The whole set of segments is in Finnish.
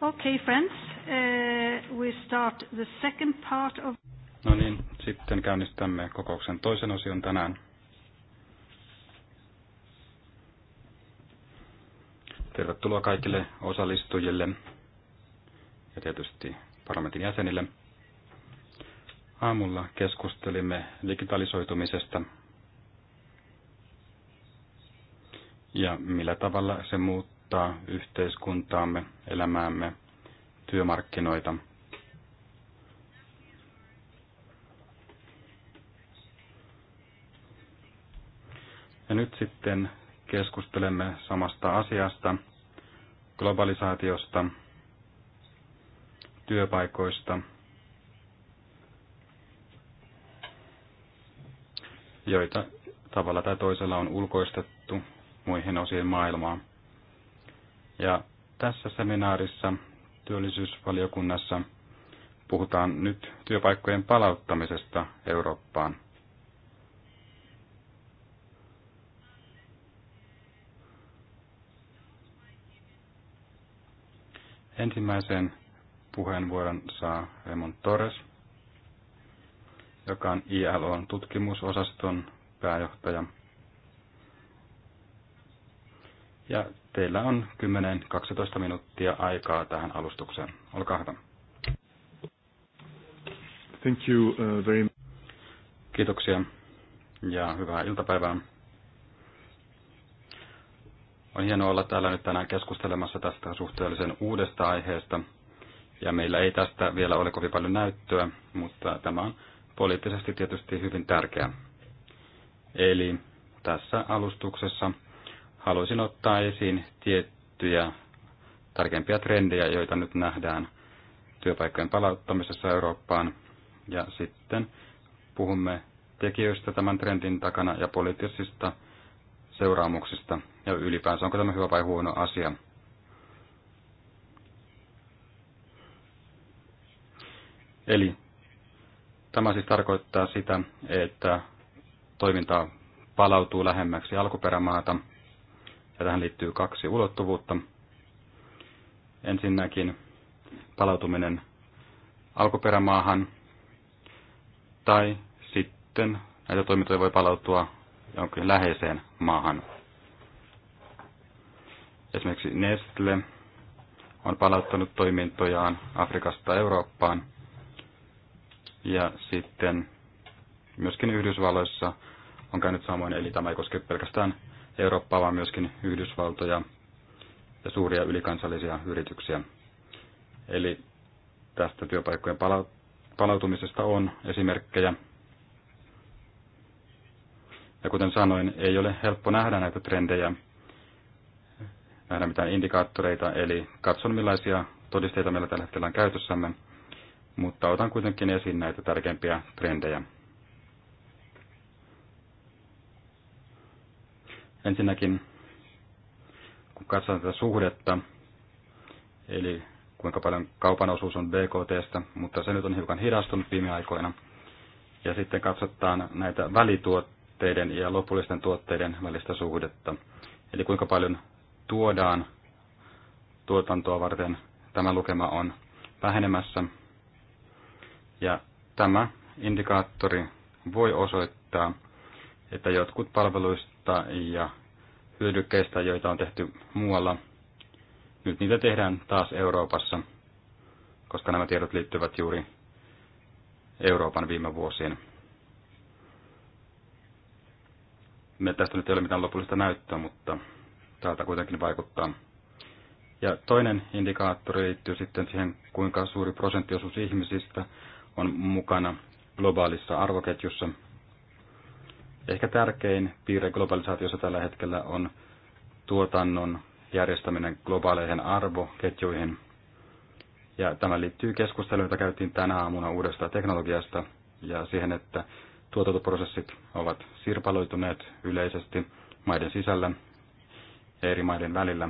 Okay, friends, uh, we start the second part of... No niin, sitten käynnistämme kokouksen toisen osion tänään. Tervetuloa kaikille osallistujille ja tietysti parlamentin jäsenille. Aamulla keskustelimme digitalisoitumisesta ja millä tavalla se muuttuu vaikuttaa yhteiskuntaamme, elämäämme, työmarkkinoita. Ja nyt sitten keskustelemme samasta asiasta, globalisaatiosta, työpaikoista, joita tavalla tai toisella on ulkoistettu muihin osiin maailmaa. Ja tässä seminaarissa työllisyysvaliokunnassa puhutaan nyt työpaikkojen palauttamisesta Eurooppaan. Ensimmäisen puheenvuoron saa Raymond Torres, joka on ILOn tutkimusosaston pääjohtaja. Ja Teillä on 10-12 minuuttia aikaa tähän alustukseen. Olkaa hyvä. Thank you uh, very much. Kiitoksia ja hyvää iltapäivää. On hienoa olla täällä nyt tänään keskustelemassa tästä suhteellisen uudesta aiheesta. Ja meillä ei tästä vielä ole kovin paljon näyttöä, mutta tämä on poliittisesti tietysti hyvin tärkeä. Eli tässä alustuksessa haluaisin ottaa esiin tiettyjä tarkempia trendejä, joita nyt nähdään työpaikkojen palauttamisessa Eurooppaan. Ja sitten puhumme tekijöistä tämän trendin takana ja poliittisista seuraamuksista ja ylipäänsä onko tämä hyvä vai huono asia. Eli tämä siis tarkoittaa sitä, että toiminta palautuu lähemmäksi alkuperämaata – ja tähän liittyy kaksi ulottuvuutta. Ensinnäkin palautuminen alkuperämaahan tai sitten näitä toimintoja voi palautua jonkin läheiseen maahan. Esimerkiksi Nestle on palauttanut toimintojaan Afrikasta Eurooppaan ja sitten myöskin Yhdysvalloissa on käynyt samoin, eli tämä ei koske pelkästään Eurooppaa, vaan myöskin Yhdysvaltoja ja suuria ylikansallisia yrityksiä. Eli tästä työpaikkojen palautumisesta on esimerkkejä. Ja kuten sanoin, ei ole helppo nähdä näitä trendejä, nähdä mitään indikaattoreita, eli katson millaisia todisteita meillä tällä hetkellä on käytössämme, mutta otan kuitenkin esiin näitä tärkeimpiä trendejä. Ensinnäkin, kun katsotaan tätä suhdetta, eli kuinka paljon kaupan osuus on BKTstä, mutta se nyt on hiukan hidastunut viime aikoina. Ja sitten katsotaan näitä välituotteiden ja lopullisten tuotteiden välistä suhdetta. Eli kuinka paljon tuodaan tuotantoa varten tämä lukema on vähenemässä. Ja tämä indikaattori voi osoittaa, että jotkut palveluista ja hyödykkeistä, joita on tehty muualla, nyt niitä tehdään taas Euroopassa, koska nämä tiedot liittyvät juuri Euroopan viime vuosiin. Me tästä nyt ei ole mitään lopullista näyttöä, mutta täältä kuitenkin vaikuttaa. Ja toinen indikaattori liittyy sitten siihen, kuinka suuri prosenttiosuus ihmisistä on mukana globaalissa arvoketjussa – Ehkä tärkein piirre globalisaatiossa tällä hetkellä on tuotannon järjestäminen globaaleihin arvoketjuihin. Ja tämä liittyy keskusteluun, jota käytiin tänä aamuna uudesta teknologiasta ja siihen, että tuotantoprosessit ovat sirpaloituneet yleisesti maiden sisällä ja eri maiden välillä.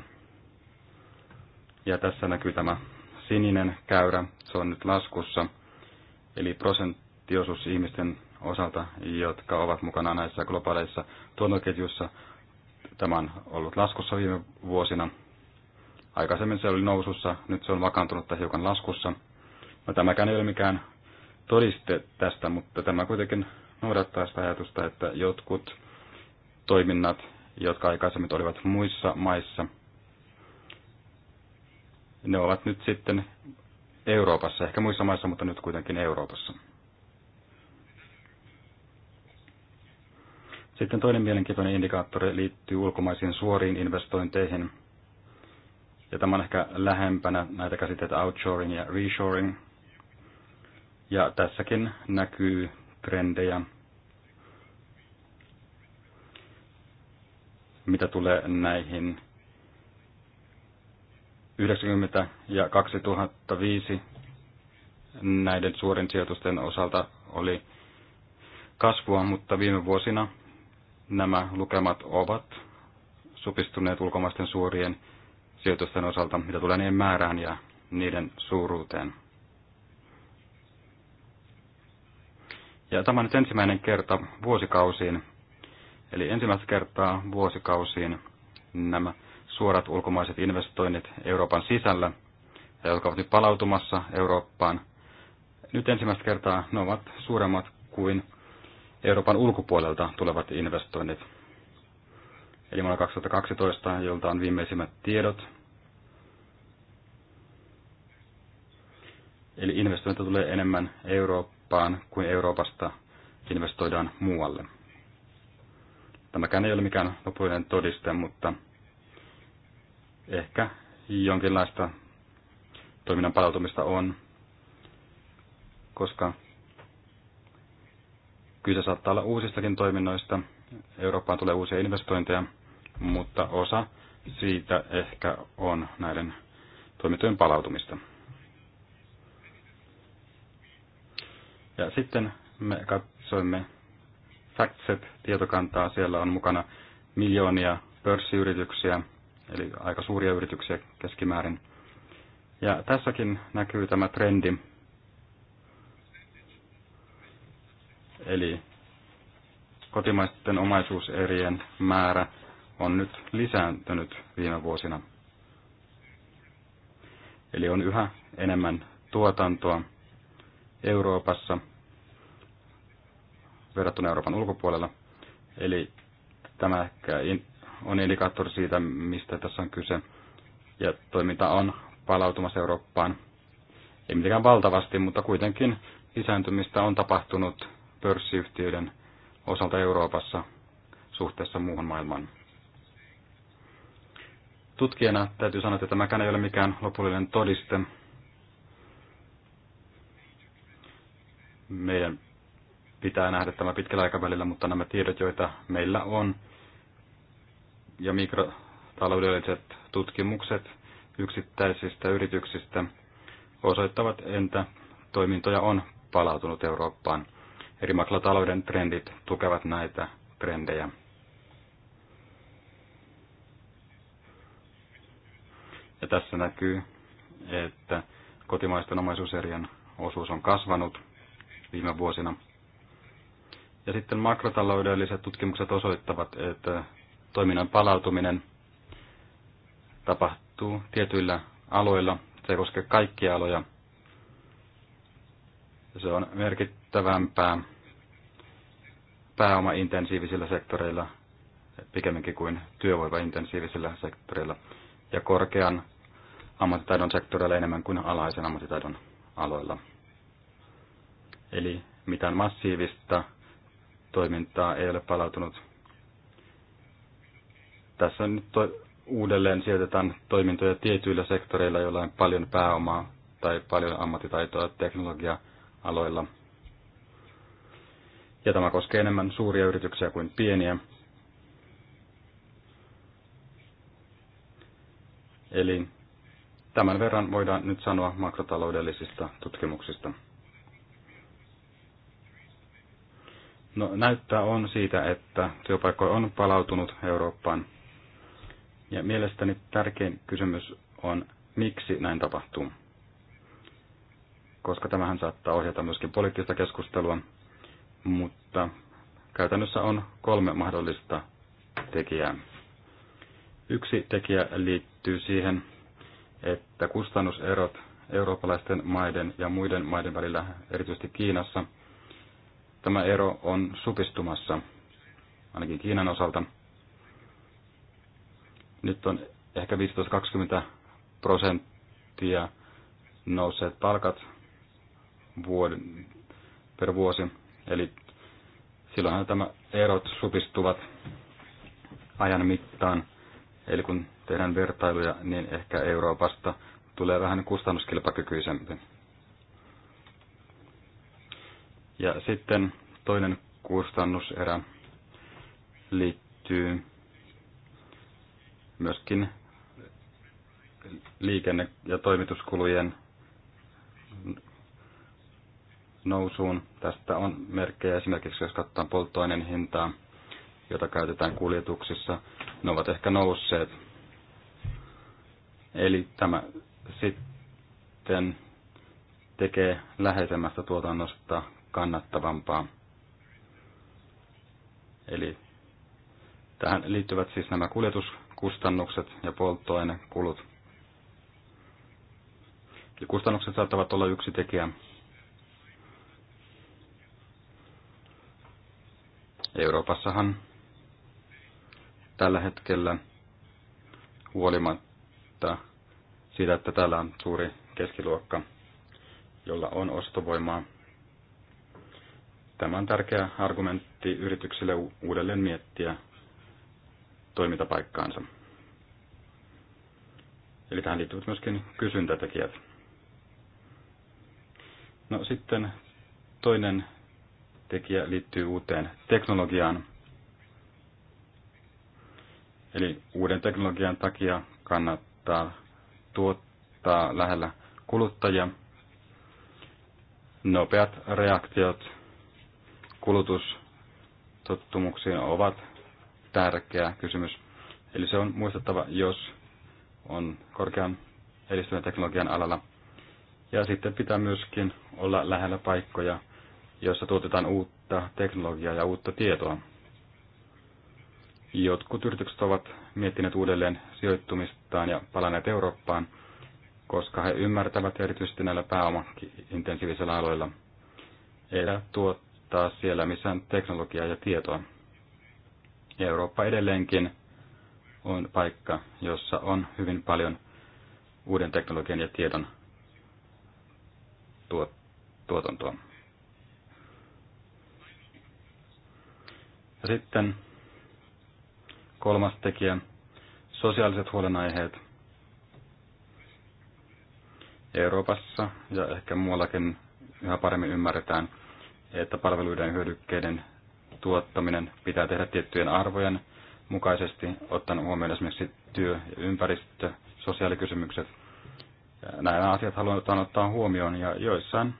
Ja tässä näkyy tämä sininen käyrä, se on nyt laskussa, eli prosenttiosuus ihmisten osalta, jotka ovat mukana näissä globaaleissa tuotantoketjuissa. Tämä on ollut laskussa viime vuosina. Aikaisemmin se oli nousussa, nyt se on vakaantunut tai hiukan laskussa. No, tämäkään ei ole mikään todiste tästä, mutta tämä kuitenkin noudattaa sitä ajatusta, että jotkut toiminnat, jotka aikaisemmin olivat muissa maissa, ne ovat nyt sitten Euroopassa, ehkä muissa maissa, mutta nyt kuitenkin Euroopassa. Sitten toinen mielenkiintoinen indikaattori liittyy ulkomaisiin suoriin investointeihin. Ja tämä on ehkä lähempänä näitä käsitteitä outshoring ja reshoring. Ja tässäkin näkyy trendejä, mitä tulee näihin 90 ja 2005 näiden suurin sijoitusten osalta oli kasvua, mutta viime vuosina nämä lukemat ovat supistuneet ulkomaisten suorien sijoitusten osalta, mitä tulee niiden määrään ja niiden suuruuteen. Ja tämä on nyt ensimmäinen kerta vuosikausiin, eli ensimmäistä kertaa vuosikausiin nämä suorat ulkomaiset investoinnit Euroopan sisällä, ja jotka ovat nyt palautumassa Eurooppaan. Nyt ensimmäistä kertaa ne ovat suuremmat kuin Euroopan ulkopuolelta tulevat investoinnit. Eli vuonna 2012, jolta on viimeisimmät tiedot. Eli investointeja tulee enemmän Eurooppaan kuin Euroopasta investoidaan muualle. Tämäkään ei ole mikään lopullinen todiste, mutta ehkä jonkinlaista toiminnan palautumista on, koska Kyse saattaa olla uusistakin toiminnoista. Eurooppaan tulee uusia investointeja, mutta osa siitä ehkä on näiden toimintojen palautumista. Ja sitten me katsoimme FactSet-tietokantaa. Siellä on mukana miljoonia pörssiyrityksiä, eli aika suuria yrityksiä keskimäärin. Ja tässäkin näkyy tämä trendi, Eli kotimaisten omaisuuserien määrä on nyt lisääntynyt viime vuosina. Eli on yhä enemmän tuotantoa Euroopassa verrattuna Euroopan ulkopuolella. Eli tämä ehkä on indikaattori siitä, mistä tässä on kyse. Ja toiminta on palautumassa Eurooppaan. Ei mitenkään valtavasti, mutta kuitenkin lisääntymistä on tapahtunut pörssiyhtiöiden osalta Euroopassa suhteessa muuhun maailmaan. Tutkijana täytyy sanoa, että tämäkään ei ole mikään lopullinen todiste. Meidän pitää nähdä tämä pitkällä aikavälillä, mutta nämä tiedot, joita meillä on, ja mikrotaloudelliset tutkimukset yksittäisistä yrityksistä osoittavat, entä toimintoja on palautunut Eurooppaan. Eri maklatalouden trendit tukevat näitä trendejä. Ja tässä näkyy, että kotimaisten omaisuuserien osuus on kasvanut viime vuosina. Ja sitten makrotaloudelliset tutkimukset osoittavat, että toiminnan palautuminen tapahtuu tietyillä aloilla. Se ei koske kaikkia aloja, se on merkittävämpää pääomaintensiivisillä sektoreilla pikemminkin kuin työvoimaintensiivisillä sektoreilla ja korkean ammattitaidon sektoreilla enemmän kuin alhaisen ammattitaidon aloilla. Eli mitään massiivista toimintaa ei ole palautunut. Tässä nyt to- uudelleen sijoitetaan toimintoja tietyillä sektoreilla, joilla on paljon pääomaa tai paljon ammattitaitoa, teknologiaa, aloilla. Ja tämä koskee enemmän suuria yrityksiä kuin pieniä. Eli tämän verran voidaan nyt sanoa makrotaloudellisista tutkimuksista. No, näyttää on siitä, että työpaikkoja on palautunut Eurooppaan. Ja mielestäni tärkein kysymys on, miksi näin tapahtuu koska tämähän saattaa ohjata myöskin poliittista keskustelua, mutta käytännössä on kolme mahdollista tekijää. Yksi tekijä liittyy siihen, että kustannuserot eurooppalaisten maiden ja muiden maiden välillä, erityisesti Kiinassa, tämä ero on supistumassa, ainakin Kiinan osalta. Nyt on ehkä 15-20 prosenttia nousseet palkat vuoden, per vuosi. Eli silloinhan tämä erot supistuvat ajan mittaan. Eli kun tehdään vertailuja, niin ehkä Euroopasta tulee vähän kustannuskilpakykyisempi. Ja sitten toinen kustannuserä liittyy myöskin liikenne- ja toimituskulujen nousuun. Tästä on merkkejä esimerkiksi, jos katsotaan polttoaineen hintaa, jota käytetään kuljetuksissa. Ne ovat ehkä nousseet. Eli tämä sitten tekee läheisemmästä tuotannosta kannattavampaa. Eli tähän liittyvät siis nämä kuljetuskustannukset ja polttoainekulut. Eli kustannukset saattavat olla yksi tekijä, Euroopassahan tällä hetkellä huolimatta siitä, että täällä on suuri keskiluokka, jolla on ostovoimaa. Tämä on tärkeä argumentti yrityksille uudelleen miettiä toimintapaikkaansa. Eli tähän liittyvät myöskin kysyntätekijät. No sitten toinen tekijä liittyy uuteen teknologiaan. Eli uuden teknologian takia kannattaa tuottaa lähellä kuluttajia. Nopeat reaktiot kulutustottumuksiin ovat tärkeä kysymys. Eli se on muistettava, jos on korkean edistyneen teknologian alalla. Ja sitten pitää myöskin olla lähellä paikkoja, jossa tuotetaan uutta teknologiaa ja uutta tietoa. Jotkut yritykset ovat miettineet uudelleen sijoittumistaan ja palanneet Eurooppaan, koska he ymmärtävät erityisesti näillä pääomaintensiivisillä aloilla. Heillä tuottaa siellä missään teknologiaa ja tietoa. Eurooppa edelleenkin on paikka, jossa on hyvin paljon uuden teknologian ja tiedon tuotantoa. Ja sitten kolmas tekijä, sosiaaliset huolenaiheet. Euroopassa ja ehkä muuallakin yhä paremmin ymmärretään, että palveluiden hyödykkeiden tuottaminen pitää tehdä tiettyjen arvojen mukaisesti, ottaen huomioon esimerkiksi työ ja ympäristö, sosiaalikysymykset. Nämä asiat halutaan ottaa huomioon ja joissain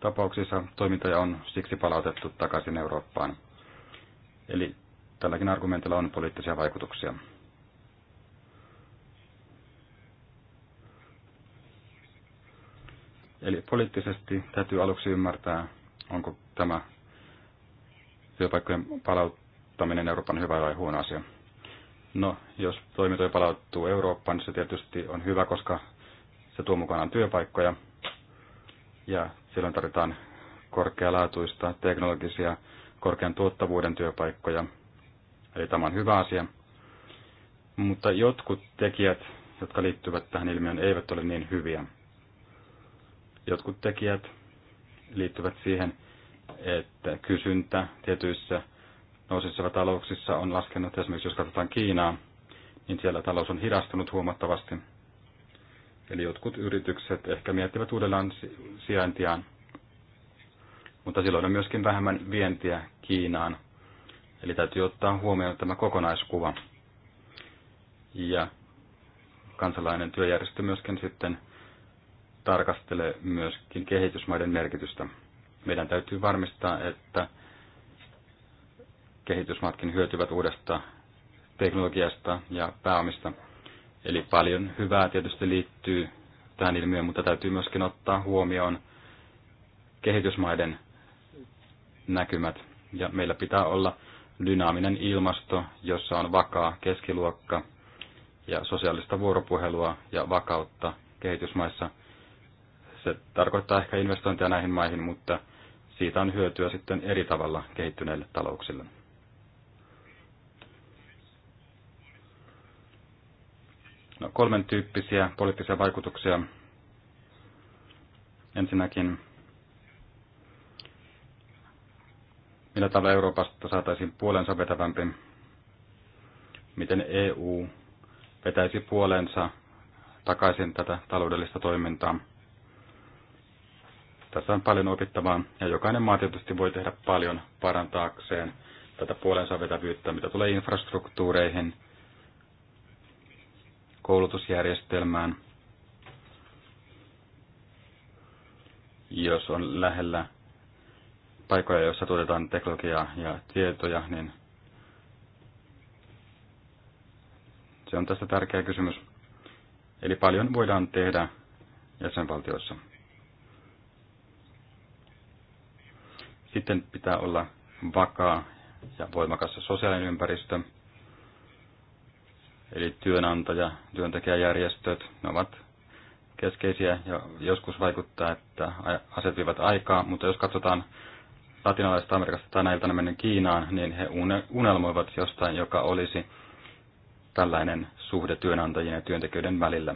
tapauksissa toimintoja on siksi palautettu takaisin Eurooppaan. Eli tälläkin argumentilla on poliittisia vaikutuksia. Eli poliittisesti täytyy aluksi ymmärtää, onko tämä työpaikkojen palauttaminen Euroopan hyvä vai huono asia. No, jos toimintoja palauttuu Eurooppaan, niin se tietysti on hyvä, koska se tuo mukanaan työpaikkoja ja silloin tarvitaan korkealaatuista teknologisia korkean tuottavuuden työpaikkoja. Eli tämä on hyvä asia. Mutta jotkut tekijät, jotka liittyvät tähän ilmiön, eivät ole niin hyviä. Jotkut tekijät liittyvät siihen, että kysyntä tietyissä nousissa talouksissa on laskenut. Esimerkiksi jos katsotaan Kiinaa, niin siellä talous on hidastunut huomattavasti. Eli jotkut yritykset ehkä miettivät uudelleen sijaintiaan mutta silloin on myöskin vähemmän vientiä Kiinaan. Eli täytyy ottaa huomioon tämä kokonaiskuva. Ja kansalainen työjärjestö myöskin sitten tarkastelee myöskin kehitysmaiden merkitystä. Meidän täytyy varmistaa, että kehitysmaatkin hyötyvät uudesta teknologiasta ja pääomista. Eli paljon hyvää tietysti liittyy tähän ilmiöön, mutta täytyy myöskin ottaa huomioon kehitysmaiden näkymät. Ja meillä pitää olla dynaaminen ilmasto, jossa on vakaa keskiluokka ja sosiaalista vuoropuhelua ja vakautta kehitysmaissa. Se tarkoittaa ehkä investointia näihin maihin, mutta siitä on hyötyä sitten eri tavalla kehittyneille talouksille. No, kolmen tyyppisiä poliittisia vaikutuksia. Ensinnäkin millä tavalla Euroopasta saataisiin puolensa vetävämpi, miten EU vetäisi puolensa takaisin tätä taloudellista toimintaa. Tässä on paljon opittavaa ja jokainen maa tietysti voi tehdä paljon parantaakseen tätä puolensa vetävyyttä, mitä tulee infrastruktuureihin, koulutusjärjestelmään, jos on lähellä paikkoja, joissa tuotetaan teknologiaa ja tietoja, niin se on tästä tärkeä kysymys. Eli paljon voidaan tehdä jäsenvaltioissa. Sitten pitää olla vakaa ja voimakas sosiaalinen ympäristö. Eli työnantaja, työntekijäjärjestöt, ne ovat keskeisiä ja joskus vaikuttaa, että asetivat aikaa, mutta jos katsotaan latinalaisesta Amerikasta tänä iltana mennyt Kiinaan, niin he unelmoivat jostain, joka olisi tällainen suhde työnantajien ja työntekijöiden välillä.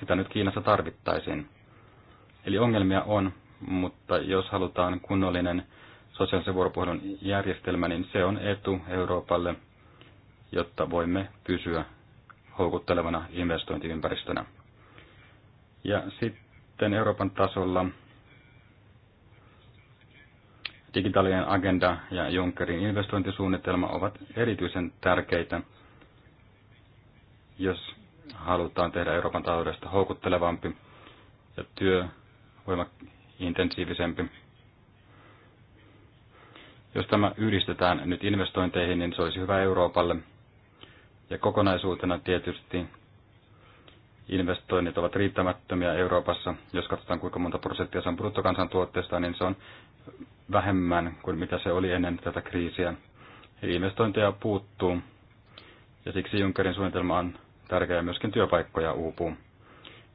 Sitä nyt Kiinassa tarvittaisiin. Eli ongelmia on, mutta jos halutaan kunnollinen sosiaalisen vuoropuhelun järjestelmä, niin se on etu Euroopalle, jotta voimme pysyä houkuttelevana investointiympäristönä. Ja sitten Euroopan tasolla digitaalinen agenda ja Junckerin investointisuunnitelma ovat erityisen tärkeitä, jos halutaan tehdä Euroopan taloudesta houkuttelevampi ja työvoimaintensiivisempi. Jos tämä yhdistetään nyt investointeihin, niin se olisi hyvä Euroopalle. Ja kokonaisuutena tietysti investoinnit ovat riittämättömiä Euroopassa. Jos katsotaan kuinka monta prosenttia se on bruttokansantuotteesta, niin se on vähemmän kuin mitä se oli ennen tätä kriisiä. Eli investointeja puuttuu ja siksi Junckerin suunnitelma on tärkeä myöskin työpaikkoja uupuu.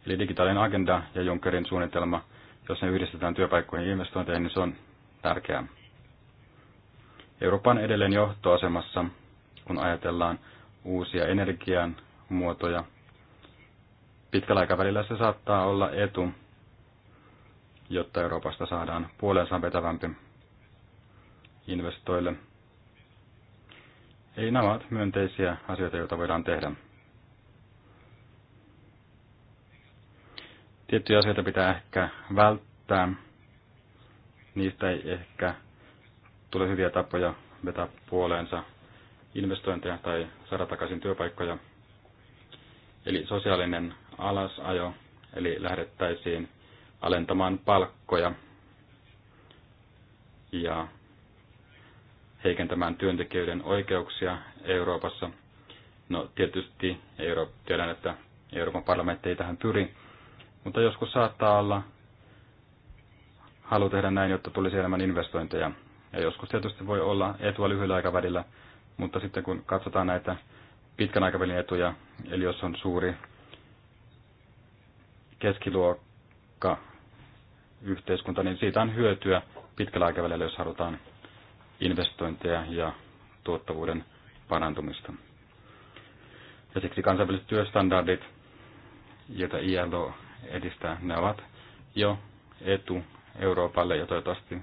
Eli digitaalinen agenda ja Junckerin suunnitelma, jos ne yhdistetään työpaikkoihin ja investointeihin, niin se on tärkeää. Eurooppa on edelleen johtoasemassa, kun ajatellaan uusia energian muotoja pitkällä aikavälillä se saattaa olla etu, jotta Euroopasta saadaan puolensa vetävämpi investoille. Ei nämä ovat myönteisiä asioita, joita voidaan tehdä. Tiettyjä asioita pitää ehkä välttää. Niistä ei ehkä tule hyviä tapoja vetää puoleensa investointeja tai saada takaisin työpaikkoja. Eli sosiaalinen alasajo, eli lähdettäisiin alentamaan palkkoja ja heikentämään työntekijöiden oikeuksia Euroopassa. No tietysti Euro- tiedän, että Euroopan parlamentti ei tähän pyri, mutta joskus saattaa olla halu tehdä näin, jotta tulisi enemmän investointeja. Ja joskus tietysti voi olla etua lyhyellä aikavälillä, mutta sitten kun katsotaan näitä pitkän aikavälin etuja, eli jos on suuri keskiluokka yhteiskunta, niin siitä on hyötyä pitkällä aikavälillä, jos halutaan investointeja ja tuottavuuden parantumista. Ja siksi kansainväliset työstandardit, joita ILO edistää, ne ovat jo etu Euroopalle ja toivottavasti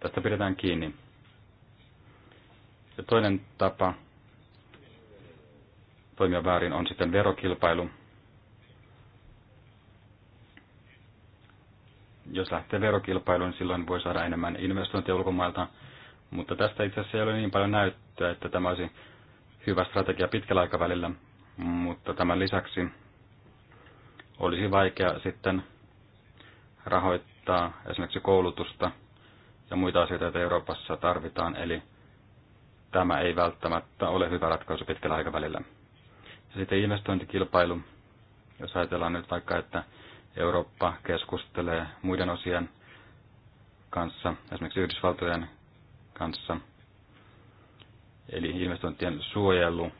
tästä pidetään kiinni. Ja toinen tapa toimia väärin on sitten verokilpailu. jos lähtee verokilpailuun, niin silloin voi saada enemmän investointia ulkomailta, mutta tästä itse asiassa ei ole niin paljon näyttöä, että tämä olisi hyvä strategia pitkällä aikavälillä, mutta tämän lisäksi olisi vaikea sitten rahoittaa esimerkiksi koulutusta ja muita asioita, joita Euroopassa tarvitaan, eli tämä ei välttämättä ole hyvä ratkaisu pitkällä aikavälillä. Ja sitten investointikilpailu, jos ajatellaan nyt vaikka, että Eurooppa keskustelee muiden osien kanssa, esimerkiksi Yhdysvaltojen kanssa. Eli investointien suojelu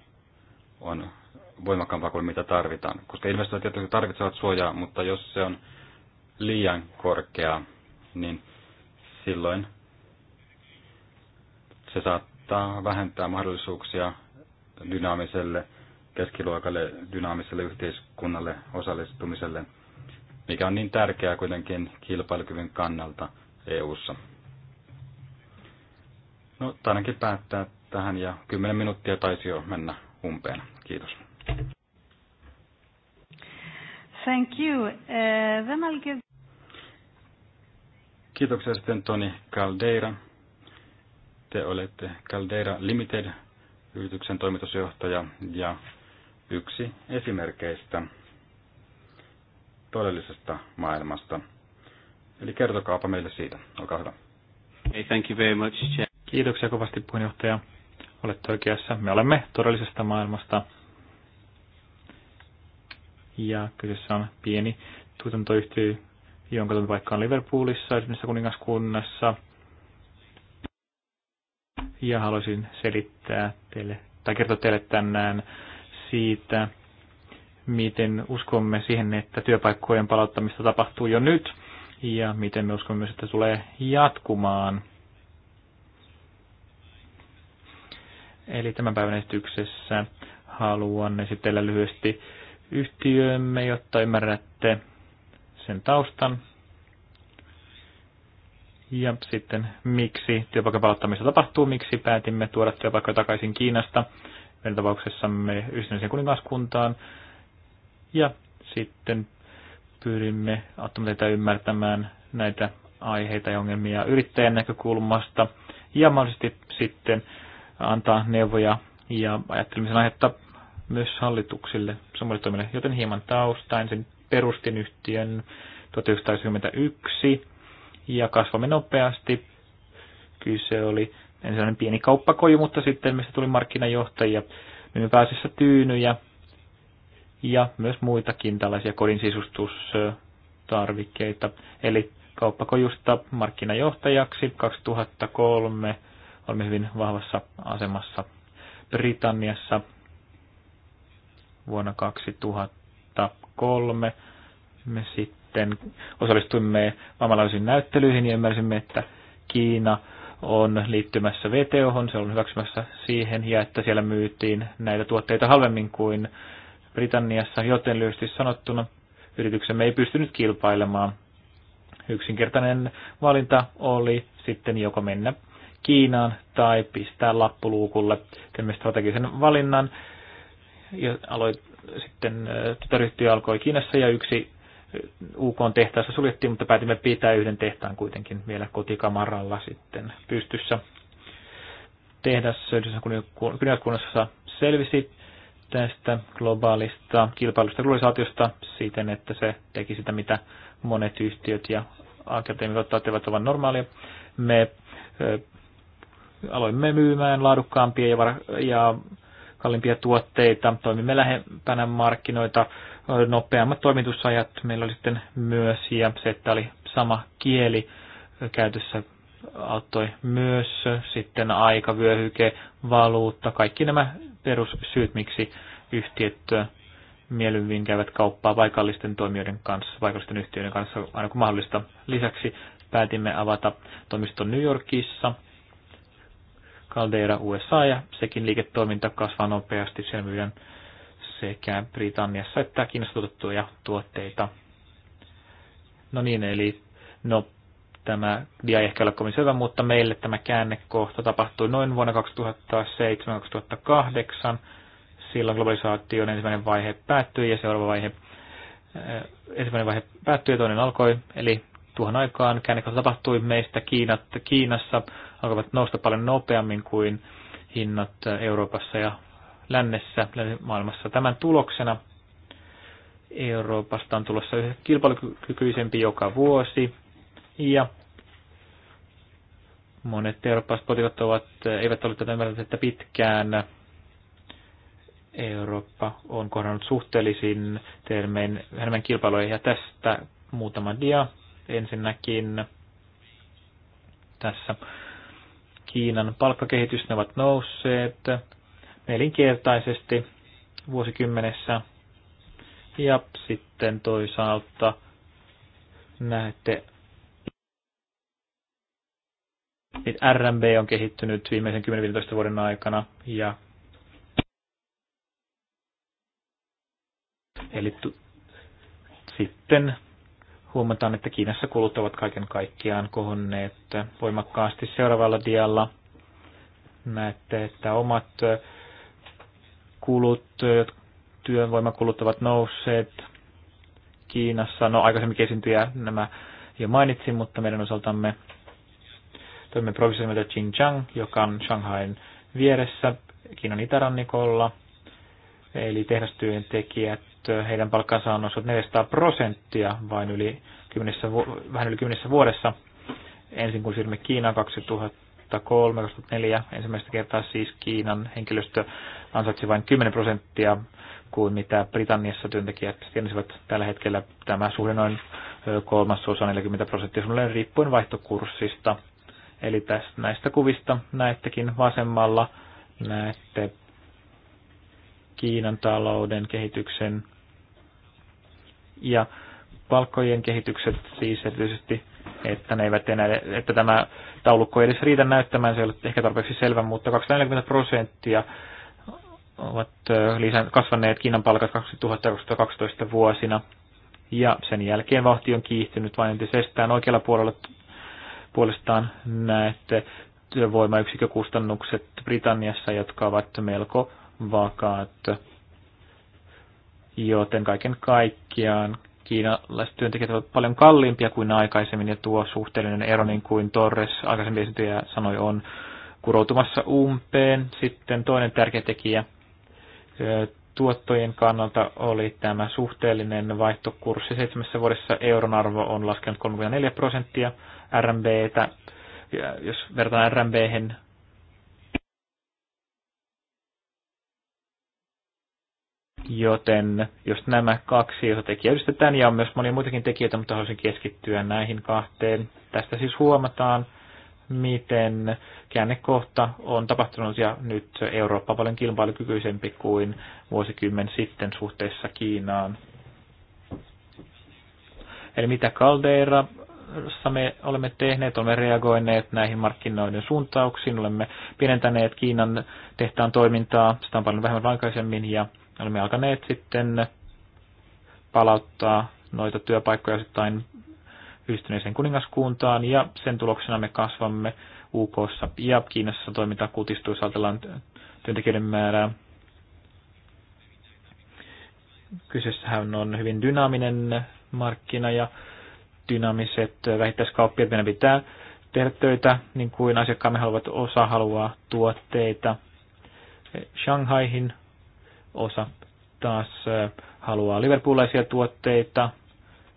on voimakkaampaa kuin mitä tarvitaan, koska investoijat tietysti tarvitsevat suojaa, mutta jos se on liian korkea, niin silloin se saattaa vähentää mahdollisuuksia dynaamiselle keskiluokalle, dynaamiselle yhteiskunnalle osallistumiselle – mikä on niin tärkeää kuitenkin kilpailukyvyn kannalta EU:ssa. No, ainakin päättää tähän ja 10 minuuttia taisi jo mennä umpeen. Kiitos. Thank you. Uh, then I'll give... Kiitoksia sitten Toni Caldeira. Te olette Caldeira Limited yrityksen toimitusjohtaja ja yksi esimerkkeistä todellisesta maailmasta. Eli kertokaapa meille siitä. Olkaa hyvä. Hey, thank you very much, Jack. Kiitoksia kovasti puheenjohtaja. Olette oikeassa. Me olemme todellisesta maailmasta. Ja kyseessä on pieni tuotantoyhtiö, jonka vaikka on Liverpoolissa, esimerkiksi kuningaskunnassa. Ja haluaisin selittää teille, tai kertoa teille tänään siitä, miten uskomme siihen, että työpaikkojen palauttamista tapahtuu jo nyt ja miten me uskomme, että tulee jatkumaan. Eli tämän päivän esityksessä haluan esitellä lyhyesti yhtiömme, jotta ymmärrätte sen taustan. Ja sitten miksi työpaikan palauttamista tapahtuu, miksi päätimme tuoda työpaikkoja takaisin Kiinasta, meidän tapauksessamme yhdistyneeseen kuningaskuntaan, ja sitten pyrimme auttamaan teitä ymmärtämään näitä aiheita ja ongelmia yrittäjän näkökulmasta ja mahdollisesti sitten antaa neuvoja ja ajattelemisen aihetta myös hallituksille samoille toimille, joten hieman taustain sen perustin yhtiön 1991 ja kasvamme nopeasti. Kyse oli ensin pieni kauppakoju, mutta sitten meistä tuli markkinajohtajia. Myymme pääasiassa tyynyjä ja myös muitakin tällaisia kodin sisustustarvikkeita. Eli kauppakojusta markkinajohtajaksi 2003 olimme hyvin vahvassa asemassa Britanniassa vuonna 2003. Me sitten osallistuimme maailmanlaajuisiin näyttelyihin ja ymmärsimme, että Kiina on liittymässä VTOhon, se on hyväksymässä siihen ja että siellä myytiin näitä tuotteita halvemmin kuin Britanniassa, joten lyhyesti sanottuna yrityksemme ei pystynyt kilpailemaan. Yksinkertainen valinta oli sitten joko mennä Kiinaan tai pistää lappuluukulle. Teimme strategisen valinnan ja aloit, sitten tytäryhtiö alkoi Kiinassa ja yksi UK tehtaassa suljettiin, mutta päätimme pitää yhden tehtaan kuitenkin vielä kotikamaralla sitten pystyssä. Tehdas Yhdysvallan kuningaskunnassa selvisi tästä globaalista kilpailusta globalisaatiosta siten, että se teki sitä, mitä monet yhtiöt ja akateemikot taitevat ovat normaalia. Me ö, aloimme myymään laadukkaampia ja, var- ja kalliimpia tuotteita, toimimme lähempänä markkinoita, nopeammat toimitusajat meillä oli sitten myös ja se, että oli sama kieli käytössä auttoi myös sitten aikavyöhyke, valuutta, kaikki nämä perussyyt, miksi yhtiöt mieluummin käyvät kauppaa paikallisten toimijoiden kanssa, paikallisten yhtiöiden kanssa aina kun mahdollista. Lisäksi päätimme avata toimiston New Yorkissa, Caldera USA ja sekin liiketoiminta kasvaa nopeasti selvyyden sekä Britanniassa että Kiinassa tuotettuja tuotteita. No niin, eli no, Tämä dia ei ehkä ole kovin selvä, mutta meille tämä käännekohta tapahtui noin vuonna 2007-2008. Silloin globalisaation ensimmäinen vaihe päättyi ja seuraava vaihe, eh, ensimmäinen vaihe päättyi ja toinen alkoi. Eli tuohon aikaan käännekohta tapahtui meistä Kiinat, Kiinassa, alkoivat nousta paljon nopeammin kuin hinnat Euroopassa ja lännessä, maailmassa. Tämän tuloksena Euroopasta on tulossa kilpailukykyisempi joka vuosi. Ja monet eurooppalaiset potilaat ovat, eivät ole tätä ymmärtäneet, pitkään Eurooppa on kohdannut suhteellisin termein enemmän kilpailuja. Ja tästä muutama dia. Ensinnäkin tässä Kiinan palkkakehitys, ne ovat nousseet nelinkertaisesti vuosikymmenessä. Ja sitten toisaalta näette nyt RMB on kehittynyt viimeisen 10-15 vuoden aikana ja Eli sitten huomataan, että Kiinassa kulut ovat kaiken kaikkiaan kohonneet voimakkaasti. Seuraavalla dialla näette, että omat kulut, työvoimakulut ovat nousseet Kiinassa. No aikaisemmin esiintyjä nämä jo mainitsin, mutta meidän osaltamme Toimme provisioimilta Xinjiang, joka on Shanghain vieressä Kiinan itärannikolla. Eli tehdastyöntekijät, heidän palkkansa on noussut 400 prosenttia vain yli kymmenessä, vähän yli kymmenessä vuodessa. Ensin kun siirrymme Kiinaan 2003-2004, ensimmäistä kertaa siis Kiinan henkilöstö ansaitsi vain 10 prosenttia kuin mitä Britanniassa työntekijät tienasivat tällä hetkellä tämä suhde noin kolmasosa 40 prosenttia suunnilleen riippuen vaihtokurssista. Eli tästä, näistä kuvista näettekin vasemmalla näette Kiinan talouden kehityksen ja palkkojen kehitykset siis erityisesti, että, ne eivät enää, että tämä taulukko ei edes riitä näyttämään, se ei ole ehkä tarpeeksi selvä, mutta 240 prosenttia ovat lisän, kasvaneet Kiinan palkat 2012 vuosina. Ja sen jälkeen vauhti on kiihtynyt vain entisestään. Oikealla puolella Puolestaan näette työvoimayksikökustannukset Britanniassa, jotka ovat melko vakaat. Joten kaiken kaikkiaan kiinalaiset työntekijät ovat paljon kalliimpia kuin aikaisemmin, ja tuo suhteellinen ero, niin kuin Torres aikaisemmin esiintyjä sanoi, on kuroutumassa umpeen. Sitten toinen tärkeä tekijä tuottojen kannalta oli tämä suhteellinen vaihtokurssi. Seitsemässä vuodessa euron arvo on laskenut 34 prosenttia, RMB: että jos vertaan RMB, Joten jos nämä kaksi osatekijää yhdistetään, ja on myös monia muitakin tekijöitä, mutta haluaisin keskittyä näihin kahteen. Tästä siis huomataan, miten käännekohta on tapahtunut ja nyt Eurooppa on paljon kilpailukykyisempi kuin vuosikymmen sitten suhteessa Kiinaan. Eli mitä Caldera me olemme tehneet, olemme reagoineet näihin markkinoiden suuntauksiin, olemme pienentäneet Kiinan tehtaan toimintaa, sitä on paljon vähemmän aikaisemmin, ja olemme alkaneet sitten palauttaa noita työpaikkoja osittain yhdistyneeseen kuningaskuntaan, ja sen tuloksena me kasvamme UK ja Kiinassa toiminta kutistuu, jos ajatellaan työntekijöiden määrää. Kyseessähän on hyvin dynaaminen markkina ja dynaamiset vähittäiskauppiat. Meidän pitää tehdä töitä niin kuin asiakkaamme haluavat. Osa haluaa tuotteita Shanghaihin, osa taas haluaa Liverpoolaisia tuotteita.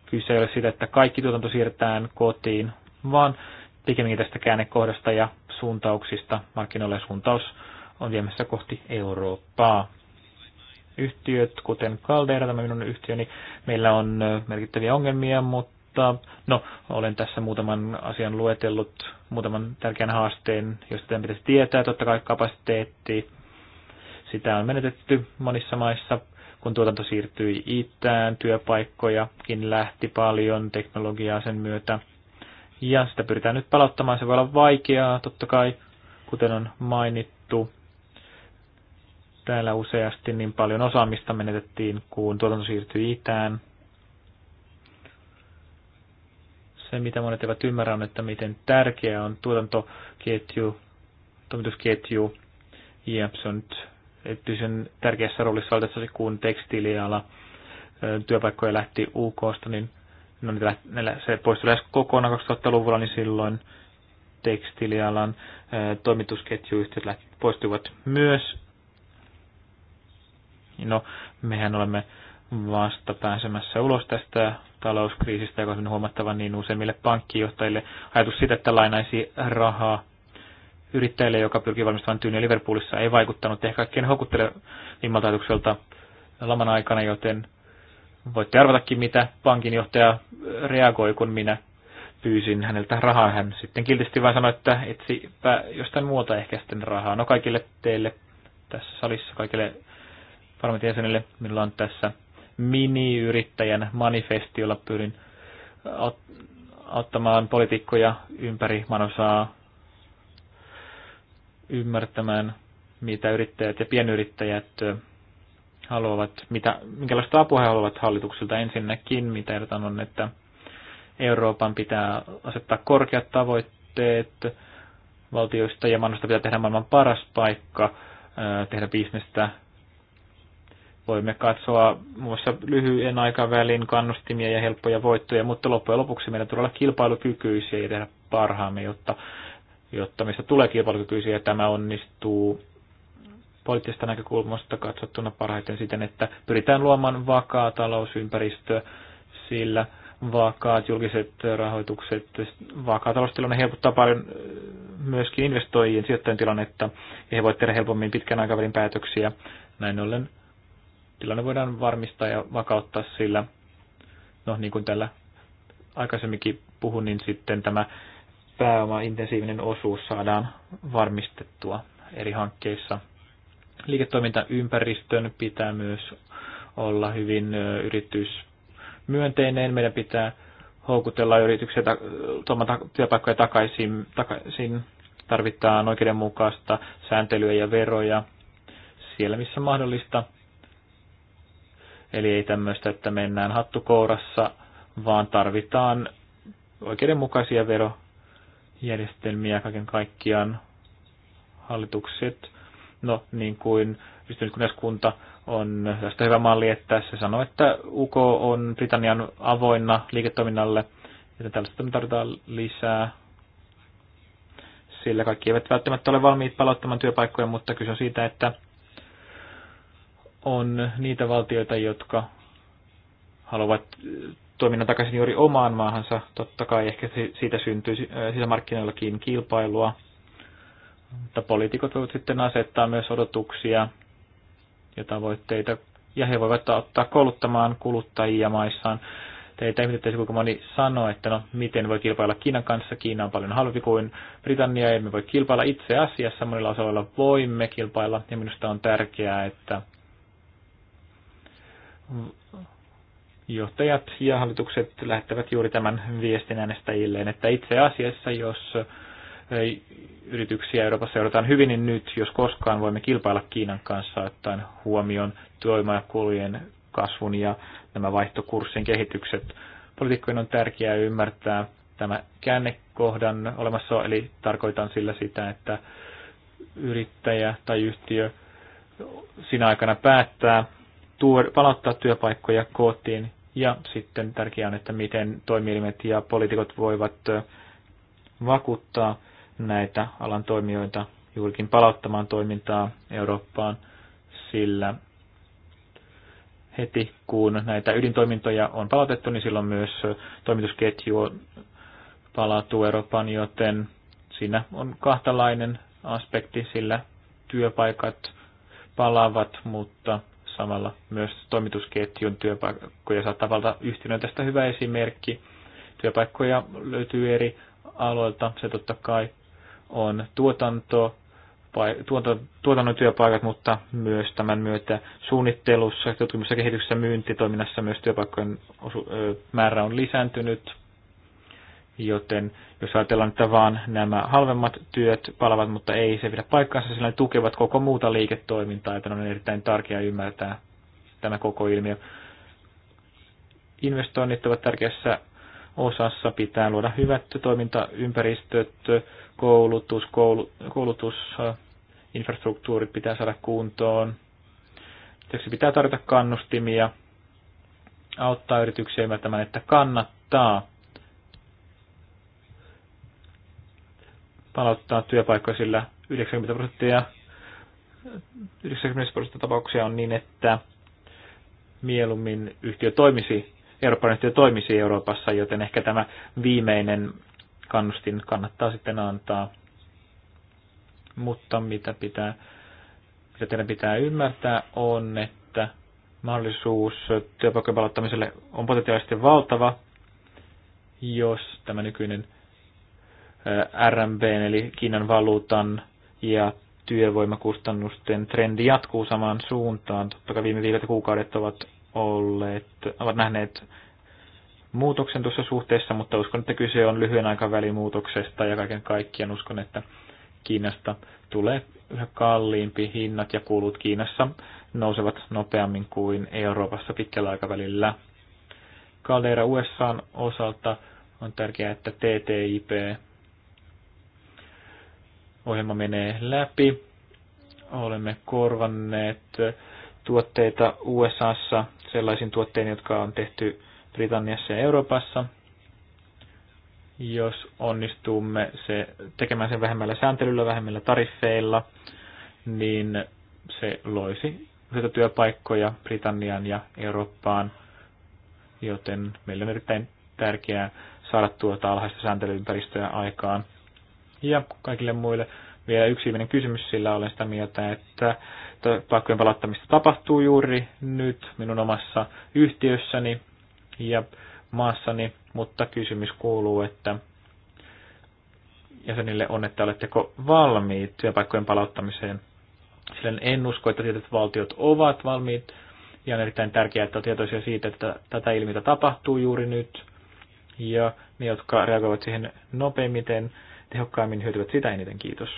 Kyse ei ole siitä, että kaikki tuotanto siirretään kotiin, vaan pikemminkin tästä käännekohdasta ja suuntauksista. Markkinoille suuntaus on viemässä kohti Eurooppaa. Yhtiöt, kuten Caldera, tämä minun yhtiöni, meillä on merkittäviä ongelmia, mutta mutta no, olen tässä muutaman asian luetellut, muutaman tärkeän haasteen, josta teidän pitäisi tietää. Totta kai kapasiteetti, sitä on menetetty monissa maissa, kun tuotanto siirtyi itään, työpaikkojakin lähti paljon teknologiaa sen myötä. Ja sitä pyritään nyt palauttamaan, se voi olla vaikeaa, totta kai, kuten on mainittu. Täällä useasti niin paljon osaamista menetettiin, kun tuotanto siirtyi itään, Se, mitä monet eivät ymmärrä, on, että miten tärkeä on tuotantoketju, toimitusketju, ja se on nyt erityisen tärkeässä roolissa valtaessa, kun tekstiiliala työpaikkoja lähti UKsta, niin no, se poistui lähes kokonaan 2000-luvulla, niin silloin tekstiilialan toimitusketjuyhtiöt poistuivat myös. No, mehän olemme vasta pääsemässä ulos tästä talouskriisistä, joka on huomattava niin useimmille pankkijohtajille. Ajatus siitä, että lainaisi rahaa yrittäjille, joka pyrkii valmistamaan tyyniä Liverpoolissa, ei vaikuttanut ehkä kaikkein houkuttelevimmalta ajatukselta laman aikana, joten voitte arvatakin, mitä pankinjohtaja reagoi, kun minä pyysin häneltä rahaa. Hän sitten kiltisti vain sanoi, että etsipä jostain muuta ehkä sitten rahaa. No kaikille teille tässä salissa, kaikille parlamentin jäsenille, minulla on tässä mini-yrittäjän manifesti, jolla pyrin auttamaan poliitikkoja ympäri manosaa ymmärtämään, mitä yrittäjät ja pienyrittäjät haluavat, mitä, minkälaista apua he haluavat hallitukselta ensinnäkin, mitä erotan on, että Euroopan pitää asettaa korkeat tavoitteet valtioista ja manosta pitää tehdä maailman paras paikka tehdä bisnestä Voimme katsoa muun muassa lyhyen aikavälin kannustimia ja helppoja voittoja, mutta loppujen lopuksi meidän tulee olla kilpailukykyisiä ja tehdä parhaamme, jotta, jotta meistä tulee kilpailukykyisiä ja tämä onnistuu poliittisesta näkökulmasta katsottuna parhaiten siten, että pyritään luomaan vakaa talousympäristöä sillä vakaat julkiset rahoitukset, vakaa taloustilanne helpottaa paljon äh, myöskin investoijien sijoittajien tilannetta, ja he voivat tehdä helpommin pitkän aikavälin päätöksiä. Näin ollen tilanne voidaan varmistaa ja vakauttaa sillä, no niin kuin tällä aikaisemminkin puhun, niin sitten tämä pääoma intensiivinen osuus saadaan varmistettua eri hankkeissa. Liiketoimintaympäristön pitää myös olla hyvin yritysmyönteinen. Meidän pitää houkutella yrityksiä tuomaan työpaikkoja takaisin, takaisin. Tarvitaan oikeudenmukaista sääntelyä ja veroja siellä, missä mahdollista – Eli ei tämmöistä, että mennään hattukourassa, vaan tarvitaan oikeudenmukaisia verojärjestelmiä kaiken kaikkiaan hallitukset. No niin kuin yhdistymiskunnaskunta on tästä hyvä malli, että se sanoo, että UK on Britannian avoinna liiketoiminnalle, joten tällaista tarvitaan lisää sillä kaikki eivät välttämättä ole valmiit palauttamaan työpaikkoja, mutta kyse on siitä, että on niitä valtioita, jotka haluavat äh, toiminnan takaisin juuri omaan maahansa. Totta kai ehkä siitä syntyy äh, sisämarkkinoillakin kilpailua, mutta poliitikot voivat sitten asettaa myös odotuksia ja tavoitteita, ja he voivat ottaa kouluttamaan kuluttajia maissaan. Teitä mitään, kuinka moni sanoo, että no, miten voi kilpailla Kiinan kanssa. Kiina on paljon halvempi kuin Britannia, emme voi kilpailla itse asiassa. Monilla osalla voimme kilpailla, ja minusta on tärkeää, että johtajat ja hallitukset lähettävät juuri tämän viestin äänestäjilleen, että itse asiassa, jos yrityksiä Euroopassa seurataan hyvin, niin nyt, jos koskaan, voimme kilpailla Kiinan kanssa ottaen huomioon työvoimakulujen kasvun ja nämä vaihtokurssin kehitykset. Poliitikkojen on tärkeää ymmärtää tämä käännekohdan olemassa, eli tarkoitan sillä sitä, että yrittäjä tai yhtiö sinä aikana päättää, tuor, palauttaa työpaikkoja kotiin. Ja sitten tärkeää on, että miten toimielimet ja poliitikot voivat vakuuttaa näitä alan toimijoita juurikin palauttamaan toimintaa Eurooppaan, sillä heti kun näitä ydintoimintoja on palautettu, niin silloin myös toimitusketju palautuu Euroopan, joten siinä on kahtalainen aspekti, sillä työpaikat palaavat, mutta samalla myös toimitusketjun työpaikkoja saattaa valta yhtiönä tästä hyvä esimerkki. Työpaikkoja löytyy eri aloilta, se totta kai on tuotanto, tuotannon työpaikat, mutta myös tämän myötä suunnittelussa, ja kehityksessä, myyntitoiminnassa myös työpaikkojen määrä on lisääntynyt. Joten jos ajatellaan, että vaan nämä halvemmat työt palavat, mutta ei se pidä paikkaansa, sillä ne tukevat koko muuta liiketoimintaa, että on erittäin tärkeää ymmärtää tämä koko ilmiö. Investoinnit ovat tärkeässä osassa pitää luoda hyvät toimintaympäristöt, koulutus, koulutus, infrastruktuurit pitää saada kuntoon. Lisäksi pitää tarjota kannustimia, auttaa yrityksiä ymmärtämään, että kannattaa palauttaa työpaikkoja, sillä 90 prosenttia 90 prosenttia tapauksia on niin, että mieluummin yhtiö toimisi, Euroopan yhtiö toimisi Euroopassa, joten ehkä tämä viimeinen kannustin kannattaa sitten antaa. Mutta mitä, pitää, mitä teidän pitää ymmärtää on, että mahdollisuus työpaikkojen palauttamiselle on potentiaalisesti valtava, jos tämä nykyinen RMB eli Kiinan valuutan ja työvoimakustannusten trendi jatkuu samaan suuntaan. Totta kai viime viikot ja kuukaudet ovat olleet, ovat nähneet muutoksen tuossa suhteessa, mutta uskon, että kyse on lyhyen aikavälin muutoksesta ja kaiken kaikkiaan uskon, että Kiinasta tulee yhä kalliimpi hinnat ja kulut Kiinassa nousevat nopeammin kuin Euroopassa pitkällä aikavälillä. Kaldeira USA osalta on tärkeää, että TTIP ohjelma menee läpi. Olemme korvanneet tuotteita USAssa sellaisiin tuotteisiin, jotka on tehty Britanniassa ja Euroopassa. Jos onnistumme se, tekemään sen vähemmällä sääntelyllä, vähemmillä tariffeilla, niin se loisi useita työpaikkoja Britanniaan ja Eurooppaan, joten meillä on erittäin tärkeää saada tuota alhaista sääntelyympäristöä aikaan. Ja kaikille muille vielä yksi viimeinen kysymys, sillä olen sitä mieltä, että palkkojen palauttamista tapahtuu juuri nyt minun omassa yhtiössäni ja maassani, mutta kysymys kuuluu, että jäsenille on, että oletteko valmiit työpaikkojen palauttamiseen. Sillä en usko, että tietyt valtiot ovat valmiit, ja on erittäin tärkeää, että on tietoisia siitä, että tätä ilmiötä tapahtuu juuri nyt, ja ne, jotka reagoivat siihen nopeimmiten, tehokkaimmin hyötyvät sitä eniten. Kiitos.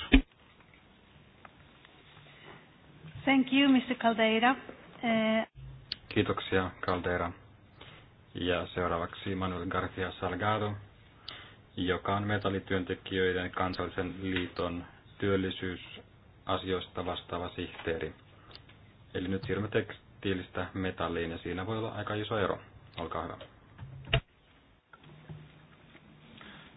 Thank you, Mr. Caldeira. Eh. Kiitoksia, Caldeira. Ja seuraavaksi Manuel García Salgado, joka on metallityöntekijöiden kansallisen liiton työllisyysasioista vastaava sihteeri. Eli nyt siirrymme tekstiilistä metalliin ja siinä voi olla aika iso ero. Olkaa hyvä.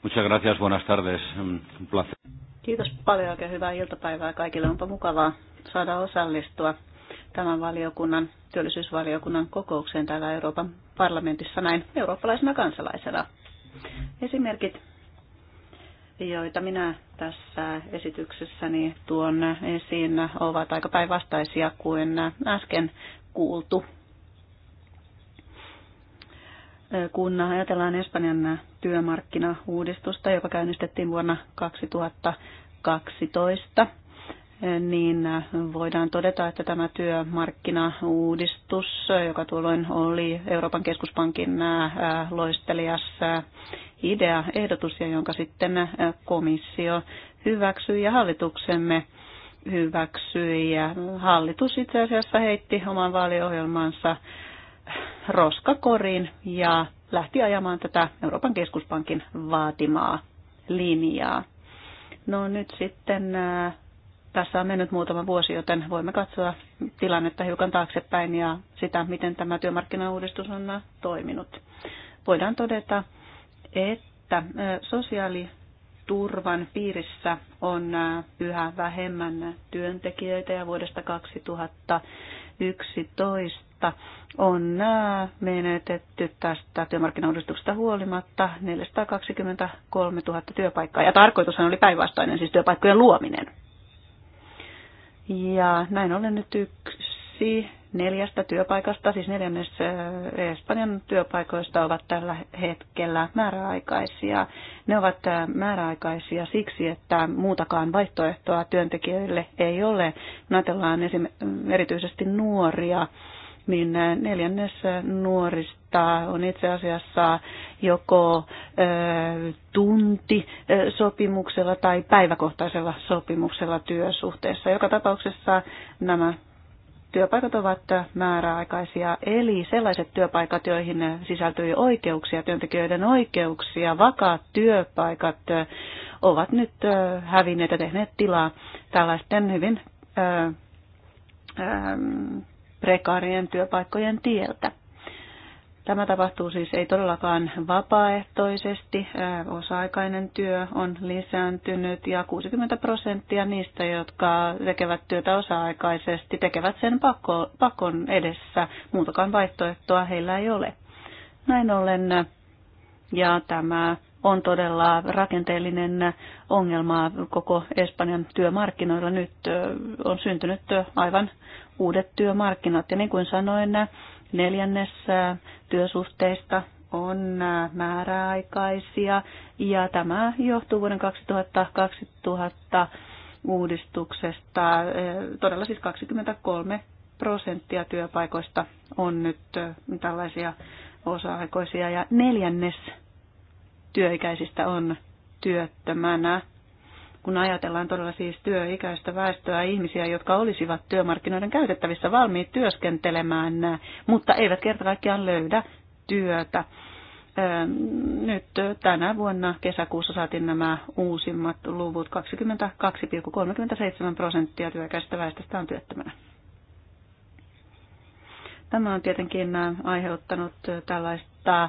Muchas gracias, buenas tardes. Un placer. Kiitos paljon ja hyvää iltapäivää kaikille. Onpa mukavaa saada osallistua tämän valiokunnan, työllisyysvaliokunnan kokoukseen täällä Euroopan parlamentissa näin eurooppalaisena kansalaisena. Esimerkit, joita minä tässä esityksessäni tuon esiin, ovat aika päinvastaisia kuin äsken kuultu kun ajatellaan Espanjan työmarkkinauudistusta, joka käynnistettiin vuonna 2012, niin voidaan todeta, että tämä työmarkkinauudistus, joka tuolloin oli Euroopan keskuspankin loistelias idea, ehdotus ja jonka sitten komissio hyväksyi ja hallituksemme hyväksyi. Ja hallitus itse asiassa heitti oman vaaliohjelmansa roskakoriin ja lähti ajamaan tätä Euroopan keskuspankin vaatimaa linjaa. No nyt sitten äh, tässä on mennyt muutama vuosi, joten voimme katsoa tilannetta hiukan taaksepäin ja sitä, miten tämä työmarkkinauudistus on äh, toiminut. Voidaan todeta, että äh, sosiaaliturvan piirissä on yhä vähemmän työntekijöitä ja vuodesta 2011 huolimatta on äh, menetetty tästä työmarkkinauudistuksesta huolimatta 423 000 työpaikkaa. Ja tarkoitushan oli päinvastainen, siis työpaikkojen luominen. Ja näin ollen nyt yksi neljästä työpaikasta, siis neljännes äh, Espanjan työpaikoista ovat tällä hetkellä määräaikaisia. Ne ovat äh, määräaikaisia siksi, että muutakaan vaihtoehtoa työntekijöille ei ole. Kun ajatellaan erityisesti nuoria, niin äh, neljännes äh, nuorista on itse asiassa joko äh, tunti sopimuksella tai päiväkohtaisella sopimuksella työsuhteessa. Joka tapauksessa nämä työpaikat ovat määräaikaisia, eli sellaiset työpaikat, joihin sisältyy oikeuksia, työntekijöiden oikeuksia, vakaat työpaikat ovat nyt hävinneet ja tehneet tilaa tällaisten hyvin ähm, prekaarien työpaikkojen tieltä. Tämä tapahtuu siis ei todellakaan vapaaehtoisesti. Osa-aikainen työ on lisääntynyt ja 60 prosenttia niistä, jotka tekevät työtä osa-aikaisesti, tekevät sen pakko, pakon edessä. Muutakaan vaihtoehtoa heillä ei ole. Näin ollen, ja tämä on todella rakenteellinen ongelma koko Espanjan työmarkkinoilla. Nyt on syntynyt aivan uudet työmarkkinat. Ja niin kuin sanoin, neljännessä työsuhteista on äh, määräaikaisia ja tämä johtuu vuoden 2000, 2000 uudistuksesta. Äh, todella siis 23 prosenttia työpaikoista on nyt äh, tällaisia osa-aikoisia ja neljännes työikäisistä on työttömänä kun ajatellaan todella siis työikäistä väestöä, ihmisiä, jotka olisivat työmarkkinoiden käytettävissä valmiit työskentelemään, mutta eivät kerta kaikkiaan löydä työtä. Ähm, nyt tänä vuonna kesäkuussa saatiin nämä uusimmat luvut. 22,37 prosenttia työikäisestä väestöstä on työttömänä. Tämä on tietenkin äh, aiheuttanut tällaista helpottaa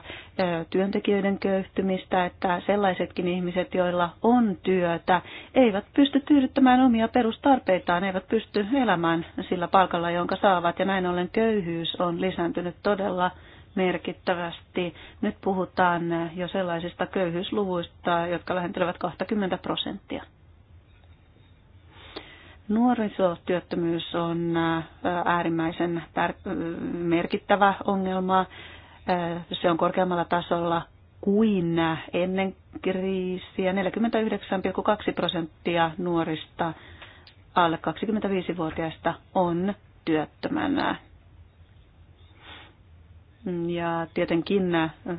työntekijöiden köyhtymistä, että sellaisetkin ihmiset, joilla on työtä, eivät pysty tyydyttämään omia perustarpeitaan, eivät pysty elämään sillä palkalla, jonka saavat, ja näin ollen köyhyys on lisääntynyt todella merkittävästi. Nyt puhutaan jo sellaisista köyhyysluvuista, jotka lähentelevät 20 prosenttia. Nuorisotyöttömyys on äärimmäisen tär- merkittävä ongelma. Äh, se on korkeammalla tasolla kuin ennen kriisiä. 49,2 prosenttia nuorista alle 25-vuotiaista on työttömänä. Ja tietenkin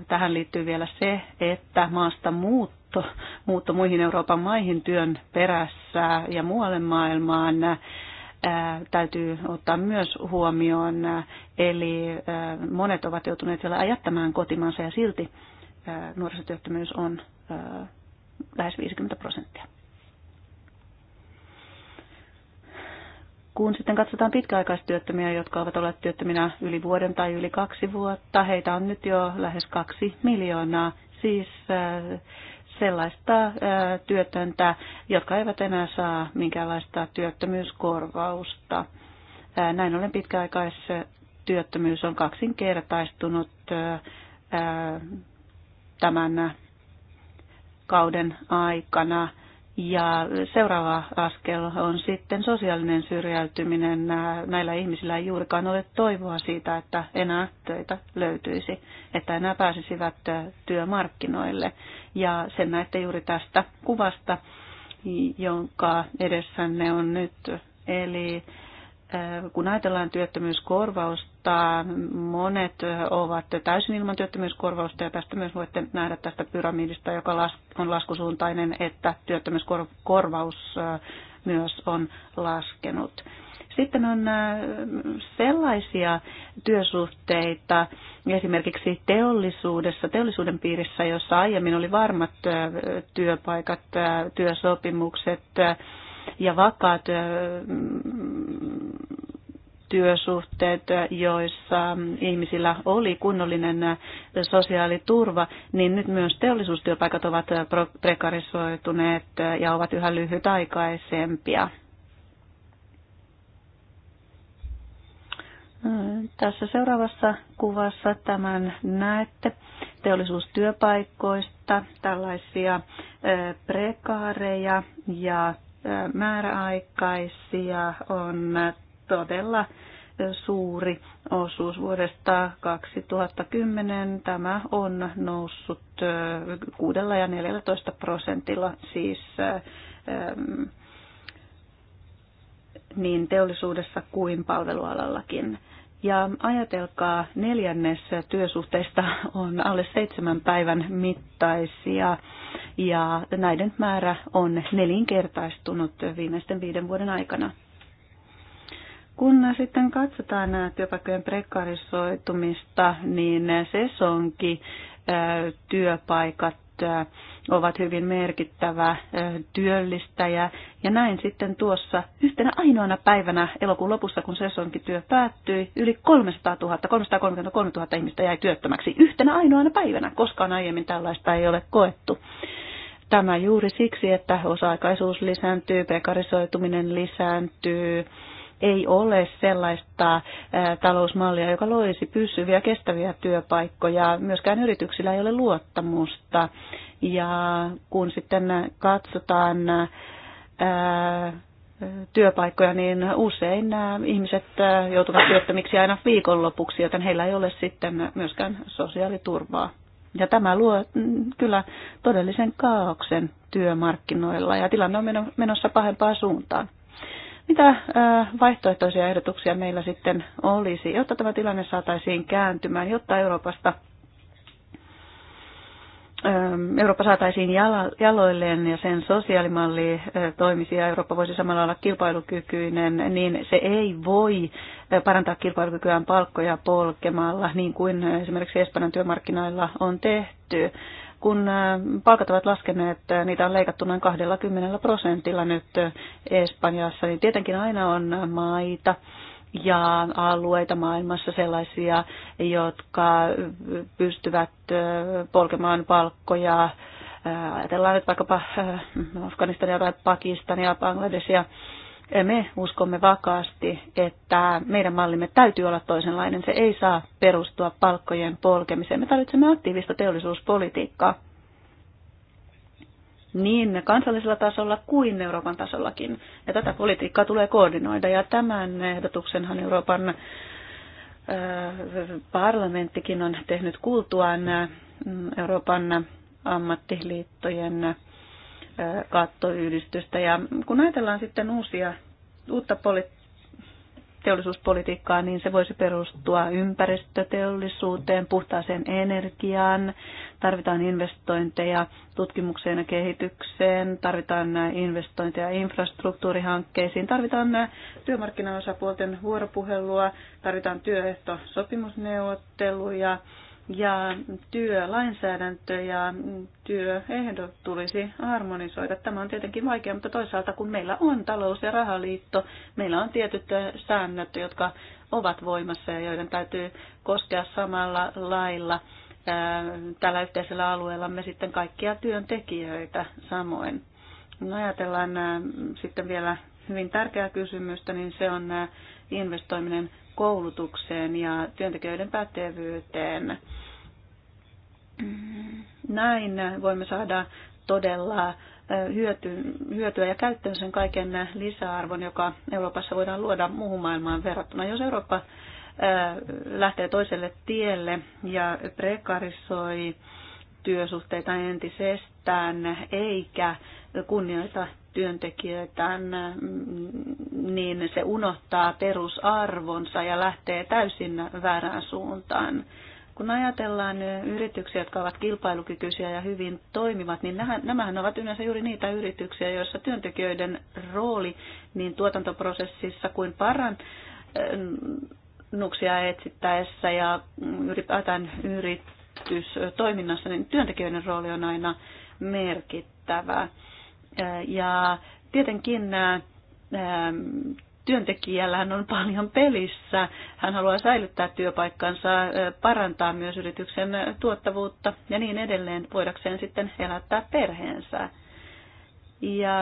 tähän liittyy vielä se, että maasta muutto, muutto muihin Euroopan maihin työn perässä ja muualle maailmaan täytyy ottaa myös huomioon. Eli monet ovat joutuneet vielä ajattamaan kotimaansa ja silti nuorisotyöttömyys on lähes 50 prosenttia. Kun sitten katsotaan pitkäaikaistyöttömiä, jotka ovat olleet työttöminä yli vuoden tai yli kaksi vuotta, heitä on nyt jo lähes kaksi miljoonaa. Siis sellaista työtöntä, jotka eivät enää saa minkäänlaista työttömyyskorvausta. Näin ollen pitkäaikaistyöttömyys on kaksinkertaistunut tämän kauden aikana ja seuraava askel on sitten sosiaalinen syrjäytyminen. Näillä ihmisillä ei juurikaan ole toivoa siitä, että enää töitä löytyisi, että enää pääsisivät työmarkkinoille. Ja sen näette juuri tästä kuvasta, jonka edessänne on nyt. Eli Äh, kun ajatellaan työttömyyskorvausta, monet ovat täysin ilman työttömyyskorvausta ja tästä myös voitte nähdä tästä pyramidista, joka on laskusuuntainen, että työttömyyskorvaus äh, myös on laskenut. Sitten on äh, sellaisia työsuhteita esimerkiksi teollisuudessa, teollisuuden piirissä, jossa aiemmin oli varmat työpaikat, työsopimukset ja vakaat työsuhteet, joissa ihmisillä oli kunnollinen sosiaaliturva, niin nyt myös teollisuustyöpaikat ovat prekarisoituneet ja ovat yhä lyhytaikaisempia. Tässä seuraavassa kuvassa tämän näette teollisuustyöpaikoista tällaisia prekaareja ja määräaikaisia on todella suuri osuus vuodesta 2010. Tämä on noussut 6 ja 14 prosentilla siis niin teollisuudessa kuin palvelualallakin. Ja ajatelkaa, neljännes työsuhteista on alle seitsemän päivän mittaisia ja näiden määrä on nelinkertaistunut viimeisten viiden vuoden aikana. Kun sitten katsotaan nämä työpaikkojen prekarisoitumista, niin sesonki työpaikat ovat hyvin merkittävä työllistäjä. Ja näin sitten tuossa yhtenä ainoana päivänä elokuun lopussa, kun sesonkityö päättyi, yli 300 000, 333 000 ihmistä jäi työttömäksi yhtenä ainoana päivänä. Koskaan aiemmin tällaista ei ole koettu. Tämä juuri siksi, että osa-aikaisuus lisääntyy, prekarisoituminen lisääntyy, ei ole sellaista talousmallia, joka loisi pysyviä kestäviä työpaikkoja. Myöskään yrityksillä ei ole luottamusta. Ja kun sitten katsotaan työpaikkoja, niin usein nämä ihmiset joutuvat työttömiksi aina viikonlopuksi, joten heillä ei ole sitten myöskään sosiaaliturvaa. Ja tämä luo mm, kyllä todellisen kaauksen työmarkkinoilla ja tilanne on menossa pahempaan suuntaan. Mitä äh, vaihtoehtoisia ehdotuksia meillä sitten olisi, jotta tämä tilanne saataisiin kääntymään, jotta Euroopasta ähm, Eurooppa saataisiin jaloilleen ja sen sosiaalimalli äh, toimisi ja Eurooppa voisi samalla olla kilpailukykyinen, niin se ei voi äh, parantaa kilpailukykyään palkkoja polkemalla, niin kuin esimerkiksi Espanjan työmarkkinoilla on tehty kun äh, palkat ovat laskeneet, äh, niitä on leikattu noin 20 prosentilla nyt äh, Espanjassa, niin tietenkin aina on maita ja alueita maailmassa sellaisia, jotka pystyvät polkemaan palkkoja. Ajatellaan nyt vaikkapa Afganistania tai Pakistania, Bangladesia me uskomme vakaasti, että meidän mallimme täytyy olla toisenlainen. Se ei saa perustua palkkojen polkemiseen. Me tarvitsemme aktiivista teollisuuspolitiikkaa niin kansallisella tasolla kuin Euroopan tasollakin. Ja tätä politiikkaa tulee koordinoida ja tämän ehdotuksenhan Euroopan parlamenttikin on tehnyt kuultuaan Euroopan ammattiliittojen kattoyhdistystä. Ja kun ajatellaan sitten uusia, uutta poli- teollisuuspolitiikkaa, niin se voisi perustua ympäristöteollisuuteen, puhtaaseen energiaan, tarvitaan investointeja tutkimukseen ja kehitykseen, tarvitaan investointeja infrastruktuurihankkeisiin, tarvitaan työmarkkinaosapuolten vuoropuhelua, tarvitaan työehtosopimusneuvotteluja, ja työlainsäädäntö ja työehdot tulisi harmonisoida. Tämä on tietenkin vaikea, mutta toisaalta kun meillä on talous- ja rahaliitto, meillä on tietyt säännöt, jotka ovat voimassa ja joiden täytyy koskea samalla lailla tällä yhteisellä alueella me sitten kaikkia työntekijöitä samoin. No ajatellaan sitten vielä hyvin tärkeää kysymystä, niin se on investoiminen koulutukseen ja työntekijöiden pätevyyteen. Näin voimme saada todella hyöty, hyötyä ja käyttöön sen kaiken lisäarvon, joka Euroopassa voidaan luoda muuhun maailmaan verrattuna. Jos Eurooppa lähtee toiselle tielle ja prekarisoi työsuhteita entisestään eikä kunnioita työntekijöitään, niin se unohtaa perusarvonsa ja lähtee täysin väärään suuntaan. Kun ajatellaan yrityksiä, jotka ovat kilpailukykyisiä ja hyvin toimivat, niin nämähän ovat yleensä juuri niitä yrityksiä, joissa työntekijöiden rooli niin tuotantoprosessissa kuin paran nuksia etsittäessä ja ylipäätään yritystoiminnassa, niin työntekijöiden rooli on aina merkittävä. Ja tietenkin työntekijällähän on paljon pelissä. Hän haluaa säilyttää työpaikkansa, parantaa myös yrityksen tuottavuutta ja niin edelleen, voidakseen sitten elättää perheensä. Ja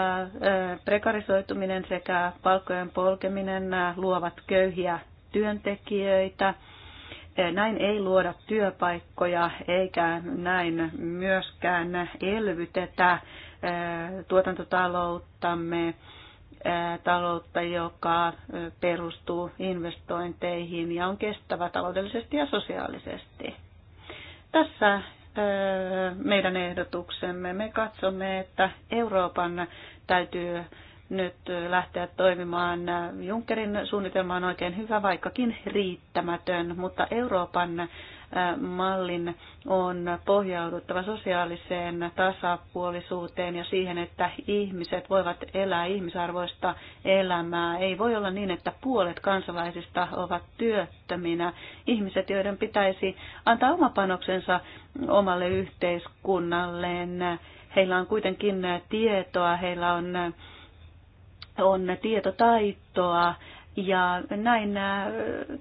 prekarisoituminen sekä palkkojen polkeminen luovat köyhiä työntekijöitä. Näin ei luoda työpaikkoja eikä näin myöskään elvytetä tuotantotalouttamme, taloutta, joka perustuu investointeihin ja on kestävä taloudellisesti ja sosiaalisesti. Tässä meidän ehdotuksemme. Me katsomme, että Euroopan täytyy nyt lähteä toimimaan. Junckerin suunnitelma on oikein hyvä, vaikkakin riittämätön, mutta Euroopan mallin on pohjauduttava sosiaaliseen tasapuolisuuteen ja siihen, että ihmiset voivat elää ihmisarvoista elämää. Ei voi olla niin, että puolet kansalaisista ovat työttöminä. Ihmiset, joiden pitäisi antaa oma panoksensa omalle yhteiskunnalleen, heillä on kuitenkin tietoa, heillä on, on tietotaitoa, ja näin äh,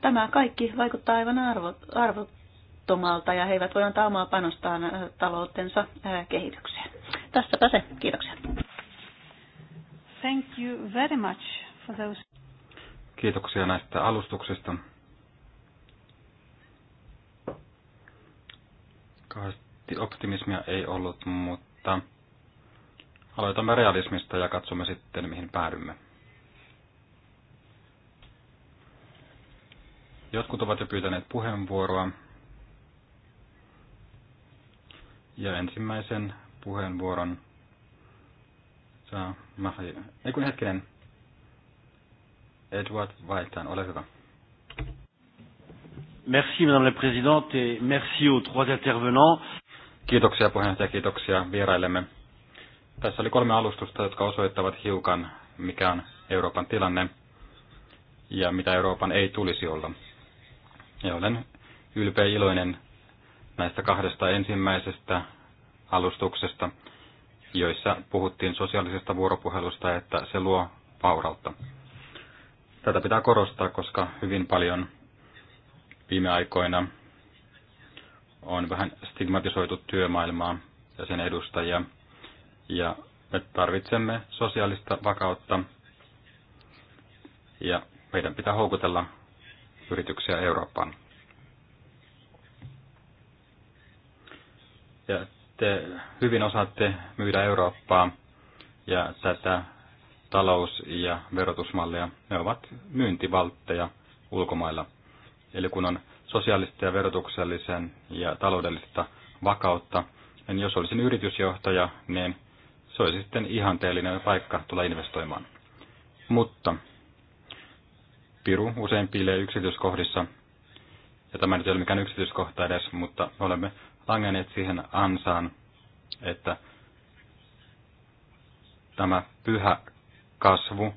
tämä kaikki vaikuttaa aivan arvo, arvo, tehottomalta ja he eivät voi antaa omaa panostaan äh, taloutensa äh, kehitykseen. Tässäpä se. Kiitoksia. Thank you very much for those. Kiitoksia näistä alustuksista. Kaasti optimismia ei ollut, mutta aloitamme realismista ja katsomme sitten, mihin päädymme. Jotkut ovat jo pyytäneet puheenvuoroa. Ja ensimmäisen puheenvuoron saa Mahi... Ei kun hetkinen. Edward Vaitan, ole hyvä. Merci Madame la Présidente et merci aux trois intervenants. Kiitoksia puheenjohtaja, kiitoksia vieraillemme. Tässä oli kolme alustusta, jotka osoittavat hiukan, mikä on Euroopan tilanne ja mitä Euroopan ei tulisi olla. Ja olen ylpeä iloinen näistä kahdesta ensimmäisestä alustuksesta, joissa puhuttiin sosiaalisesta vuoropuhelusta, että se luo vaurautta. Tätä pitää korostaa, koska hyvin paljon viime aikoina on vähän stigmatisoitu työmaailmaa ja sen edustajia. Ja me tarvitsemme sosiaalista vakautta ja meidän pitää houkutella yrityksiä Eurooppaan. Ja te hyvin osaatte myydä Eurooppaa ja tätä talous- ja verotusmallia. Ne ovat myyntivaltteja ulkomailla. Eli kun on sosiaalista ja verotuksellisen ja taloudellista vakautta, niin jos olisin yritysjohtaja, niin se olisi sitten ihanteellinen paikka tulla investoimaan. Mutta piru usein piilee yksityiskohdissa, ja tämä nyt ei ole mikään yksityiskohta edes, mutta olemme langenneet siihen ansaan, että tämä pyhä kasvu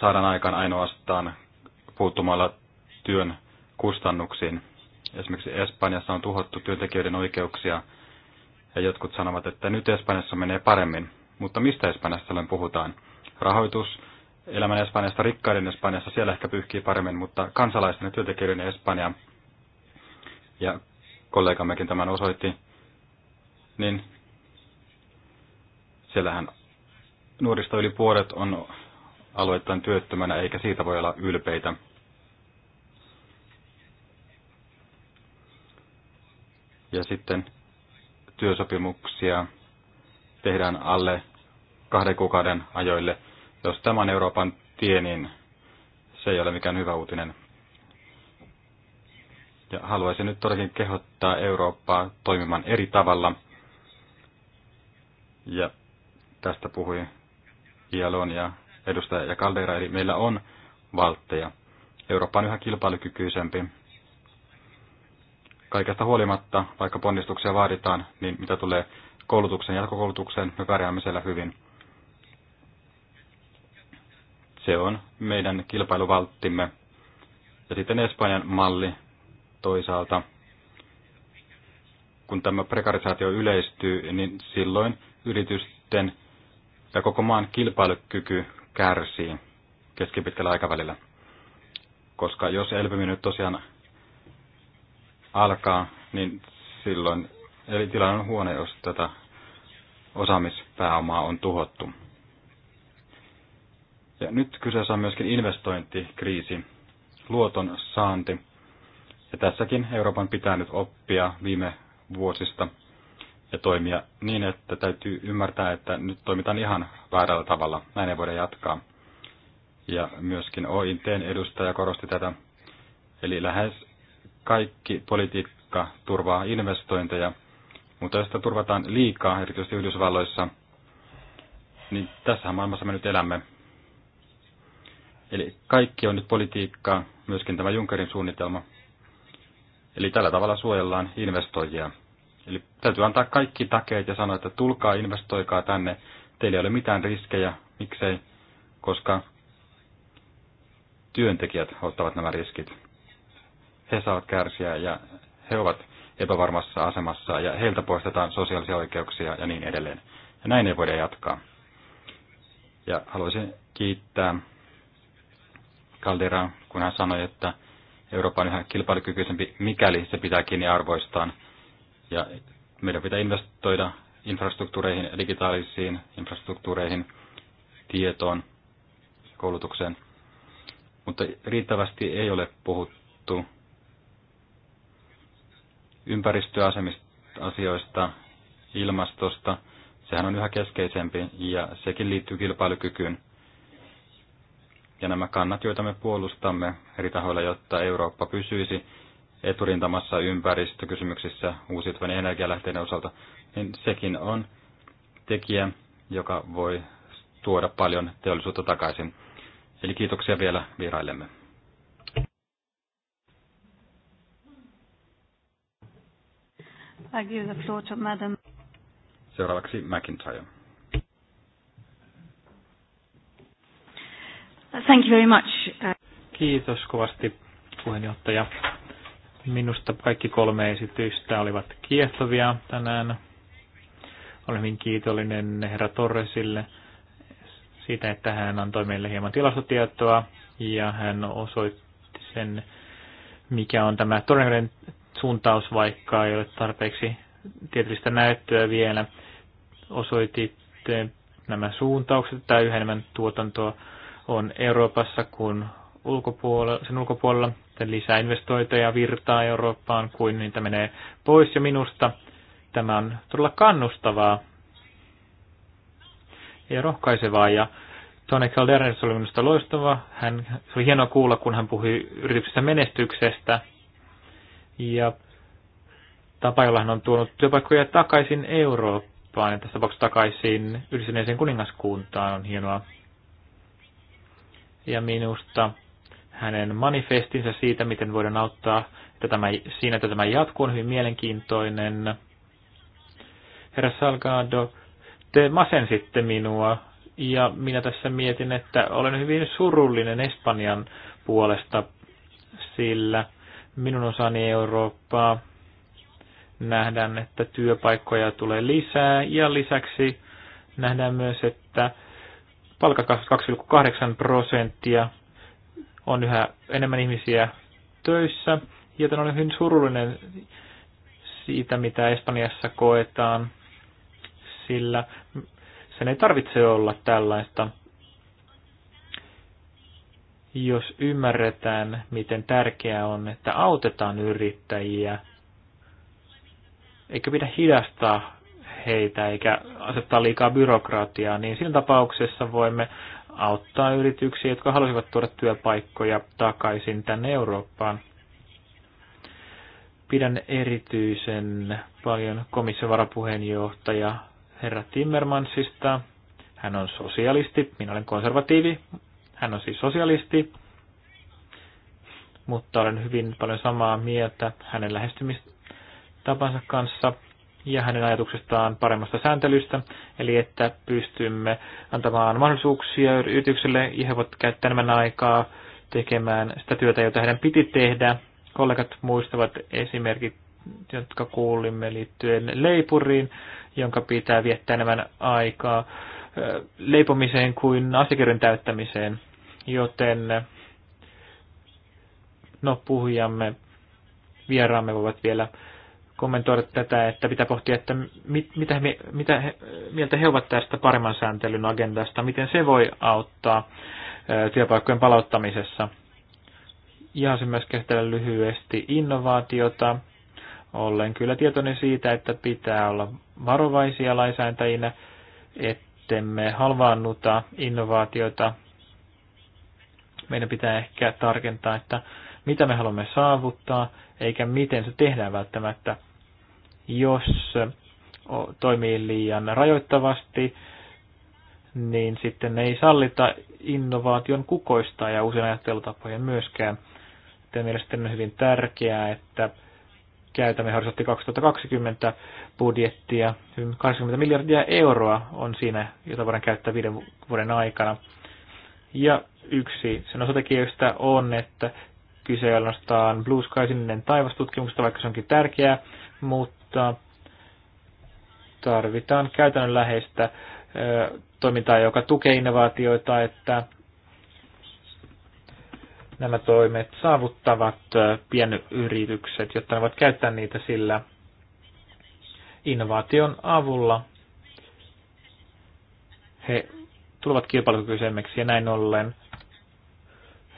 saadaan aikaan ainoastaan puuttumalla työn kustannuksiin. Esimerkiksi Espanjassa on tuhottu työntekijöiden oikeuksia ja jotkut sanovat, että nyt Espanjassa menee paremmin. Mutta mistä Espanjassa silloin puhutaan? Rahoitus, elämän Espanjasta, rikkaiden Espanjassa, siellä ehkä pyyhkii paremmin, mutta kansalaisten ja työntekijöiden Espanja ja kollegammekin tämän osoitti, niin siellähän nuorista yli puolet on alueittain työttömänä, eikä siitä voi olla ylpeitä. Ja sitten työsopimuksia tehdään alle kahden kuukauden ajoille. Jos tämä on Euroopan tie, niin se ei ole mikään hyvä uutinen. Ja haluaisin nyt todellakin kehottaa Eurooppaa toimimaan eri tavalla. Ja tästä puhui Ialon ja edustaja ja Caldera, eli meillä on valtteja. Eurooppa on yhä kilpailukykyisempi. Kaikesta huolimatta, vaikka ponnistuksia vaaditaan, niin mitä tulee koulutuksen ja jatkokoulutukseen, me pärjäämme siellä hyvin. Se on meidän kilpailuvalttimme. Ja sitten Espanjan malli toisaalta kun tämä prekarisaatio yleistyy, niin silloin yritysten ja koko maan kilpailukyky kärsii keskipitkällä aikavälillä. Koska jos elpyminen nyt tosiaan alkaa, niin silloin eli tilanne on huone, jos tätä osaamispääomaa on tuhottu. Ja nyt kyseessä on myöskin investointikriisi, luoton saanti – ja tässäkin Euroopan pitää nyt oppia viime vuosista ja toimia niin, että täytyy ymmärtää, että nyt toimitaan ihan väärällä tavalla. Näin ei voida jatkaa. Ja myöskin OITn edustaja korosti tätä. Eli lähes kaikki politiikka turvaa investointeja, mutta jos sitä turvataan liikaa, erityisesti Yhdysvalloissa, niin tässä maailmassa me nyt elämme. Eli kaikki on nyt politiikkaa, myöskin tämä Junckerin suunnitelma. Eli tällä tavalla suojellaan investoijia. Eli täytyy antaa kaikki takeet ja sanoa, että tulkaa investoikaa tänne. Teillä ei ole mitään riskejä. Miksei? Koska työntekijät ottavat nämä riskit. He saavat kärsiä ja he ovat epävarmassa asemassa ja heiltä poistetaan sosiaalisia oikeuksia ja niin edelleen. Ja näin ei voida jatkaa. Ja haluaisin kiittää Caldera, kun hän sanoi, että Eurooppa on yhä kilpailukykyisempi, mikäli se pitää kiinni arvoistaan. Ja meidän pitää investoida infrastruktuureihin, digitaalisiin infrastruktuureihin, tietoon, koulutukseen. Mutta riittävästi ei ole puhuttu ympäristöasioista, ilmastosta. Sehän on yhä keskeisempi ja sekin liittyy kilpailukykyyn ja nämä kannat, joita me puolustamme eri tahoilla, jotta Eurooppa pysyisi eturintamassa ympäristökysymyksissä uusiutuvan energialähteiden osalta, niin sekin on tekijä, joka voi tuoda paljon teollisuutta takaisin. Eli kiitoksia vielä vieraillemme. I give the floor to Madam. Seuraavaksi McIntyre. Thank you very much. Uh, Kiitos kovasti puheenjohtaja. Minusta kaikki kolme esitystä olivat kiehtovia tänään. Olen hyvin kiitollinen herra Torresille siitä, että hän antoi meille hieman tilastotietoa ja hän osoitti sen, mikä on tämä todennäköinen suuntaus, vaikka ei ole tarpeeksi tieteellistä näyttöä vielä. Osoititte nämä suuntaukset tai yhä enemmän tuotantoa on Euroopassa kuin ulkopuolella, sen ulkopuolella, lisää investointeja virtaa Eurooppaan kuin niitä menee pois. Ja minusta tämä on todella kannustavaa ja rohkaisevaa. Ja Tony Calderas oli minusta loistava. Hän, se oli hienoa kuulla, kun hän puhui yrityksestä menestyksestä. Ja tapa, jolla hän on tuonut työpaikkoja takaisin Eurooppaan ja tässä tapauksessa takaisin yhdistyneeseen kuningaskuntaan on hienoa ja minusta hänen manifestinsa siitä, miten voidaan auttaa että tämä, siinä, että tämä jatkuu, on hyvin mielenkiintoinen. Herra Salgado, te masensitte minua, ja minä tässä mietin, että olen hyvin surullinen Espanjan puolesta, sillä minun osani Eurooppaa nähdään, että työpaikkoja tulee lisää, ja lisäksi nähdään myös, että palkkakasvu 2,8 prosenttia. On yhä enemmän ihmisiä töissä, joten olen hyvin surullinen siitä, mitä Espanjassa koetaan, sillä sen ei tarvitse olla tällaista, jos ymmärretään, miten tärkeää on, että autetaan yrittäjiä, eikä pidä hidastaa heitä eikä asettaa liikaa byrokratiaa, niin siinä tapauksessa voimme auttaa yrityksiä, jotka haluaisivat tuoda työpaikkoja takaisin tänne Eurooppaan. Pidän erityisen paljon komission varapuheenjohtaja herra Timmermansista. Hän on sosialisti, minä olen konservatiivi, hän on siis sosialisti, mutta olen hyvin paljon samaa mieltä hänen lähestymistapansa kanssa ja hänen ajatuksestaan paremmasta sääntelystä, eli että pystymme antamaan mahdollisuuksia yritykselle ja he voivat käyttää enemmän aikaa tekemään sitä työtä, jota heidän piti tehdä. Kollegat muistavat esimerkit, jotka kuulimme liittyen leipuriin, jonka pitää viettää enemmän aikaa leipomiseen kuin asiakirjan täyttämiseen, joten no puhujamme vieraamme voivat vielä kommentoida tätä, että pitää pohtia, että mit, mitä, he, mitä he, mieltä he ovat tästä paremman sääntelyn agendasta, miten se voi auttaa työpaikkojen palauttamisessa. Ja se myös käsitellä lyhyesti innovaatiota. Olen kyllä tietoinen siitä, että pitää olla varovaisia lainsäätäjinä, ettemme halvaannuta innovaatiota. Meidän pitää ehkä tarkentaa, että mitä me haluamme saavuttaa, eikä miten se tehdään välttämättä. Jos toimii liian rajoittavasti, niin sitten ei sallita innovaation kukoista ja uusien ajattelutapojen myöskään. Tämä mielestäni on hyvin tärkeää, että käytämme horisontti 2020 budjettia. 80 miljardia euroa on siinä, jota voidaan käyttää viiden vuoden aikana. Ja yksi sen osatekijöistä on, että kyse on ainoastaan Blue Sky sininen taivastutkimuksesta, vaikka se onkin tärkeää, mutta tota, tarvitaan käytännönläheistä toimintaa, joka tukee innovaatioita, että nämä toimet saavuttavat pienyritykset, jotta ne voivat käyttää niitä sillä innovaation avulla. He tulevat kilpailukykyisemmiksi ja näin ollen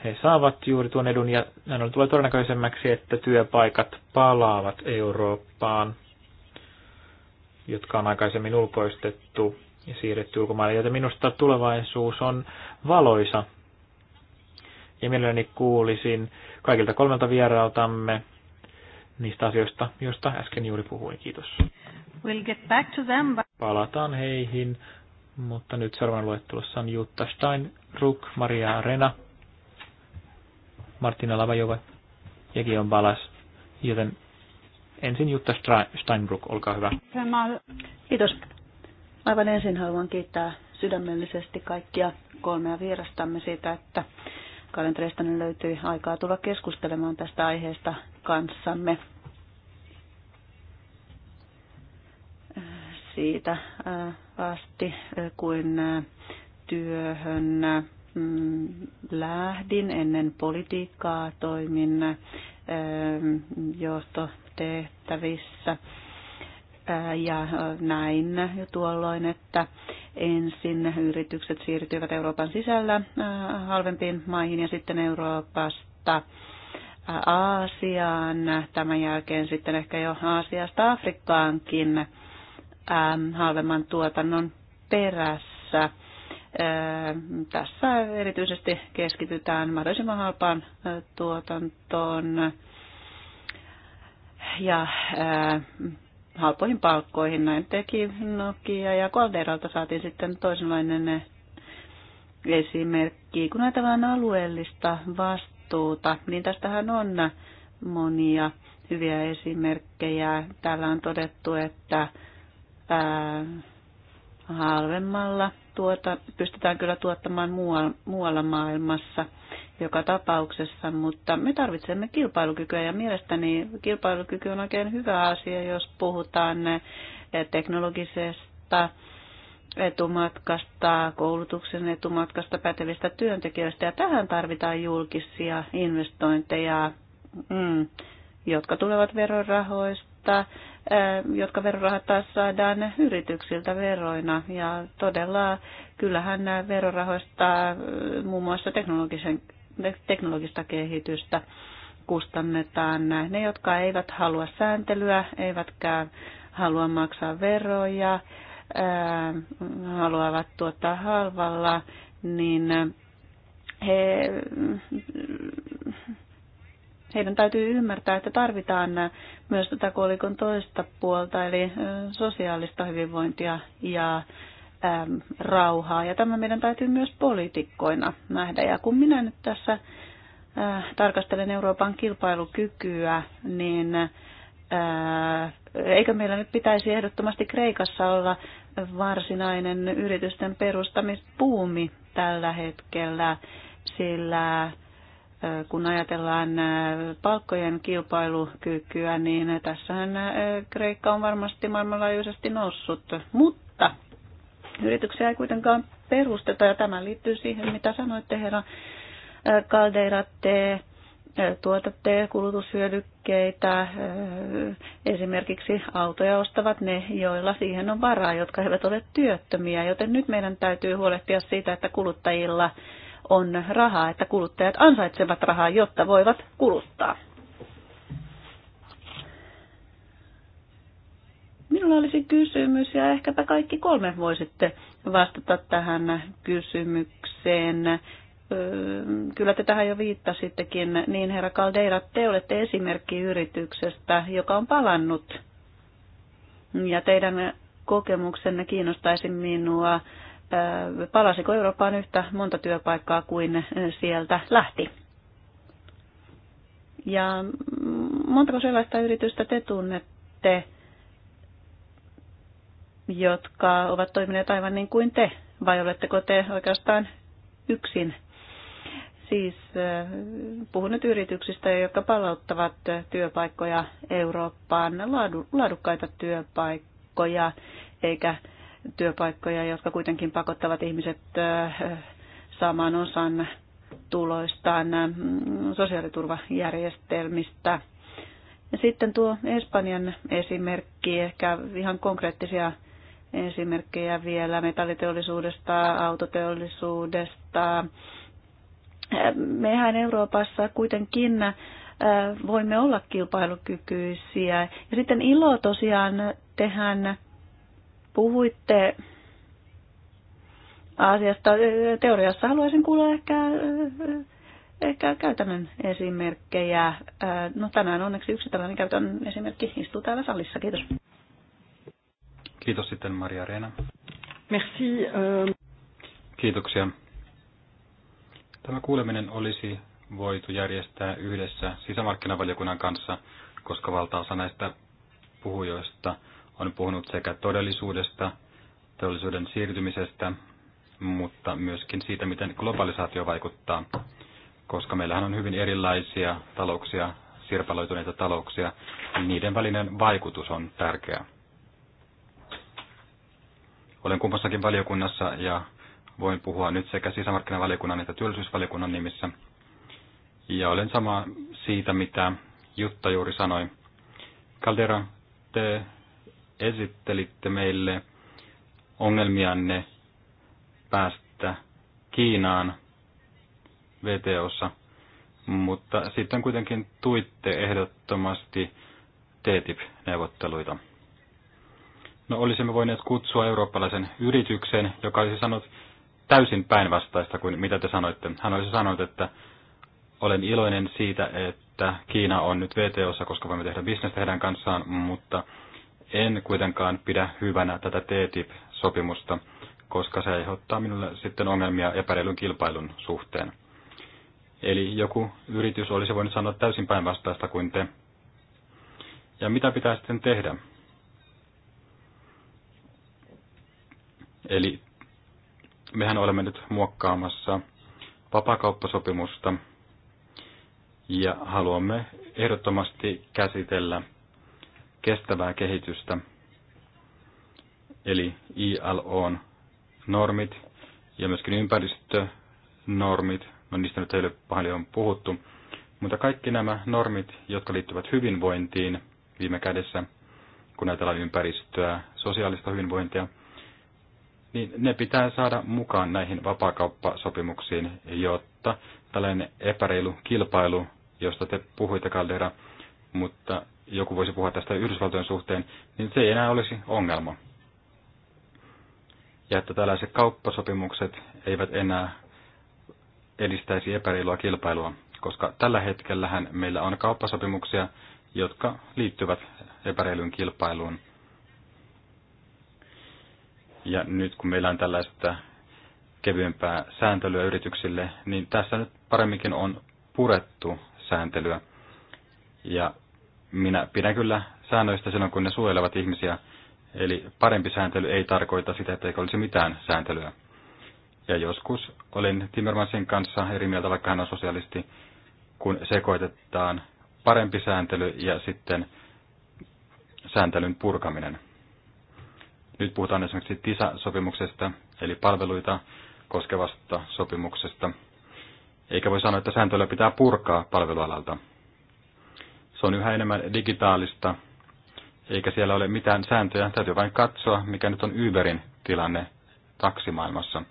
he saavat juuri tuon edun ja näin ollen tulee todennäköisemmäksi, että työpaikat palaavat Eurooppaan jotka on aikaisemmin ulkoistettu ja siirretty ulkomaille, joten minusta tulevaisuus on valoisa. Ja mielelläni kuulisin kaikilta kolmelta vierailtamme niistä asioista, joista äsken juuri puhuin. Kiitos. We'll get back to them, but... Palataan heihin, mutta nyt seuraavan luettelossa on Jutta Ruk Maria Rena, Martina Lavajova ja Gion Balas, joten Ensin Jutta Steinbrück, olkaa hyvä. Kiitos. Aivan ensin haluan kiittää sydämellisesti kaikkia kolmea vierastamme siitä, että kalenterista löytyi aikaa tulla keskustelemaan tästä aiheesta kanssamme. Siitä äh, asti, äh, kuin äh, työhön mm, lähdin ennen politiikkaa, toimin johto tehtävissä. Ja näin jo tuolloin, että ensin yritykset siirtyivät Euroopan sisällä halvempiin maihin ja sitten Euroopasta Aasiaan, tämän jälkeen sitten ehkä jo Aasiasta Afrikkaankin halvemman tuotannon perässä. Tässä erityisesti keskitytään mahdollisimman halpaan tuotantoon ja ää, halpoihin palkkoihin. Näin teki Nokia ja Kolderalta saatiin sitten toisenlainen esimerkki. Kun ajatellaan alueellista vastuuta, niin tästähän on monia hyviä esimerkkejä. Täällä on todettu, että ää, halvemmalla tuota, pystytään kyllä tuottamaan muualla, muualla maailmassa – joka tapauksessa, mutta me tarvitsemme kilpailukykyä ja mielestäni kilpailukyky on oikein hyvä asia, jos puhutaan eh, teknologisesta etumatkasta, koulutuksen etumatkasta, pätevistä työntekijöistä ja tähän tarvitaan julkisia investointeja, mm, jotka tulevat verorahoista, eh, jotka verorahat taas saadaan yrityksiltä veroina. Ja todella kyllähän nämä verorahoista eh, muun muassa teknologisen teknologista kehitystä kustannetaan. Ne, jotka eivät halua sääntelyä, eivätkä halua maksaa veroja, haluavat tuottaa halvalla, niin he, heidän täytyy ymmärtää, että tarvitaan myös tätä kolikon toista puolta, eli sosiaalista hyvinvointia ja Ähm, rauhaa. Ja tämä meidän täytyy myös poliitikkoina nähdä. Ja kun minä nyt tässä äh, tarkastelen Euroopan kilpailukykyä, niin äh, eikö meillä nyt pitäisi ehdottomasti Kreikassa olla varsinainen yritysten perustamispuumi tällä hetkellä, sillä äh, kun ajatellaan palkkojen kilpailukykyä, niin tässähän Kreikka on varmasti maailmanlaajuisesti noussut, mutta Yrityksiä ei kuitenkaan perusteta, ja tämä liittyy siihen, mitä sanoitte, herra Caldeira, äh, te äh, tuotatte kulutushyödykkeitä, äh, esimerkiksi autoja ostavat ne, joilla siihen on varaa, jotka eivät ole työttömiä, joten nyt meidän täytyy huolehtia siitä, että kuluttajilla on rahaa, että kuluttajat ansaitsevat rahaa, jotta voivat kuluttaa. Minulla olisi kysymys ja ehkäpä kaikki kolme voisitte vastata tähän kysymykseen. Kyllä te tähän jo viittasittekin, niin herra Kaldeira, te olette esimerkki yrityksestä, joka on palannut. Ja teidän kokemuksenne kiinnostaisi minua. Palasiko Eurooppaan yhtä monta työpaikkaa kuin sieltä lähti? Ja montako sellaista yritystä te tunnette, jotka ovat toimineet aivan niin kuin te, vai oletteko te oikeastaan yksin? Siis eh, puhun nyt yrityksistä, jotka palauttavat työpaikkoja Eurooppaan, laadukkaita työpaikkoja, eikä työpaikkoja, jotka kuitenkin pakottavat ihmiset eh, saamaan osan tuloistaan mm, sosiaaliturvajärjestelmistä. Ja sitten tuo Espanjan esimerkki, ehkä ihan konkreettisia esimerkkejä vielä metalliteollisuudesta, autoteollisuudesta. Mehän Euroopassa kuitenkin äh, voimme olla kilpailukykyisiä. Ja sitten ilo tosiaan, tehän puhuitte asiasta teoriassa. Haluaisin kuulla ehkä, ehkä käytännön esimerkkejä. Äh, no tänään onneksi yksi tällainen käytännön esimerkki istuu täällä salissa. Kiitos. Kiitos sitten Maria Reena. Merci. Ähm. Kiitoksia. Tämä kuuleminen olisi voitu järjestää yhdessä sisämarkkinavaliokunnan kanssa, koska valtaosa näistä puhujoista on puhunut sekä todellisuudesta, teollisuuden siirtymisestä, mutta myöskin siitä, miten globalisaatio vaikuttaa, koska meillähän on hyvin erilaisia talouksia, sirpaloituneita talouksia, niin niiden välinen vaikutus on tärkeä. Olen kumpassakin valiokunnassa ja voin puhua nyt sekä sisämarkkinavaliokunnan että työllisyysvaliokunnan nimissä. Ja olen sama siitä, mitä Jutta juuri sanoi. Caldera, te esittelitte meille ongelmianne päästä Kiinaan VTOssa, mutta sitten kuitenkin tuitte ehdottomasti TTIP-neuvotteluita. No olisimme voineet kutsua eurooppalaisen yrityksen, joka olisi sanonut täysin päinvastaista kuin mitä te sanoitte. Hän olisi sanonut, että olen iloinen siitä, että Kiina on nyt VTOssa, koska voimme tehdä bisnestä heidän kanssaan, mutta en kuitenkaan pidä hyvänä tätä TTIP-sopimusta, koska se aiheuttaa minulle sitten ongelmia epäreilyn kilpailun suhteen. Eli joku yritys olisi voinut sanoa täysin päinvastaista kuin te. Ja mitä pitää sitten tehdä? Eli mehän olemme nyt muokkaamassa vapakauppasopimusta ja haluamme ehdottomasti käsitellä kestävää kehitystä, eli ILOn normit ja myöskin ympäristönormit, no niistä nyt ei ole paljon puhuttu, mutta kaikki nämä normit, jotka liittyvät hyvinvointiin viime kädessä, kun ajatellaan ympäristöä, sosiaalista hyvinvointia – niin ne pitää saada mukaan näihin vapaakauppasopimuksiin, jotta tällainen epäreilu kilpailu, josta te puhuitte Caldera, mutta joku voisi puhua tästä Yhdysvaltojen suhteen, niin se ei enää olisi ongelma. Ja että tällaiset kauppasopimukset eivät enää edistäisi epäreilua kilpailua, koska tällä hetkellähän meillä on kauppasopimuksia, jotka liittyvät epäreilyyn kilpailuun – ja nyt kun meillä on tällaista kevyempää sääntelyä yrityksille, niin tässä nyt paremminkin on purettu sääntelyä. Ja minä pidän kyllä säännöistä silloin, kun ne suojelevat ihmisiä. Eli parempi sääntely ei tarkoita sitä, että eikö olisi mitään sääntelyä. Ja joskus olin Timmermansin kanssa eri mieltä, vaikka hän on sosialisti, kun sekoitetaan parempi sääntely ja sitten sääntelyn purkaminen. Nyt puhutaan esimerkiksi TISA-sopimuksesta, eli palveluita koskevasta sopimuksesta. Eikä voi sanoa, että sääntöllä pitää purkaa palvelualalta. Se on yhä enemmän digitaalista, eikä siellä ole mitään sääntöjä. Täytyy vain katsoa, mikä nyt on Uberin tilanne taksimaailmassa.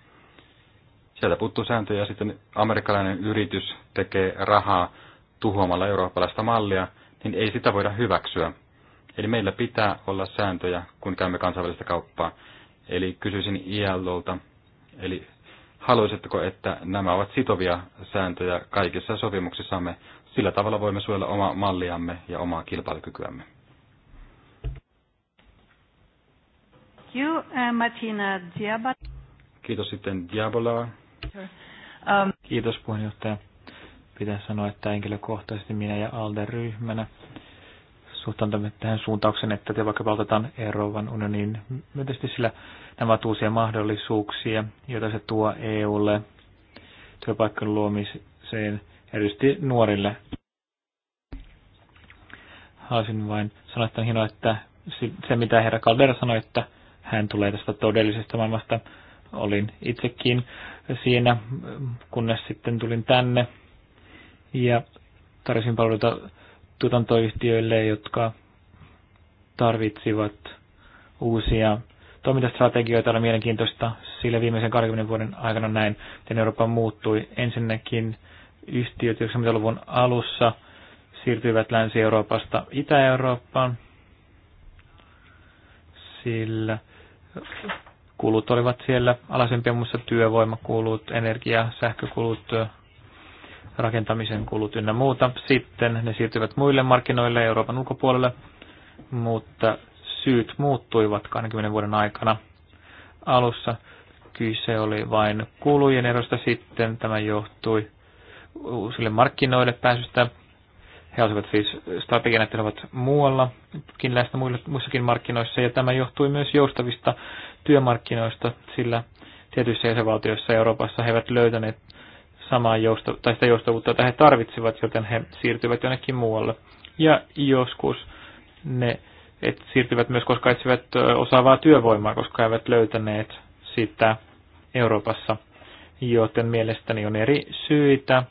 Sieltä puuttuu sääntöjä ja sitten amerikkalainen yritys tekee rahaa tuhoamalla eurooppalaista mallia, niin ei sitä voida hyväksyä. Eli meillä pitää olla sääntöjä, kun käymme kansainvälistä kauppaa. Eli kysyisin ILOlta, eli haluaisitteko, että nämä ovat sitovia sääntöjä kaikissa sopimuksissamme? Sillä tavalla voimme suojella omaa malliamme ja omaa kilpailukykyämme. You, uh, Martina Diabat. Kiitos sitten Diabola. Um, Kiitos puheenjohtaja. Pitää sanoa, että henkilökohtaisesti minä ja Alde ryhmänä suhtaudumme tähän suuntauksen, että te vaikka valtataan Euroopan unionin myönteisesti, sillä nämä ovat uusia mahdollisuuksia, joita se tuo EUlle työpaikkojen luomiseen, erityisesti nuorille. Haluaisin vain sanoa, että on hienoa, että se mitä herra Caldera sanoi, että hän tulee tästä todellisesta maailmasta, olin itsekin siinä, kunnes sitten tulin tänne ja tarjosin palveluita tuotantoyhtiöille, jotka tarvitsivat uusia toimintastrategioita. On mielenkiintoista, sille viimeisen 20 vuoden aikana näin, miten Eurooppa muuttui. Ensinnäkin yhtiöt 90-luvun alussa siirtyivät Länsi-Euroopasta Itä-Eurooppaan, sillä kulut olivat siellä alasempia muassa työvoimakulut, energia, sähkökulut, rakentamisen kulut ynnä muuta. Sitten ne siirtyivät muille markkinoille Euroopan ulkopuolelle, mutta syyt muuttuivat 20 vuoden aikana. Alussa kyse oli vain kulujen erosta, sitten tämä johtui uusille markkinoille pääsystä. He asuvat siis strategiana, että ovat muuallakin läsnä muissakin markkinoissa, ja tämä johtui myös joustavista työmarkkinoista, sillä tietyissä jäsenvaltioissa Euroopassa he eivät löytäneet samaa jousto, tai sitä joustavuutta, jota he tarvitsivat, joten he siirtyvät jonnekin muualle. Ja joskus ne et siirtyvät myös, koska etsivät osaavaa työvoimaa, koska eivät löytäneet sitä Euroopassa. Joten mielestäni on eri syitä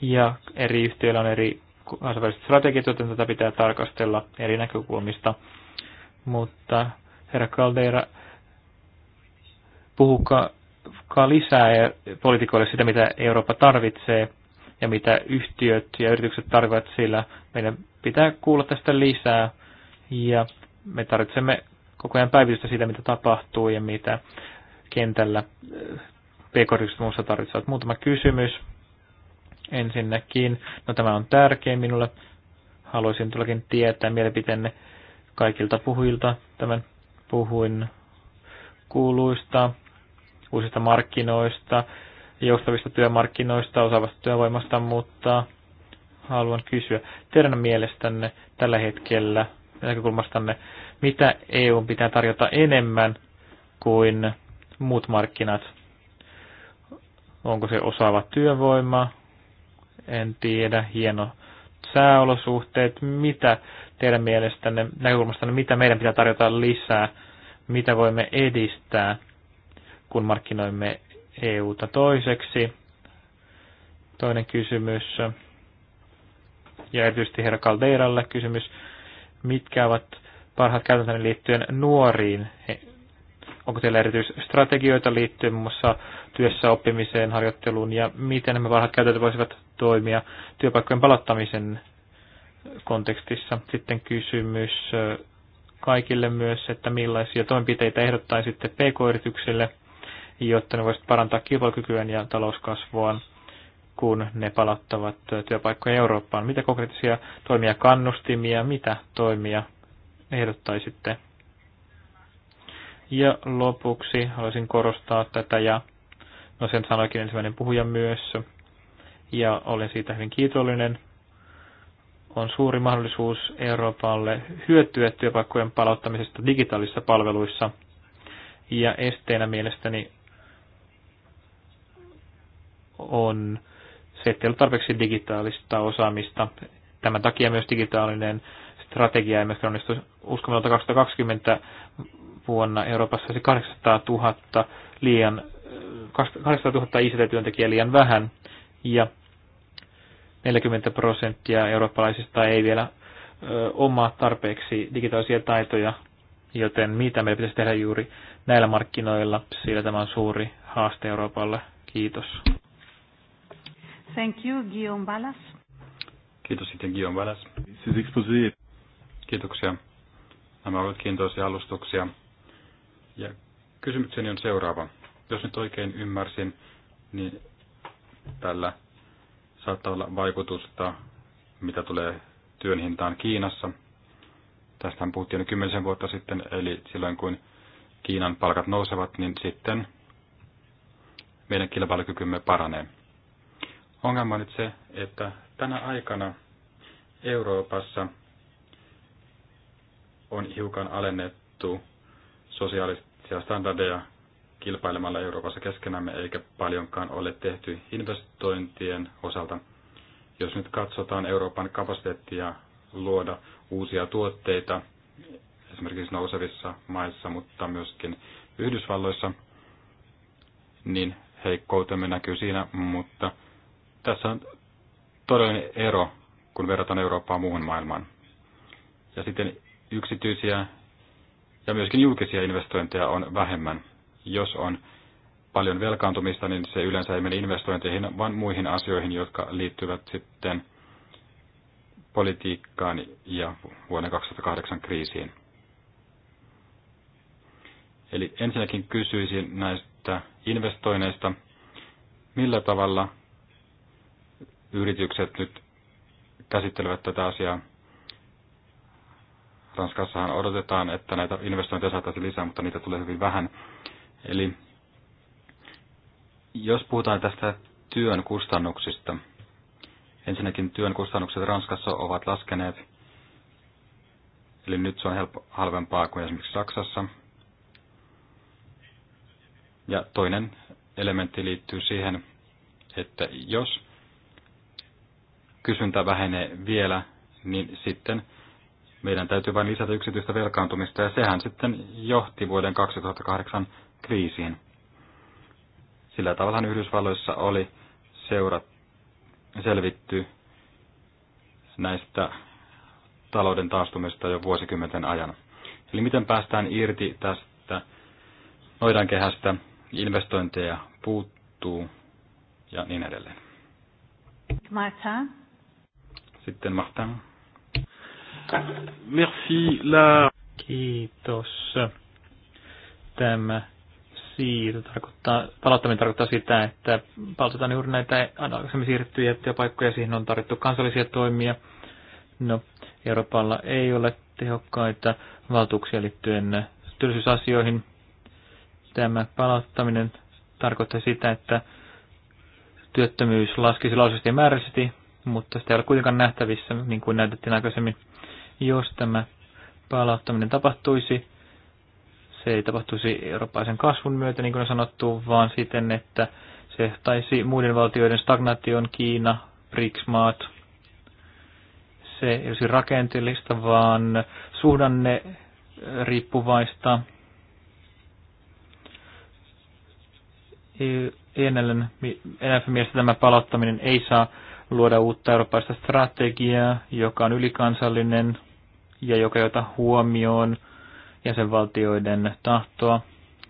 ja eri yhtiöillä on eri kansainväliset strategiat, joten tätä pitää tarkastella eri näkökulmista. Mutta herra Caldera, puhukaa joka lisää poliitikoille sitä, mitä Eurooppa tarvitsee ja mitä yhtiöt ja yritykset tarvitsevat sillä. Meidän pitää kuulla tästä lisää ja me tarvitsemme koko ajan päivitystä siitä, mitä tapahtuu ja mitä kentällä eh, pk muussa tarvitsevat. Muutama kysymys ensinnäkin. No tämä on tärkein minulle. Haluaisin tullakin tietää mielipiteenne kaikilta puhujilta. Tämän puhuin kuuluista uusista markkinoista, joustavista työmarkkinoista, osaavasta työvoimasta, mutta haluan kysyä teidän mielestänne tällä hetkellä näkökulmastanne, mitä EU pitää tarjota enemmän kuin muut markkinat? Onko se osaava työvoima? En tiedä. Hieno sääolosuhteet. Mitä teidän mielestänne, näkökulmastanne, mitä meidän pitää tarjota lisää? Mitä voimme edistää? kun markkinoimme EUta toiseksi. Toinen kysymys, ja erityisesti herra Caldeiralle kysymys, mitkä ovat parhaat käytännön liittyen nuoriin? Onko teillä erityisstrategioita liittyen muun muassa työssä oppimiseen, harjoitteluun ja miten nämä parhaat käytäntöt voisivat toimia työpaikkojen palauttamisen kontekstissa? Sitten kysymys äh, kaikille myös, että millaisia toimenpiteitä ehdottaisitte pk-yrityksille – jotta ne voisivat parantaa kilpailukykyään ja talouskasvuaan, kun ne palauttavat työpaikkoja Eurooppaan. Mitä konkreettisia toimia kannustimia, mitä toimia ehdottaisitte? Ja lopuksi haluaisin korostaa tätä, ja no sen sanoikin ensimmäinen puhuja myös, ja olen siitä hyvin kiitollinen. On suuri mahdollisuus Euroopalle hyötyä työpaikkojen palauttamisesta digitaalisissa palveluissa, ja esteenä mielestäni on se, että ei ole tarpeeksi digitaalista osaamista. Tämän takia myös digitaalinen strategia ei myöskään onnistu. Uskomilta 2020 vuonna Euroopassa se 800 000 liian 800 000 ICT-työntekijää liian vähän ja 40 prosenttia eurooppalaisista ei vielä omaa tarpeeksi digitaalisia taitoja, joten mitä meidän pitäisi tehdä juuri näillä markkinoilla, sillä tämä on suuri haaste Euroopalle. Kiitos. Thank you, Guillaume Balas. Kiitos sitten Guillaume Balas. Siis Kiitoksia. Nämä ovat kiintoisia alustuksia. Ja kysymykseni on seuraava. Jos nyt oikein ymmärsin, niin tällä saattaa olla vaikutusta, mitä tulee työn hintaan Kiinassa. Tästähän puhuttiin jo kymmenisen vuotta sitten, eli silloin kun Kiinan palkat nousevat, niin sitten meidän kilpailukykymme paranee. Ongelma on nyt se, että tänä aikana Euroopassa on hiukan alennettu sosiaalisia standardeja kilpailemalla Euroopassa keskenämme, eikä paljonkaan ole tehty investointien osalta. Jos nyt katsotaan Euroopan kapasiteettia luoda uusia tuotteita, esimerkiksi nousevissa maissa, mutta myöskin Yhdysvalloissa, niin heikkoutemme näkyy siinä, mutta tässä on todellinen ero, kun verrataan Eurooppaa muuhun maailmaan. Ja sitten yksityisiä ja myöskin julkisia investointeja on vähemmän. Jos on paljon velkaantumista, niin se yleensä ei mene investointeihin, vaan muihin asioihin, jotka liittyvät sitten politiikkaan ja vuoden 2008 kriisiin. Eli ensinnäkin kysyisin näistä investoinneista, millä tavalla yritykset nyt käsittelevät tätä asiaa. Ranskassahan odotetaan, että näitä investointeja saataisiin lisää, mutta niitä tulee hyvin vähän. Eli jos puhutaan tästä työn kustannuksista, ensinnäkin työn kustannukset Ranskassa ovat laskeneet, eli nyt se on helppo, halvempaa kuin esimerkiksi Saksassa. Ja toinen elementti liittyy siihen, että jos kysyntä vähenee vielä, niin sitten meidän täytyy vain lisätä yksityistä velkaantumista, ja sehän sitten johti vuoden 2008 kriisiin. Sillä tavalla Yhdysvalloissa oli seurat selvitty näistä talouden taastumista jo vuosikymmenten ajan. Eli miten päästään irti tästä noidankehästä, investointeja puuttuu ja niin edelleen. Marta. Sitten Mahtan. Merci. La... Kiitos. Tämä siirto tarkoittaa, palauttaminen tarkoittaa sitä, että palautetaan juuri näitä aikaisemmin siirrettyjä työpaikkoja, siihen on tarjottu kansallisia toimia. No, Euroopalla ei ole tehokkaita valtuuksia liittyen työllisyysasioihin. Tämä palauttaminen tarkoittaa sitä, että työttömyys laskisi lausuisesti ja määräisesti, mutta sitä ei ole kuitenkaan nähtävissä, niin kuin näytettiin aikaisemmin. Jos tämä palauttaminen tapahtuisi, se ei tapahtuisi eurooppalaisen kasvun myötä, niin kuin on sanottu, vaan siten, että se taisi muiden valtioiden stagnaation Kiina, BRICS-maat. Se ei olisi rakenteellista, vaan suhdanne riippuvaista. ENLn e e mielestä tämä palauttaminen ei saa luoda uutta eurooppalaista strategiaa, joka on ylikansallinen ja joka jota huomioon jäsenvaltioiden tahtoa.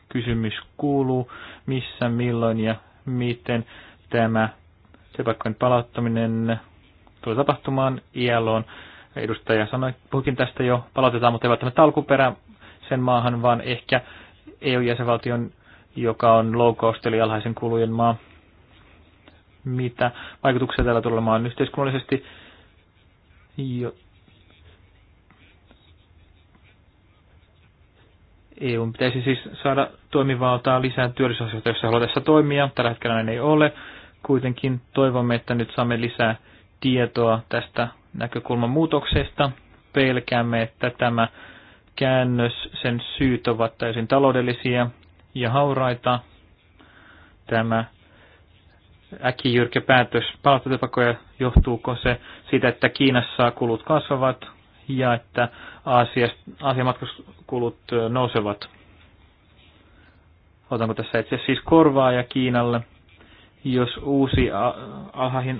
Kysymys kuuluu, missä, milloin ja miten tämä työpaikkojen palauttaminen tulee tapahtumaan. ILOn edustaja sanoi, puhukin tästä jo, palautetaan, mutta ei välttämättä alkuperä sen maahan, vaan ehkä EU-jäsenvaltion, joka on low cost eli alhaisen kulujen maa mitä vaikutuksia tällä tulee olemaan yhteiskunnallisesti. Jo. EU pitäisi siis saada toimivaltaa lisää työllisyysasioita, jos haluaa tässä toimia. Tällä hetkellä näin ei ole. Kuitenkin toivomme, että nyt saamme lisää tietoa tästä näkökulman muutoksesta. Pelkäämme, että tämä käännös, sen syyt ovat täysin taloudellisia ja hauraita. Tämä jyrkä päätös palautetupakoja, johtuuko se siitä, että Kiinassa kulut kasvavat ja että Aasian matkustuskulut nousevat? Otanko tässä itse siis korvaa ja Kiinalle? Jos uusi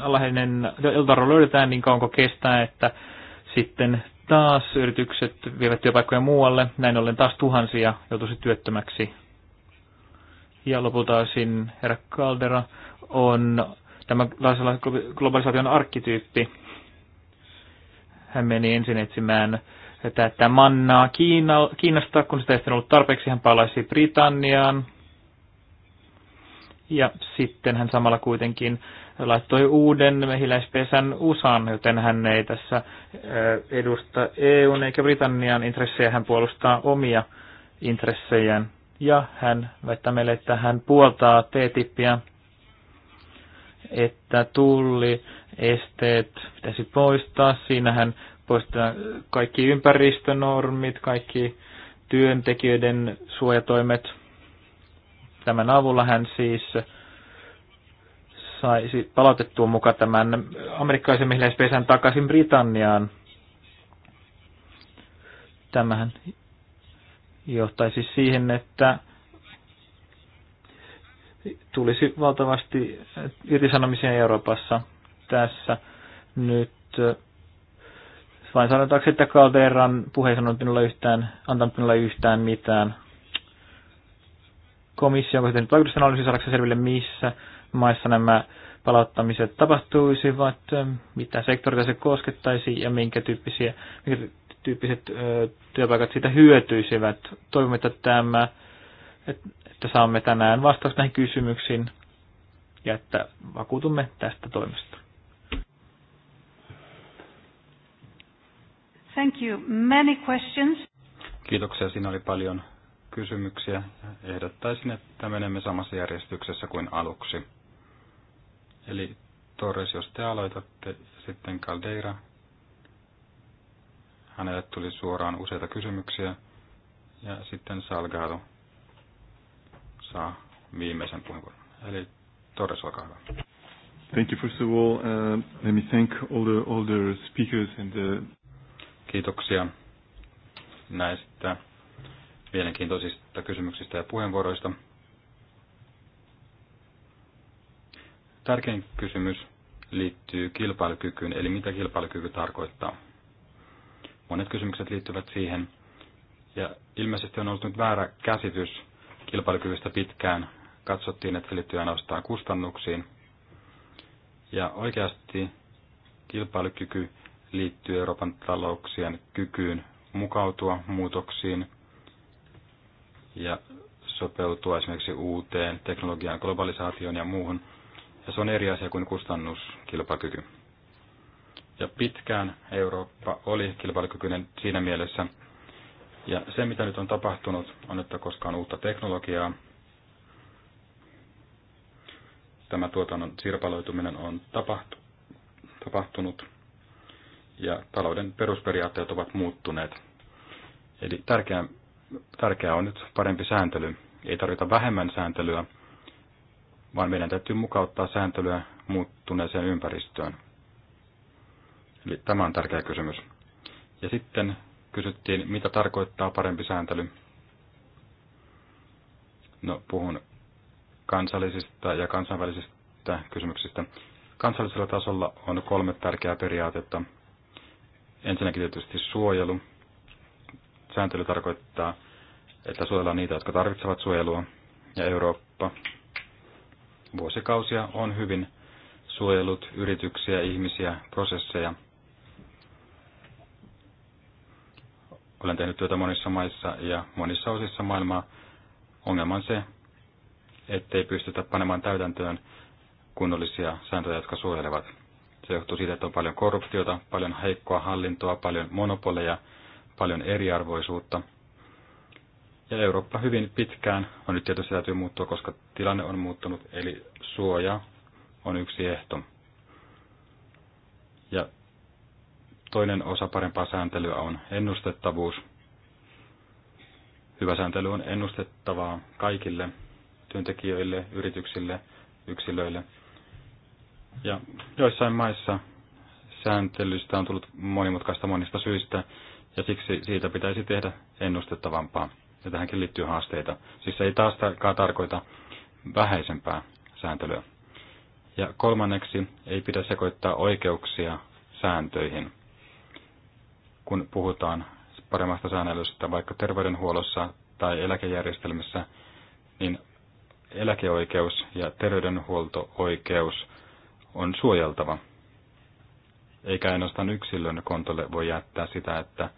alhainen Eldaro löydetään, niin kauanko kestää, että sitten taas yritykset vievät työpaikkoja muualle, näin ollen taas tuhansia joutuisi työttömäksi. Ja lopulta olisin herra Kaldera on tämä globalisaation arkkityyppi. Hän meni ensin etsimään tätä mannaa Kiina, Kiinasta, kun sitä ei sitten ollut tarpeeksi, hän palaisi Britanniaan. Ja sitten hän samalla kuitenkin laittoi uuden mehiläispesän USAan, joten hän ei tässä edusta EUn eikä Britannian intressejä, hän puolustaa omia intressejään. Ja hän väittää meille, että hän puoltaa TTIPiä että tulli, esteet pitäisi poistaa. Siinähän poistetaan kaikki ympäristönormit, kaikki työntekijöiden suojatoimet. Tämän avulla hän siis saisi palautettua mukaan tämän amerikkalaisen mehiläispesän takaisin Britanniaan. Tämähän johtaisi siihen, että tulisi valtavasti eh, irtisanomisia Euroopassa tässä nyt vain sanotaanko, että Kalderan puhe ei sanonut minulle yhtään, antanut minulle yhtään mitään. Komissio onko tehnyt olisi saadaanko selville, missä maissa nämä palauttamiset tapahtuisivat, eh, mitä sektorita se koskettaisi ja minkä, tyyppisiä, minkä tyyppiset ö, eh, työpaikat siitä hyötyisivät. Toivomme, että tämä että saamme tänään vastaus näihin kysymyksiin ja että vakuutumme tästä toimesta. Thank you. Many questions. Kiitoksia. Siinä oli paljon kysymyksiä. Ehdottaisin, että menemme samassa järjestyksessä kuin aluksi. Eli Torres, jos te aloitatte, sitten Caldeira. Hänelle tuli suoraan useita kysymyksiä. Ja sitten Salgado saa viimeisen puheenvuoron. Eli Torres, olkaa hyvä. Thank you first of all. Uh, let me thank all the, all the speakers and the... Kiitoksia näistä mielenkiintoisista kysymyksistä ja puheenvuoroista. Tärkein kysymys liittyy kilpailukykyyn, eli mitä kilpailukyky tarkoittaa. Monet kysymykset liittyvät siihen, ja ilmeisesti on ollut nyt väärä käsitys kilpailukyvystä pitkään katsottiin, että se liittyy ainoastaan kustannuksiin. Ja oikeasti kilpailukyky liittyy Euroopan talouksien kykyyn mukautua muutoksiin ja sopeutua esimerkiksi uuteen teknologiaan, globalisaatioon ja muuhun. Ja se on eri asia kuin kustannuskilpailukyky. Ja pitkään Eurooppa oli kilpailukykyinen siinä mielessä, ja se, mitä nyt on tapahtunut, on, että koska on uutta teknologiaa, tämä tuotannon sirpaloituminen on tapahtunut ja talouden perusperiaatteet ovat muuttuneet. Eli tärkeää, tärkeää on nyt parempi sääntely. Ei tarvita vähemmän sääntelyä, vaan meidän täytyy mukauttaa sääntelyä muuttuneeseen ympäristöön. Eli tämä on tärkeä kysymys. Ja sitten kysyttiin, mitä tarkoittaa parempi sääntely. No, puhun kansallisista ja kansainvälisistä kysymyksistä. Kansallisella tasolla on kolme tärkeää periaatetta. Ensinnäkin tietysti suojelu. Sääntely tarkoittaa, että suojellaan niitä, jotka tarvitsevat suojelua. Ja Eurooppa vuosikausia on hyvin suojellut yrityksiä, ihmisiä, prosesseja – Olen tehnyt työtä monissa maissa ja monissa osissa maailmaa. Ongelma on se, ettei pystytä panemaan täytäntöön kunnollisia sääntöjä, jotka suojelevat. Se johtuu siitä, että on paljon korruptiota, paljon heikkoa hallintoa, paljon monopoleja, paljon eriarvoisuutta. Ja Eurooppa hyvin pitkään, on nyt tietysti täytyy muuttua, koska tilanne on muuttunut, eli suoja on yksi ehto. Ja Toinen osa parempaa sääntelyä on ennustettavuus. Hyvä sääntely on ennustettavaa kaikille työntekijöille, yrityksille, yksilöille. Ja joissain maissa sääntelystä on tullut monimutkaista monista syistä, ja siksi siitä pitäisi tehdä ennustettavampaa. Ja tähänkin liittyy haasteita. Siis se ei taaskaan tarkoita vähäisempää sääntelyä. Ja kolmanneksi ei pidä sekoittaa oikeuksia sääntöihin kun puhutaan paremmasta säännöllisestä vaikka terveydenhuollossa tai eläkejärjestelmissä, niin eläkeoikeus ja terveydenhuolto-oikeus on suojeltava. Eikä ainoastaan yksilön kontolle voi jättää sitä, että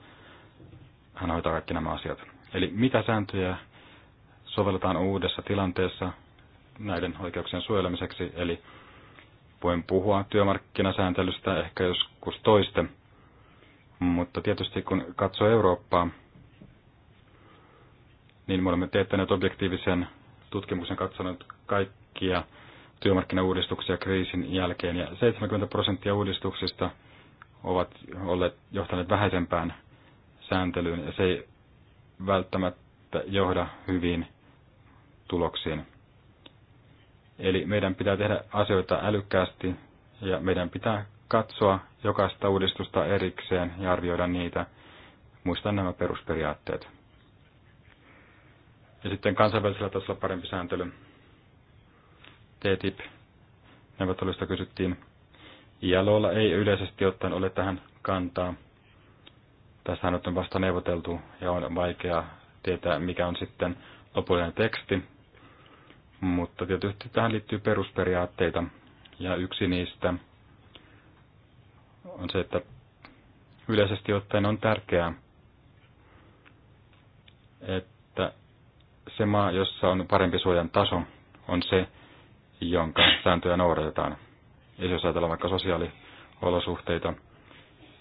hän hoitaa kaikki nämä asiat. Eli mitä sääntöjä sovelletaan uudessa tilanteessa näiden oikeuksien suojelemiseksi, eli voin puhua työmarkkinasääntelystä ehkä joskus toisten, mutta tietysti kun katsoo Eurooppaa, niin me olemme teettäneet objektiivisen tutkimuksen katsonut kaikkia työmarkkinauudistuksia kriisin jälkeen, ja 70 prosenttia uudistuksista ovat olleet johtaneet vähäisempään sääntelyyn, ja se ei välttämättä johda hyviin tuloksiin. Eli meidän pitää tehdä asioita älykkäästi, ja meidän pitää katsoa jokaista uudistusta erikseen ja arvioida niitä. Muistan nämä perusperiaatteet. Ja sitten kansainvälisellä tasolla parempi sääntely. TTIP, Neuvottelusta kysyttiin. ILOlla ei yleisesti ottaen ole tähän kantaa. Tässähän on vasta neuvoteltu ja on vaikea tietää, mikä on sitten lopullinen teksti. Mutta tietysti tähän liittyy perusperiaatteita, ja yksi niistä – on se, että yleisesti ottaen on tärkeää, että se maa, jossa on parempi suojan taso, on se, jonka sääntöjä noudatetaan. Ja jos ajatellaan vaikka sosiaaliolosuhteita,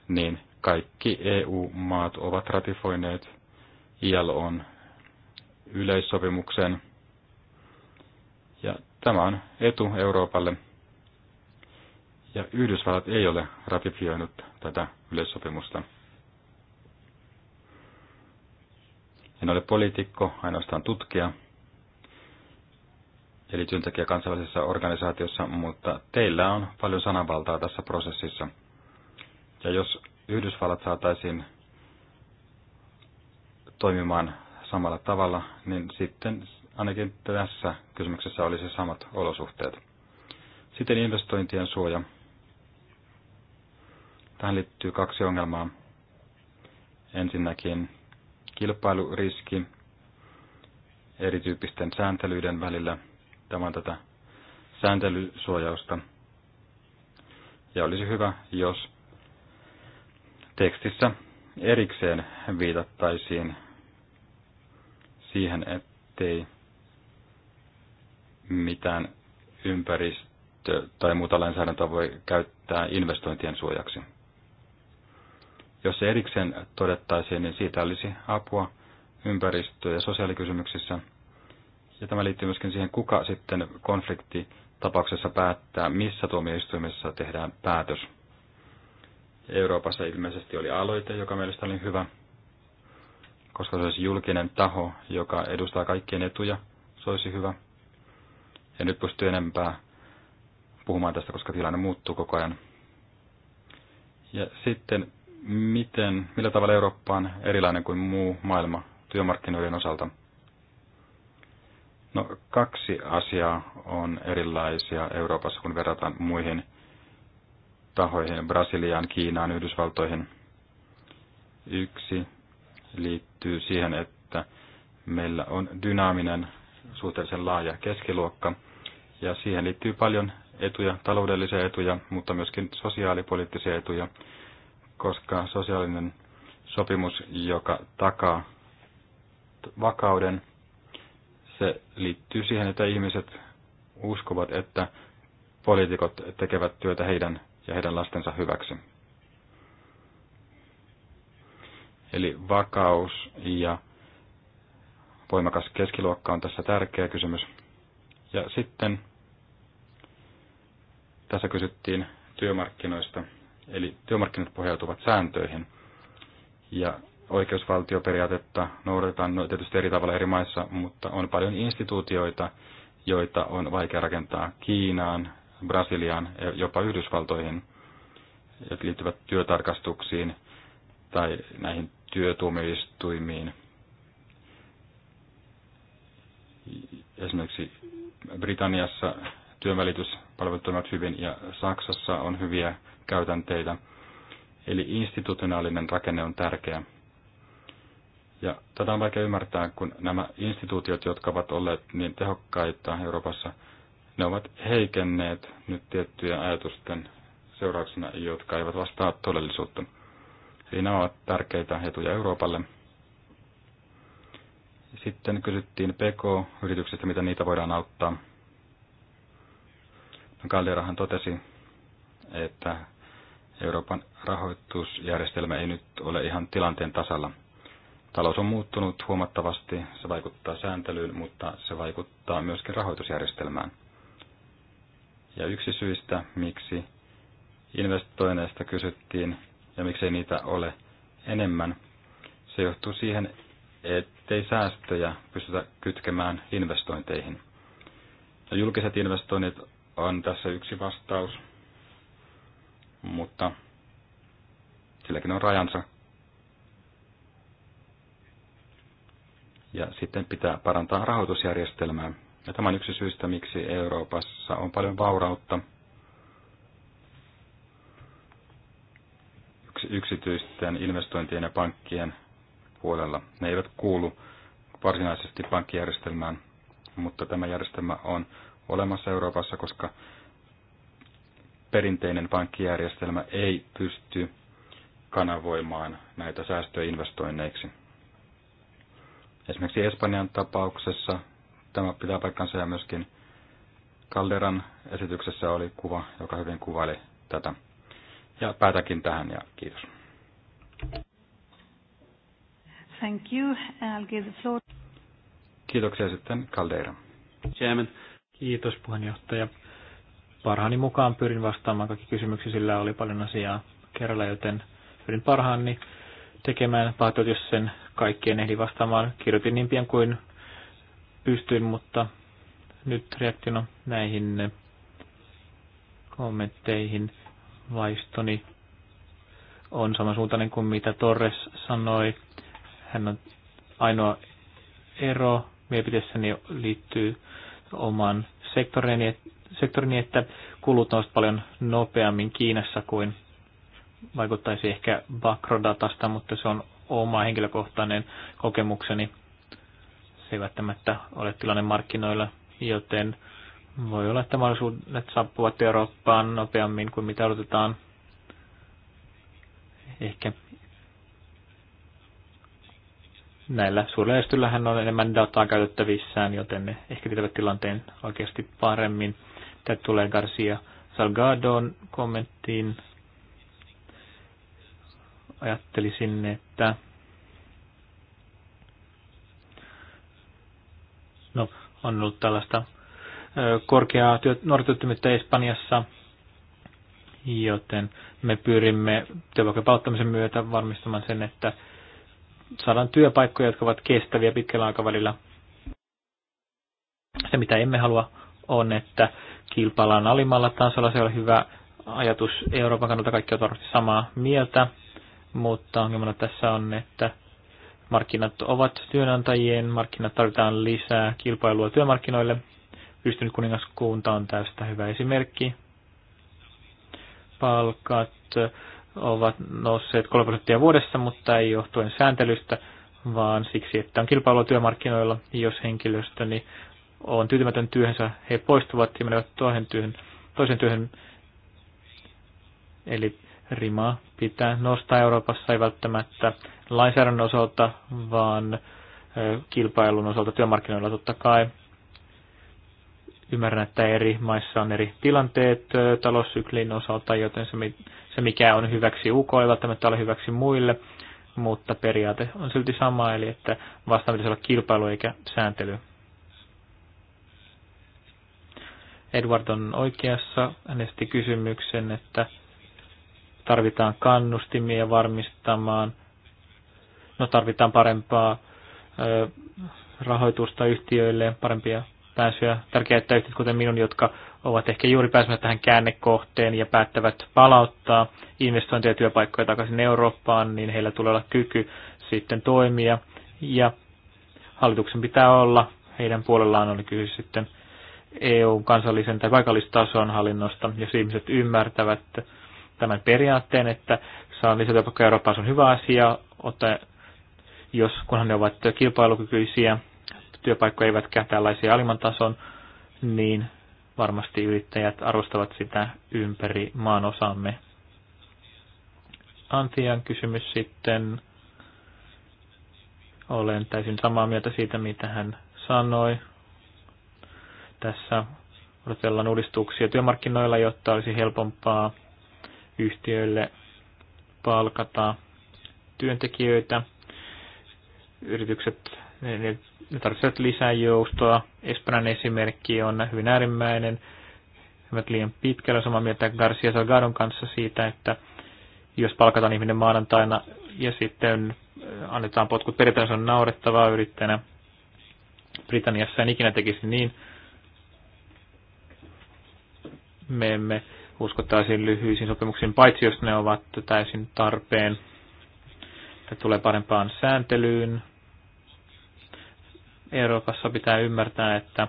niin kaikki EU-maat ovat ratifoineet ILOn yleissopimuksen. Ja tämä on etu Euroopalle – ja Yhdysvallat ei ole ratifioinut tätä yleissopimusta. En ole poliitikko, ainoastaan tutkija, eli työntekijä kansainvälisessä organisaatiossa, mutta teillä on paljon sananvaltaa tässä prosessissa. Ja jos Yhdysvallat saataisiin toimimaan samalla tavalla, niin sitten ainakin tässä kysymyksessä olisi samat olosuhteet. Sitten investointien suoja. Tähän liittyy kaksi ongelmaa. Ensinnäkin kilpailuriski erityyppisten sääntelyiden välillä. Tämä on tätä sääntelysuojausta. Ja olisi hyvä, jos tekstissä erikseen viitattaisiin siihen, ettei mitään ympäristö- tai muuta lainsäädäntöä voi käyttää investointien suojaksi. Jos se erikseen todettaisiin, niin siitä olisi apua ympäristö- ja sosiaalikysymyksissä. Ja tämä liittyy myöskin siihen, kuka sitten konflikti tapauksessa päättää, missä tuomioistuimessa tehdään päätös. Euroopassa ilmeisesti oli aloite, joka mielestäni oli hyvä, koska se olisi julkinen taho, joka edustaa kaikkien etuja. Se olisi hyvä. En nyt pystyy enempää puhumaan tästä, koska tilanne muuttuu koko ajan. Ja sitten miten, millä tavalla Eurooppa on erilainen kuin muu maailma työmarkkinoiden osalta? No, kaksi asiaa on erilaisia Euroopassa, kun verrataan muihin tahoihin, Brasiliaan, Kiinaan, Yhdysvaltoihin. Yksi liittyy siihen, että meillä on dynaaminen, suhteellisen laaja keskiluokka, ja siihen liittyy paljon etuja, taloudellisia etuja, mutta myöskin sosiaalipoliittisia etuja, koska sosiaalinen sopimus, joka takaa vakauden, se liittyy siihen, että ihmiset uskovat, että poliitikot tekevät työtä heidän ja heidän lastensa hyväksi. Eli vakaus ja voimakas keskiluokka on tässä tärkeä kysymys. Ja sitten tässä kysyttiin työmarkkinoista. Eli työmarkkinat pohjautuvat sääntöihin. Ja oikeusvaltioperiaatetta noudatetaan no, tietysti eri tavalla eri maissa, mutta on paljon instituutioita, joita on vaikea rakentaa Kiinaan, Brasiliaan, jopa Yhdysvaltoihin, jotka liittyvät työtarkastuksiin tai näihin työtuomioistuimiin. Esimerkiksi Britanniassa työvälityspalvelut toimivat hyvin ja Saksassa on hyviä käytänteitä. Eli institutionaalinen rakenne on tärkeä. Ja tätä on vaikea ymmärtää, kun nämä instituutiot, jotka ovat olleet niin tehokkaita Euroopassa, ne ovat heikenneet nyt tiettyjen ajatusten seurauksena, jotka eivät vastaa todellisuutta. Eli nämä ovat tärkeitä etuja Euroopalle. Sitten kysyttiin PK-yrityksistä, miten niitä voidaan auttaa. Kalderahan totesi, että Euroopan rahoitusjärjestelmä ei nyt ole ihan tilanteen tasalla. Talous on muuttunut huomattavasti, se vaikuttaa sääntelyyn, mutta se vaikuttaa myöskin rahoitusjärjestelmään. Ja yksi syistä, miksi investoinneista kysyttiin ja miksei niitä ole enemmän, se johtuu siihen, ettei säästöjä pystytä kytkemään investointeihin. Ja julkiset investoinnit on tässä yksi vastaus, mutta silläkin on rajansa. Ja sitten pitää parantaa rahoitusjärjestelmää. Ja tämä on yksi syystä, miksi Euroopassa on paljon vaurautta. Yksityisten investointien ja pankkien puolella. Ne eivät kuulu varsinaisesti pankkijärjestelmään, mutta tämä järjestelmä on olemassa Euroopassa, koska perinteinen pankkijärjestelmä ei pysty kanavoimaan näitä säästöjä investoinneiksi. Esimerkiksi Espanjan tapauksessa tämä pitää paikkansa ja myöskin Calderan esityksessä oli kuva, joka hyvin kuvaili tätä. Ja päätäkin tähän ja kiitos. Thank you. I'll give the floor. Kiitoksia sitten Caldera. Chairman. Kiitos puheenjohtaja. Parhaani mukaan pyrin vastaamaan kaikki kysymyksiä, sillä oli paljon asiaa kerralla, joten pyrin parhaani tekemään pahoittelut, jos sen kaikkien ehdi vastaamaan. Kirjoitin niin pian kuin pystyin, mutta nyt reaktiona näihin kommentteihin vaistoni on samansuuntainen kuin mitä Torres sanoi. Hän on ainoa ero mielipiteessäni liittyy oman sektorini, sektorini, että kulut nousivat paljon nopeammin Kiinassa kuin vaikuttaisi ehkä Bakrodatasta, mutta se on oma henkilökohtainen kokemukseni. Se ei välttämättä ole tilanne markkinoilla, joten voi olla, että mahdollisuudet saapuvat Eurooppaan nopeammin kuin mitä odotetaan. Ehkä näillä suurlähestyllähän hän on enemmän dataa käytettävissään, joten ne ehkä tietävät tilanteen oikeasti paremmin. Tätä tulee Garcia Salgadon kommenttiin. Ajattelisin, että no, on ollut tällaista korkeaa työt, nuorityöttömyyttä Espanjassa, joten me pyrimme työpaikan palauttamisen myötä varmistamaan sen, että saadaan työpaikkoja, jotka ovat kestäviä pitkällä aikavälillä. Se, mitä emme halua, on, että kilpaillaan alimmalla tasolla. Se on hyvä ajatus Euroopan kannalta. Kaikki ovat varmasti samaa mieltä, mutta ongelmana tässä on, että markkinat ovat työnantajien, markkinat tarvitaan lisää kilpailua työmarkkinoille. Pystynyt kuningaskunta on tästä hyvä esimerkki. Palkat ovat nousseet 3 prosenttia vuodessa, mutta ei johtuen sääntelystä, vaan siksi, että on kilpailua työmarkkinoilla, jos henkilöstö niin on tyytymätön työhönsä, he poistuvat ja menevät toisen työhön, toisen työhön. Eli rimaa pitää nostaa Euroopassa, ei välttämättä lainsäädännön osalta, vaan kilpailun osalta työmarkkinoilla totta kai. Ymmärrän, että eri maissa on eri tilanteet taloussyklin osalta, joten se se mikä on hyväksi UK ei välttämättä ole hyväksi muille, mutta periaate on silti sama, eli että vastaan pitäisi olla kilpailu eikä sääntely. Edward on oikeassa. Hän esti kysymyksen, että tarvitaan kannustimia varmistamaan, no tarvitaan parempaa ö, rahoitusta yhtiöille, parempia pääsyä, Tärkeää, että yhtiöt kuten minun, jotka ovat ehkä juuri pääsemässä tähän käännekohteen ja päättävät palauttaa investointeja ja työpaikkoja takaisin Eurooppaan, niin heillä tulee olla kyky sitten toimia. Ja hallituksen pitää olla heidän puolellaan on kyse sitten EU-kansallisen tai paikallistason hallinnosta, jos ihmiset ymmärtävät tämän periaatteen, että saa lisätyöpaikkoja Eurooppaan, se on hyvä asia, ottaa, jos kunhan ne ovat kilpailukykyisiä, työpaikkoja eivätkä tällaisia alimman tason, niin Varmasti yrittäjät arvostavat sitä ympäri maan osamme. Antian kysymys sitten. Olen täysin samaa mieltä siitä, mitä hän sanoi. Tässä odotellaan uudistuksia työmarkkinoilla, jotta olisi helpompaa yhtiöille palkata työntekijöitä. Yritykset ne ne tarvitsevat lisää joustoa. Espanjan esimerkki on hyvin äärimmäinen. He ovat liian pitkällä samaa mieltä Garcia Salgadon kanssa siitä, että jos palkataan ihminen maanantaina ja sitten äh, annetaan potkut perjantaina, se on naurettavaa yrittäjänä. Britanniassa en ikinä tekisi niin. Me emme uskottaisiin lyhyisiin sopimuksiin, paitsi jos ne ovat täysin tarpeen. Tämä tulee parempaan sääntelyyn, Euroopassa pitää ymmärtää, että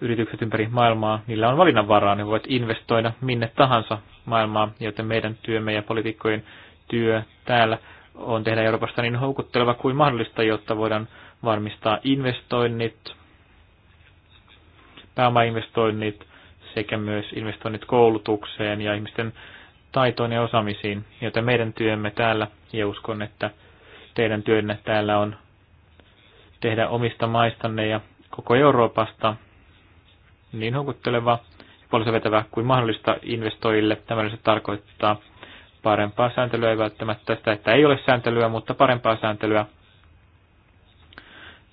yritykset ympäri maailmaa, niillä on valinnanvaraa, ne voivat investoida minne tahansa maailmaa, joten meidän työmme ja poliitikkojen työ täällä on tehdä Euroopasta niin houkutteleva kuin mahdollista, jotta voidaan varmistaa investoinnit, pääomainvestoinnit sekä myös investoinnit koulutukseen ja ihmisten taitoon ja osaamisiin, joten meidän työmme täällä, ja uskon, että teidän työnne täällä on tehdä omista maistanne ja koko Euroopasta niin houkutteleva ja puolissa vetävä kuin mahdollista investoijille. Tämä se tarkoittaa parempaa sääntelyä, ei välttämättä sitä, että ei ole sääntelyä, mutta parempaa sääntelyä.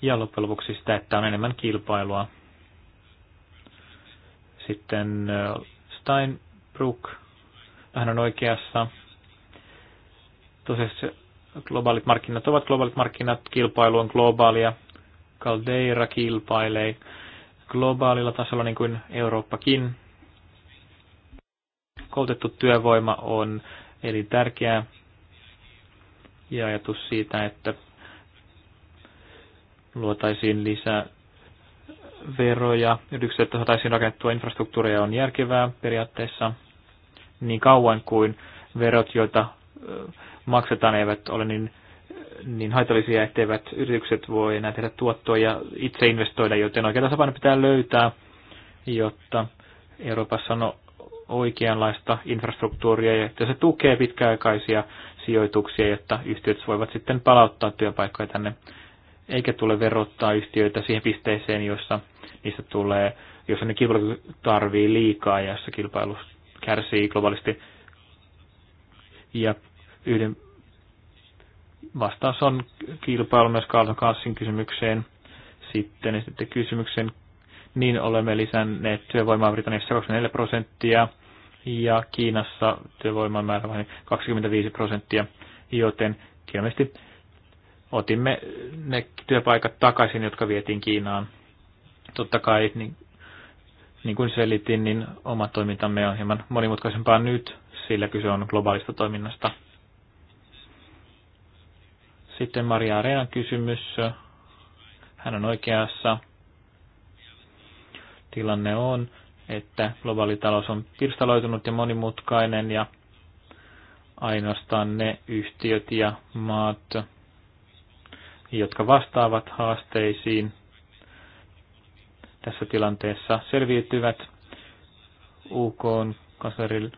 Ja loppujen lopuksi sitä, että on enemmän kilpailua. Sitten äh, Steinbrück, hän on oikeassa. Tosiaan globaalit markkinat ovat globaalit markkinat, kilpailu on globaalia, Caldeira kilpailee globaalilla tasolla niin kuin Eurooppakin. Koulutettu työvoima on eli tärkeää ja ajatus siitä, että luotaisiin lisää veroja, yritykset, että saataisiin rakennettua infrastruktuuria on järkevää periaatteessa niin kauan kuin verot, joita maksetaan, eivät ole niin, niin haitallisia, etteivät yritykset voi enää tehdä tuottoa ja itse investoida, joten oikea tasapaino pitää löytää, jotta Euroopassa on oikeanlaista infrastruktuuria ja että se tukee pitkäaikaisia sijoituksia, jotta yhtiöt voivat sitten palauttaa työpaikkoja tänne, eikä tule verottaa yhtiöitä siihen pisteeseen, jossa niistä tulee, jossa ne kilpailu tarvii liikaa ja jossa kilpailu kärsii globaalisti. Ja yhden vastaus on kilpailu myös Carlton Kassin kysymykseen. Sitten esitätte kysymyksen, niin olemme lisänneet työvoimaa Britanniassa 24 prosenttia ja Kiinassa työvoiman määrä vain 25 prosenttia, joten ilmeisesti otimme ne työpaikat takaisin, jotka vietiin Kiinaan. Totta kai, niin, niin kuin selitin, niin oma toimintamme on hieman monimutkaisempaa nyt, sillä kyse on globaalista toiminnasta. Sitten Maria Areenan kysymys. Hän on oikeassa. Tilanne on, että globaali talous on pirstaloitunut ja monimutkainen ja ainoastaan ne yhtiöt ja maat, jotka vastaavat haasteisiin tässä tilanteessa, selviytyvät. UK on kansleri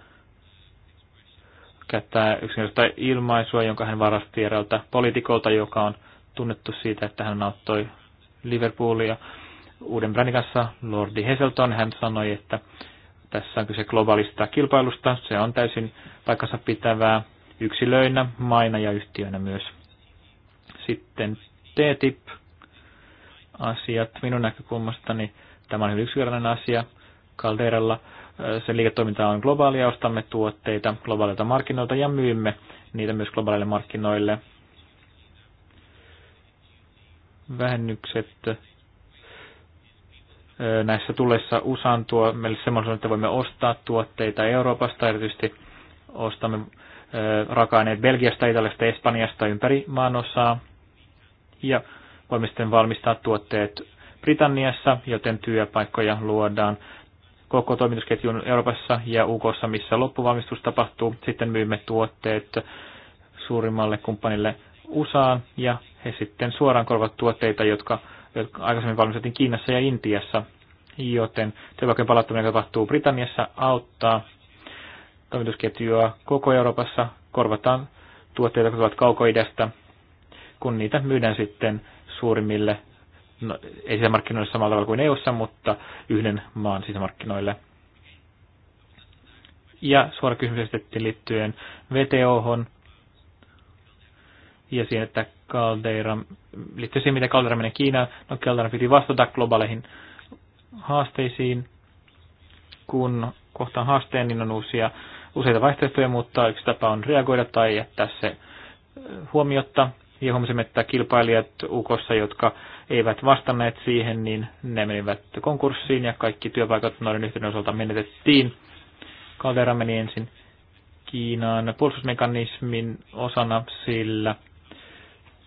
käyttää yksinkertaista ilmaisua, jonka hän varasti eräältä poliitikolta, joka on tunnettu siitä, että hän auttoi Liverpoolia uuden brändin kanssa. Lordi Heselton hän sanoi, että tässä on kyse globaalista kilpailusta. Se on täysin paikkansa pitävää yksilöinä, maina ja yhtiöinä myös. Sitten TTIP-asiat minun näkökulmastani. Tämä on hyvin yksinkertainen asia. Calderalla sen liiketoiminta on globaalia, ostamme tuotteita globaaleilta markkinoilta ja myymme niitä myös globaaleille markkinoille. Vähennykset näissä tulleissa USAan tuo meille semmoisen, että voimme ostaa tuotteita Euroopasta, erityisesti ostamme raaka-aineet Belgiasta, Italiasta, Espanjasta ympäri maanosaa. Ja voimme sitten valmistaa tuotteet Britanniassa, joten työpaikkoja luodaan koko toimitusketjun Euroopassa ja UKssa, missä loppuvalmistus tapahtuu. Sitten myymme tuotteet suurimmalle kumppanille USAan ja he sitten suoraan korvat tuotteita, jotka, jotka aikaisemmin valmistettiin Kiinassa ja Intiassa. Joten työpaikkojen palauttaminen tapahtuu Britanniassa auttaa toimitusketjua koko Euroopassa. Korvataan tuotteita, jotka tulevat kaukoidästä, kun niitä myydään sitten suurimmille no, ei sisämarkkinoille samalla tavalla kuin EUssa, mutta yhden maan sisämarkkinoille. Ja suora kysymys esitettiin liittyen VTOhon ja siihen, että Caldera, liittyy siihen, miten Caldera menee Kiinaan. No Caldera piti vastata globaaleihin haasteisiin. Kun kohtaan haasteen, niin on uusia, useita vaihtoehtoja, mutta yksi tapa on reagoida tai jättää se huomiotta ja huomasimme, että kilpailijat UKossa, jotka eivät vastanneet siihen, niin ne menivät konkurssiin ja kaikki työpaikat noiden yhteyden osalta menetettiin. Caldera meni ensin Kiinaan puolustusmekanismin osana, sillä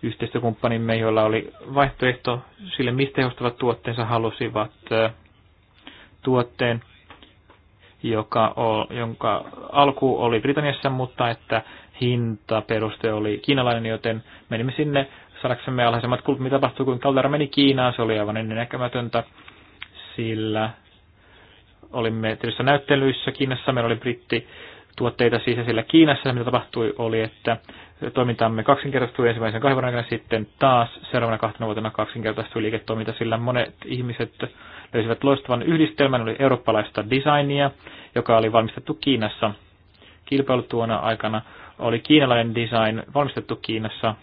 yhteistyökumppanimme, joilla oli vaihtoehto sille, mistä he ostavat tuotteensa, halusivat tuotteen, joka, jonka alku oli Britanniassa, mutta että Hinta peruste oli kiinalainen, joten menimme sinne saadaksemme alhaisemmat kulut. Mitä tapahtui, kun Caldera meni Kiinaan? Se oli aivan ennennäkemätöntä, sillä olimme tietyissä näyttelyissä Kiinassa. Meillä oli britti tuotteita siis sillä Kiinassa. Mitä tapahtui oli, että toimintamme kaksinkertaistui ensimmäisen kahden vuoden aikana sitten taas seuraavana kahtena vuotena kaksinkertaistui liiketoiminta, sillä monet ihmiset löysivät loistavan yhdistelmän, oli eurooppalaista designia, joka oli valmistettu Kiinassa kilpailutuona aikana oli kiinalainen design valmistettu Kiinassa,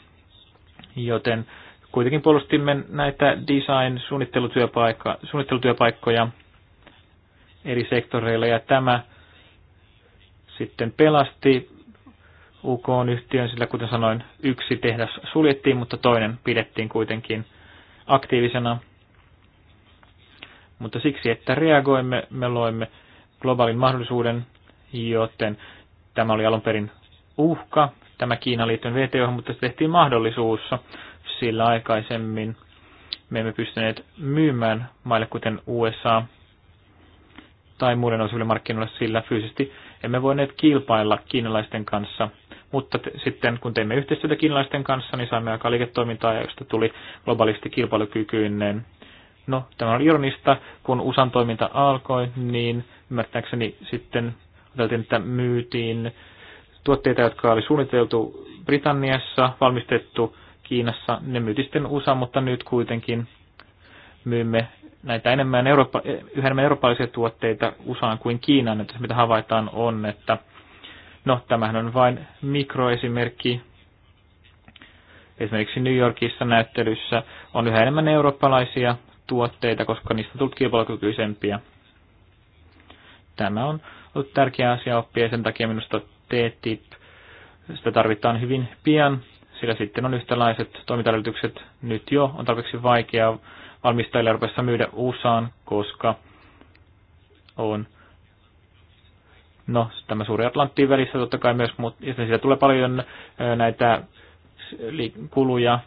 joten kuitenkin puolustimme näitä design-suunnittelutyöpaikkoja suunnittelutyöpaikkoja eri sektoreilla, ja tämä sitten pelasti UK-yhtiön, sillä kuten sanoin, yksi tehdas suljettiin, mutta toinen pidettiin kuitenkin aktiivisena. Mutta siksi, että reagoimme, me loimme globaalin mahdollisuuden, joten tämä oli alun perin uhka, tämä Kiinan liittyen VTO, mutta se tehtiin mahdollisuus, sillä aikaisemmin me emme pystyneet myymään maille kuten USA tai muiden osille markkinoille, sillä fyysisesti emme voineet kilpailla kiinalaisten kanssa. Mutta sitten kun teimme yhteistyötä kiinalaisten kanssa, niin saimme aika liiketoimintaa, josta tuli globaalisti kilpailukykyinen. No, tämä oli ironista, kun USAn toiminta alkoi, niin ymmärtääkseni sitten ajateltiin, että myytiin tuotteita, jotka oli suunniteltu Britanniassa, valmistettu Kiinassa, ne myyti sitten USA, mutta nyt kuitenkin myymme näitä enemmän Eurooppa, yhä enemmän eurooppalaisia tuotteita USAan kuin Kiinaan, että se mitä havaitaan on, että no tämähän on vain mikroesimerkki. Esimerkiksi New Yorkissa näyttelyssä on yhä enemmän eurooppalaisia tuotteita, koska niistä on tullut kilpailukykyisempiä. Tämä on ollut tärkeä asia oppia ja sen takia minusta TTIP, sitä tarvitaan hyvin pian, sillä sitten on yhtälaiset toimintaedellytykset nyt jo. On tarpeeksi vaikeaa valmistajille rupeessa myydä USAan, koska on no, tämä suuri Atlanttiin välissä totta kai myös, mutta siitä tulee paljon näitä kuluja,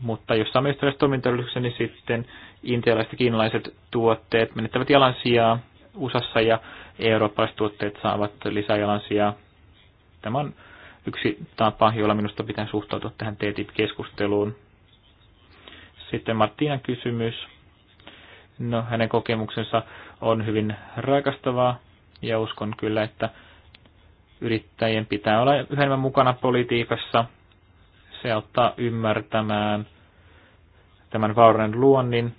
mutta jos saamme yhtälaiset toimintaedellytykset, niin sitten intialaiset ja kiinalaiset tuotteet menettävät jalansijaa USAssa ja eurooppalaiset tuotteet saavat lisää jalansijaa Tämä on yksi tapa, jolla minusta pitää suhtautua tähän TTIP-keskusteluun. Sitten Martinan kysymys. No, hänen kokemuksensa on hyvin rakastavaa ja uskon kyllä, että yrittäjien pitää olla yhä enemmän mukana politiikassa. Se auttaa ymmärtämään tämän vaurauden luonnin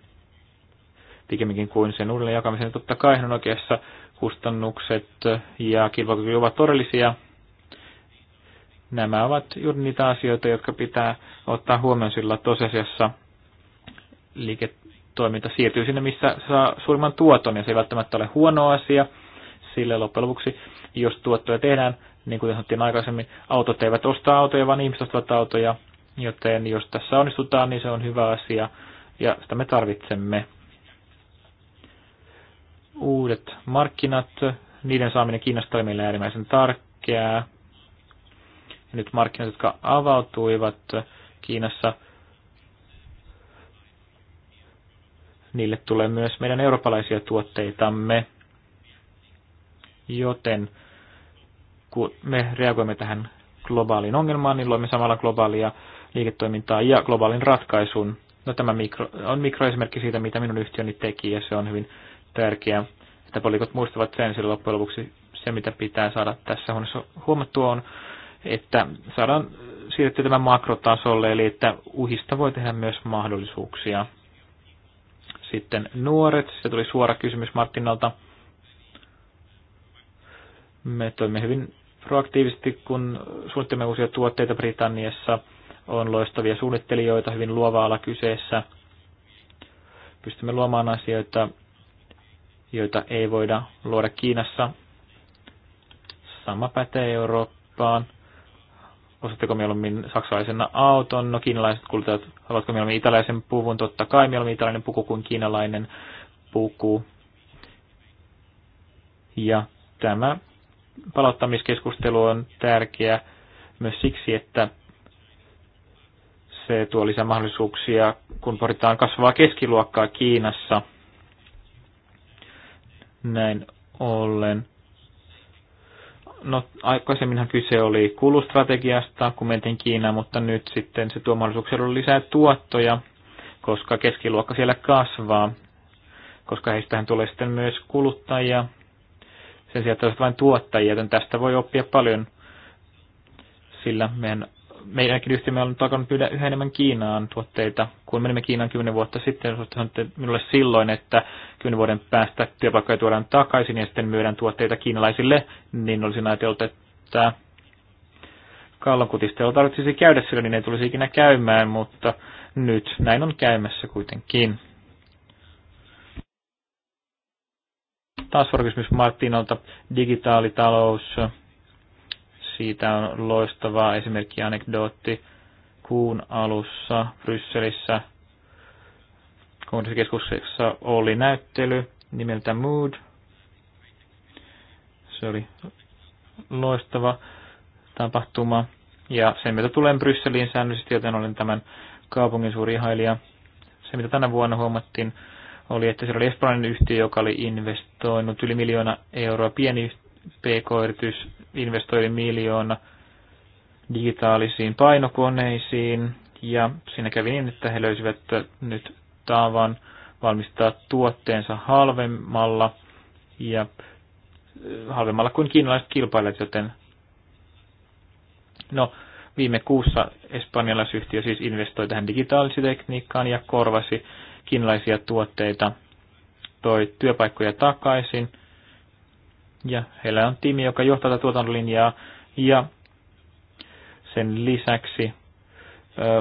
pikemminkin kuin sen uudelleen jakamisen. Totta kai on oikeassa kustannukset ja kilpailukyky ovat todellisia Nämä ovat juuri niitä asioita, jotka pitää ottaa huomioon sillä tosiasiassa liiketoiminta siirtyy sinne, missä saa suurimman tuoton, ja se ei välttämättä ole huono asia, sille loppujen lopuksi, jos tuottoja tehdään, niin kuten sanottiin aikaisemmin, autot eivät osta autoja, vaan ihmiset ostavat autoja, joten jos tässä onnistutaan, niin se on hyvä asia, ja sitä me tarvitsemme. Uudet markkinat, niiden saaminen kiinnostaa meille äärimmäisen tärkeää nyt markkinat, jotka avautuivat Kiinassa, niille tulee myös meidän eurooppalaisia tuotteitamme, joten kun me reagoimme tähän globaaliin ongelmaan, niin luomme samalla globaalia liiketoimintaa ja globaalin ratkaisun. No tämä mikro, on mikroesimerkki siitä, mitä minun yhtiöni teki, ja se on hyvin tärkeää, että poliikot muistavat sen, sillä loppujen lopuksi se, mitä pitää saada tässä huomattua, on että saadaan siirrettyä tämän makrotasolle, eli että uhista voi tehdä myös mahdollisuuksia. Sitten nuoret, se tuli suora kysymys Martinalta. Me toimimme hyvin proaktiivisesti, kun suunnittelemme uusia tuotteita Britanniassa. On loistavia suunnittelijoita, hyvin luova ala kyseessä. Pystymme luomaan asioita, joita ei voida luoda Kiinassa. Sama pätee Eurooppaan ostatteko mieluummin saksalaisen auton, no kiinalaiset kuluttajat, haluatko mieluummin italaisen puvun, totta kai mieluummin italainen puku kuin kiinalainen puku. Ja tämä palauttamiskeskustelu on tärkeä myös siksi, että se tuo lisää mahdollisuuksia, kun pohditaan kasvavaa keskiluokkaa Kiinassa. Näin ollen No aikaisemminhan kyse oli kulustrategiasta, kun mentiin Kiinaan, mutta nyt sitten se tuo mahdollisuuksia lisää tuottoja, koska keskiluokka siellä kasvaa, koska heistähän tulee sitten myös kuluttajia. Sen sijaan että vain tuottajia, joten tästä voi oppia paljon, sillä meidän meidänkin yhtiömme on alkanut pyydä yhä enemmän Kiinaan tuotteita. Kun menimme Kiinaan kymmenen vuotta sitten, sanoitte minulle silloin, että kymmenen vuoden päästä työpaikkoja tuodaan takaisin ja sitten myydään tuotteita kiinalaisille, niin olisin ajatellut, että kallonkutistelu tarvitsisi käydä sillä, niin ei tulisi ikinä käymään, mutta nyt näin on käymässä kuitenkin. Taas kysymys Martinolta, digitaalitalous, siitä on loistava esimerkki anekdootti kuun alussa Brysselissä kongressikeskuksessa oli näyttely nimeltä Mood. Se oli loistava tapahtuma. Ja sen mitä tulen Brysseliin säännöllisesti, joten olen tämän kaupungin suuri ihailija. Se, mitä tänä vuonna huomattiin, oli, että siellä oli espanjalainen yhtiö, joka oli investoinut yli miljoona euroa, pieni PK-yritys investoi miljoona digitaalisiin painokoneisiin ja siinä kävi niin, että he löysivät nyt tavan valmistaa tuotteensa halvemmalla ja äh, halvemmalla kuin kiinalaiset kilpailijat, joten no, viime kuussa espanjalaisyhtiö siis investoi tähän tekniikkaan ja korvasi kiinalaisia tuotteita, toi työpaikkoja takaisin – ja heillä on tiimi, joka johtaa tätä tuotantolinjaa. Ja sen lisäksi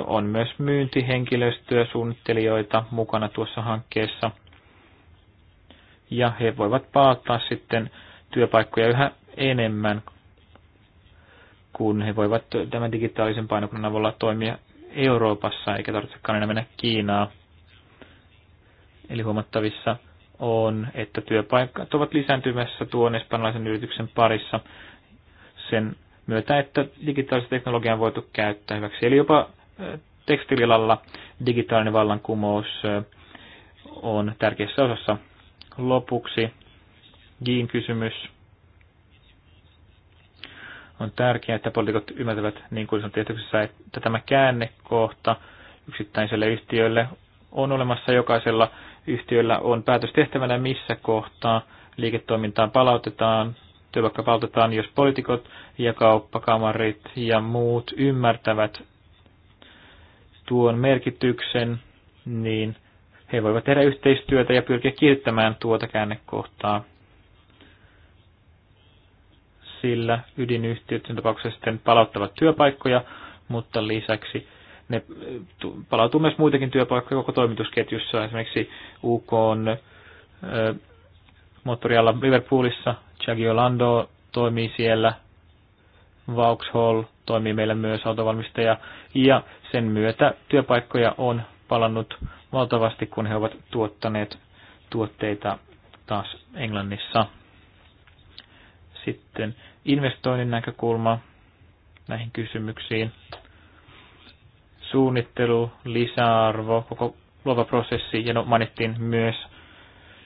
on myös myyntihenkilöstöä, suunnittelijoita mukana tuossa hankkeessa. Ja he voivat paattaa sitten työpaikkoja yhä enemmän, kun he voivat tämän digitaalisen painokunnan avulla toimia Euroopassa, eikä tarvitsekaan enää mennä Kiinaan. Eli huomattavissa on, että työpaikat ovat lisääntymässä tuon espanjalaisen yrityksen parissa sen myötä, että digitaalista teknologiaa on voitu käyttää hyväksi. Eli jopa tekstiililalla digitaalinen vallankumous on tärkeässä osassa. Lopuksi Giin kysymys. On tärkeää, että poliitikot ymmärtävät, niin kuin se on että tämä käännekohta yksittäiselle yhtiölle on olemassa jokaisella yhtiöllä on päätös tehtävänä, missä kohtaa liiketoimintaan palautetaan, työpaikka palautetaan, jos poliitikot ja kauppakamarit ja muut ymmärtävät tuon merkityksen, niin he voivat tehdä yhteistyötä ja pyrkiä kiihdyttämään tuota käännekohtaa. Sillä ydinyhtiöt sen tapauksessa sitten palauttavat työpaikkoja, mutta lisäksi ne palautuu myös muitakin työpaikkoja koko toimitusketjussa, esimerkiksi UK on moottorialla Liverpoolissa, Chagio Lando toimii siellä, Vauxhall toimii meillä myös autovalmistaja, ja sen myötä työpaikkoja on palannut valtavasti, kun he ovat tuottaneet tuotteita taas Englannissa. Sitten investoinnin näkökulma näihin kysymyksiin suunnittelu, lisäarvo, koko luova prosessi, ja no, mainittiin myös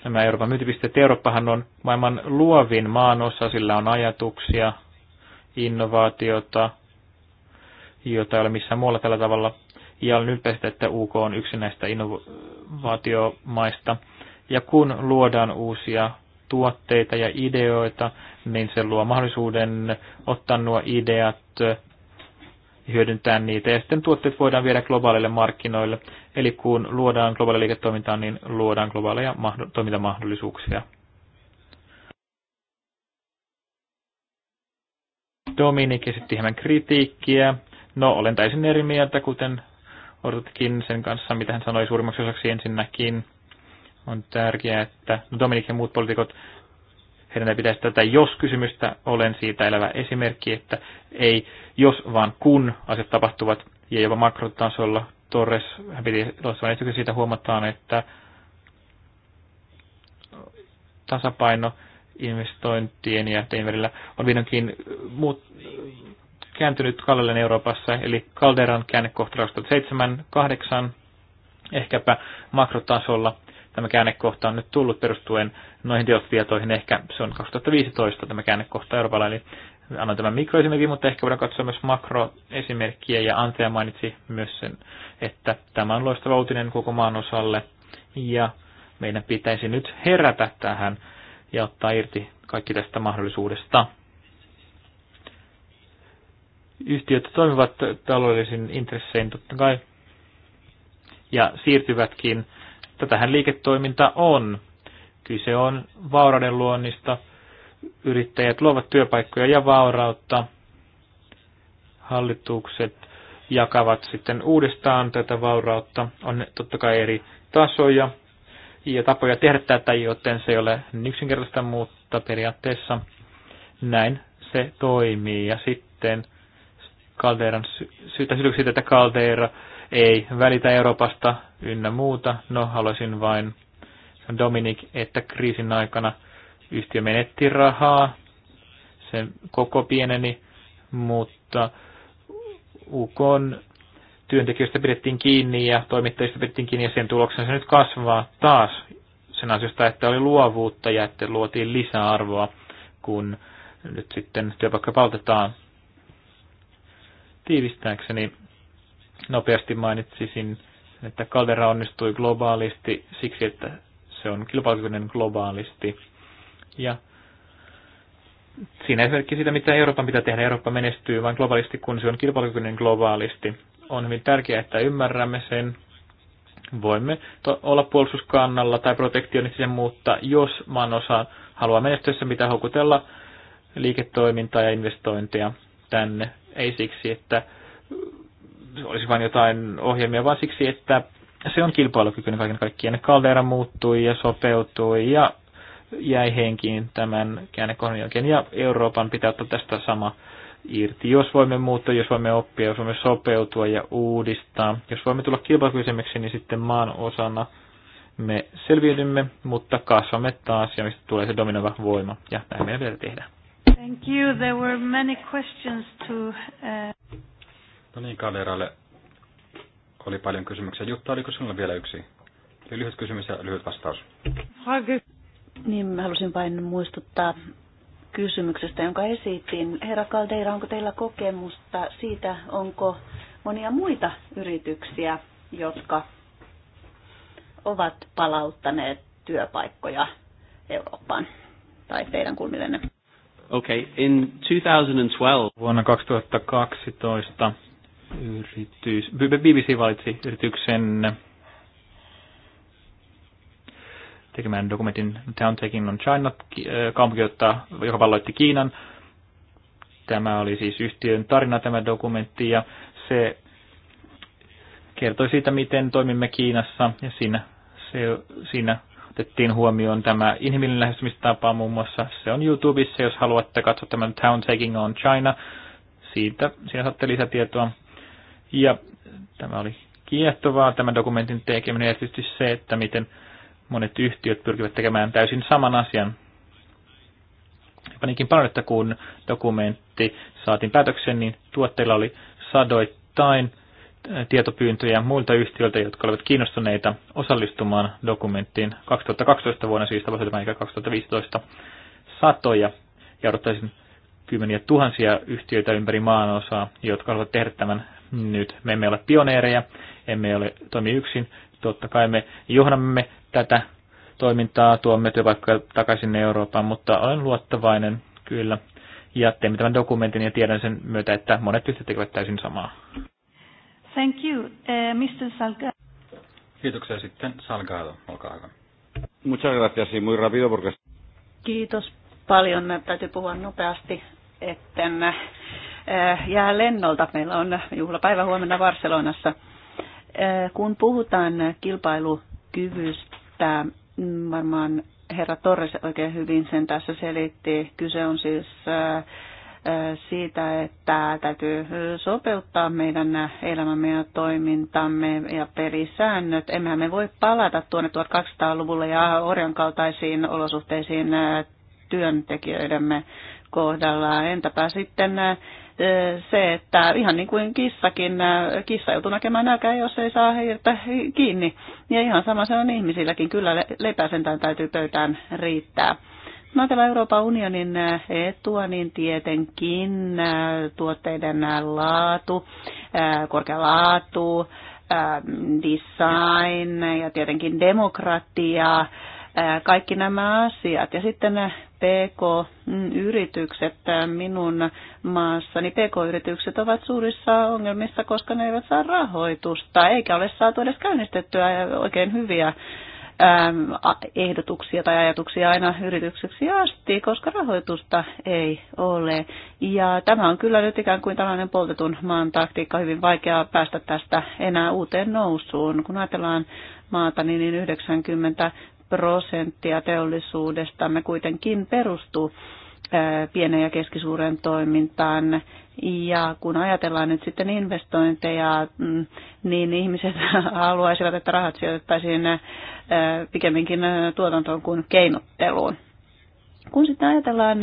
nämä Euroopan myyntipisteet. Eurooppahan on maailman luovin maanosa, sillä on ajatuksia, innovaatiota, jota ei ole missään muualla tällä tavalla. Ja on ylpeistä, että UK on yksi näistä innovaatiomaista. Ja kun luodaan uusia tuotteita ja ideoita, niin se luo mahdollisuuden ottaa nuo ideat hyödyntää niitä. Ja sitten tuotteet voidaan viedä globaaleille markkinoille. Eli kun luodaan globaalia liiketoimintaa, niin luodaan globaaleja toimintamahdollisuuksia. Dominik esitti hieman kritiikkiä. No, olen täysin eri mieltä, kuten odotatkin sen kanssa, mitä hän sanoi suurimmaksi osaksi ensinnäkin. On tärkeää, että no Dominik ja muut poliitikot heidän ei pitäisi tätä jos-kysymystä, olen siitä elävä esimerkki, että ei jos vaan kun asiat tapahtuvat ja jopa makrotasolla Torres, hän piti loistavan esityksen siitä huomataan, että tasapaino investointien ja teidän on vihdoinkin muut, kääntynyt Kalleen Euroopassa, eli Calderan käännekohta 2007-2008, ehkäpä makrotasolla tämä käännekohta on nyt tullut perustuen noihin tilastotietoihin. Ehkä se on 2015 tämä käännekohta Euroopalla, eli annan tämän mikroesimerkin, mutta ehkä voidaan katsoa myös makroesimerkkiä, ja Antea mainitsi myös sen, että tämä on loistava uutinen koko maan osalle, ja meidän pitäisi nyt herätä tähän ja ottaa irti kaikki tästä mahdollisuudesta. Yhtiöt toimivat taloudellisin intressein totta kai ja siirtyvätkin tätähän liiketoiminta on. Kyse on vaurauden luonnista. Yrittäjät luovat työpaikkoja ja vaurautta. Hallitukset jakavat sitten uudestaan tätä vaurautta. On totta kai eri tasoja ja tapoja tehdä tätä, joten se ei ole niin yksinkertaista, mutta periaatteessa näin se toimii. Ja sitten Calderan sy- syytä siitä, että Caldera ei välitä Euroopasta ynnä muuta. No, haluaisin vain Dominik, että kriisin aikana yhtiö menetti rahaa, sen koko pieneni, mutta UK työntekijöistä pidettiin kiinni ja toimittajista pidettiin kiinni ja sen tuloksena se nyt kasvaa taas sen asiasta, että oli luovuutta ja että luotiin lisäarvoa, kun nyt sitten työpaikka palautetaan. Tiivistääkseni Nopeasti mainitsisin, että Caldera onnistui globaalisti siksi, että se on kilpailukykyinen globaalisti. Ja siinä esimerkki siitä, mitä Euroopan pitää tehdä. Eurooppa menestyy vain globaalisti, kun se on kilpailukykyinen globaalisti. On hyvin tärkeää, että ymmärrämme sen. Voimme olla puolustuskannalla tai protektionistisen, mutta jos osa haluaa menestyä, se pitää houkutella liiketoimintaa ja investointeja tänne. Ei siksi, että olisi vain jotain ohjelmia, vaan siksi, että se on kilpailukykyinen kaiken kaikkiaan. Kaldera muuttui ja sopeutui ja jäi henkiin tämän käännekohdan jälkeen. Ja Euroopan pitää ottaa tästä sama irti. Jos voimme muuttaa, jos voimme oppia, jos voimme sopeutua ja uudistaa, jos voimme tulla kilpailukykyisemmiksi, niin sitten maan osana me selviydymme, mutta kasvamme taas ja mistä tulee se dominoiva voima. Ja näin meidän vielä tehdään. Thank you. There were many questions to, uh... No niin, Kalleralle oli paljon kysymyksiä. Jutta, oliko sinulla vielä yksi? Eli lyhyt kysymys ja lyhyt vastaus. Niin, mä halusin vain muistuttaa kysymyksestä, jonka esitin. Herra Kaldeira, onko teillä kokemusta siitä, onko monia muita yrityksiä, jotka ovat palauttaneet työpaikkoja Eurooppaan tai teidän kulmillenne? Okay, in 2012. Vuonna 2012 yritys, BBC valitsi yrityksen tekemään dokumentin Town Taking on China, äh, kaupunki, joka valloitti Kiinan. Tämä oli siis yhtiön tarina tämä dokumentti ja se kertoi siitä, miten toimimme Kiinassa ja siinä, se, siinä otettiin huomioon tämä inhimillinen lähestymistapa muun muassa. Se on YouTubessa, jos haluatte katsoa tämän Town Taking on China. Siitä, siinä saatte lisätietoa. Ja tämä oli kiehtovaa tämän dokumentin tekeminen ja tietysti se, että miten monet yhtiöt pyrkivät tekemään täysin saman asian. Panikin paljon, että kun dokumentti saatiin päätöksen, niin tuotteilla oli sadoittain äh, tietopyyntöjä muilta yhtiöiltä, jotka olivat kiinnostuneita osallistumaan dokumenttiin 2012 vuonna, siis tapahtui tämä 2015 satoja, ja odottaisin kymmeniä tuhansia yhtiöitä ympäri maanosaa, jotka haluavat tehdä tämän nyt. Me emme ole pioneereja, emme ole toimi yksin. Totta kai me johdamme tätä toimintaa, tuomme työpaikkoja takaisin Eurooppaan, mutta olen luottavainen kyllä. Ja teemme tämän dokumentin ja tiedän sen myötä, että monet yhtä tekevät täysin samaa. Thank you, uh, eh, Mr. Salgado. Kiitoksia sitten Salgado, olkaa hyvä. Muchas gracias y muy rápido porque... Kiitos paljon, täytyy puhua nopeasti, etten eh, Äh, jää lennolta. Meillä on juhlapäivä huomenna Barcelonassa. Äh, kun puhutaan kilpailukyvystä, mm, varmaan herra Torres oikein hyvin sen tässä selitti. Kyse on siis äh, siitä, että täytyy sopeuttaa meidän elämämme ja toimintamme ja pelisäännöt. Emmehän me voi palata tuonne 1200-luvulle ja orjan kaltaisiin olosuhteisiin työntekijöidemme kohdalla. Entäpä sitten se, että ihan niin kuin kissakin, kissa joutuu näkemään nälkää, jos ei saa hiirtä kiinni. Ja ihan sama se on ihmisilläkin, kyllä lepäsentään täytyy pöytään riittää. No ajatellaan Euroopan unionin etua, niin tietenkin tuotteiden laatu, korkea laatu, design ja tietenkin demokratia kaikki nämä asiat. Ja sitten nämä PK-yritykset minun maassani, PK-yritykset ovat suurissa ongelmissa, koska ne eivät saa rahoitusta, eikä ole saatu edes käynnistettyä oikein hyviä ehdotuksia tai ajatuksia aina yritykseksi asti, koska rahoitusta ei ole. Ja tämä on kyllä nyt ikään kuin tällainen poltetun maan taktiikka, hyvin vaikeaa päästä tästä enää uuteen nousuun. Kun ajatellaan maata, niin 90 prosenttia teollisuudestamme kuitenkin perustuu pienen ja keskisuuren toimintaan. Ja kun ajatellaan nyt sitten investointeja, mm, niin ihmiset haluaisivat, että rahat sijoitettaisiin pikemminkin tuotantoon kuin keinotteluun. Kun sitten ajatellaan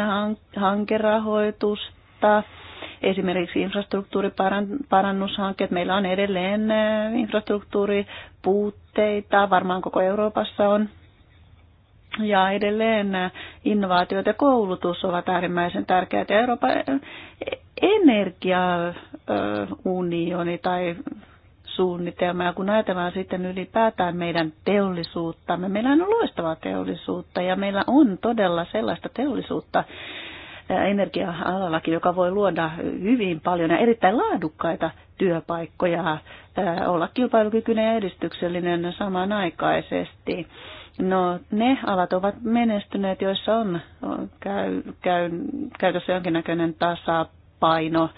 hankerahoitusta, esimerkiksi infrastruktuuriparannushankkeet, meillä on edelleen infrastruktuuripuutteita, varmaan koko Euroopassa on ja edelleen innovaatiot ja koulutus ovat äärimmäisen tärkeitä. Euroopan energiaunioni tai suunnitelma. Ja kun ajatellaan sitten ylipäätään meidän me meillä on loistavaa teollisuutta ja meillä on todella sellaista teollisuutta energia-alallakin, joka voi luoda hyvin paljon ja erittäin laadukkaita työpaikkoja, olla kilpailukykyinen ja edistyksellinen samanaikaisesti. No ne alat ovat menestyneet, joissa on käy, käy, käytössä jonkinnäköinen tasapaino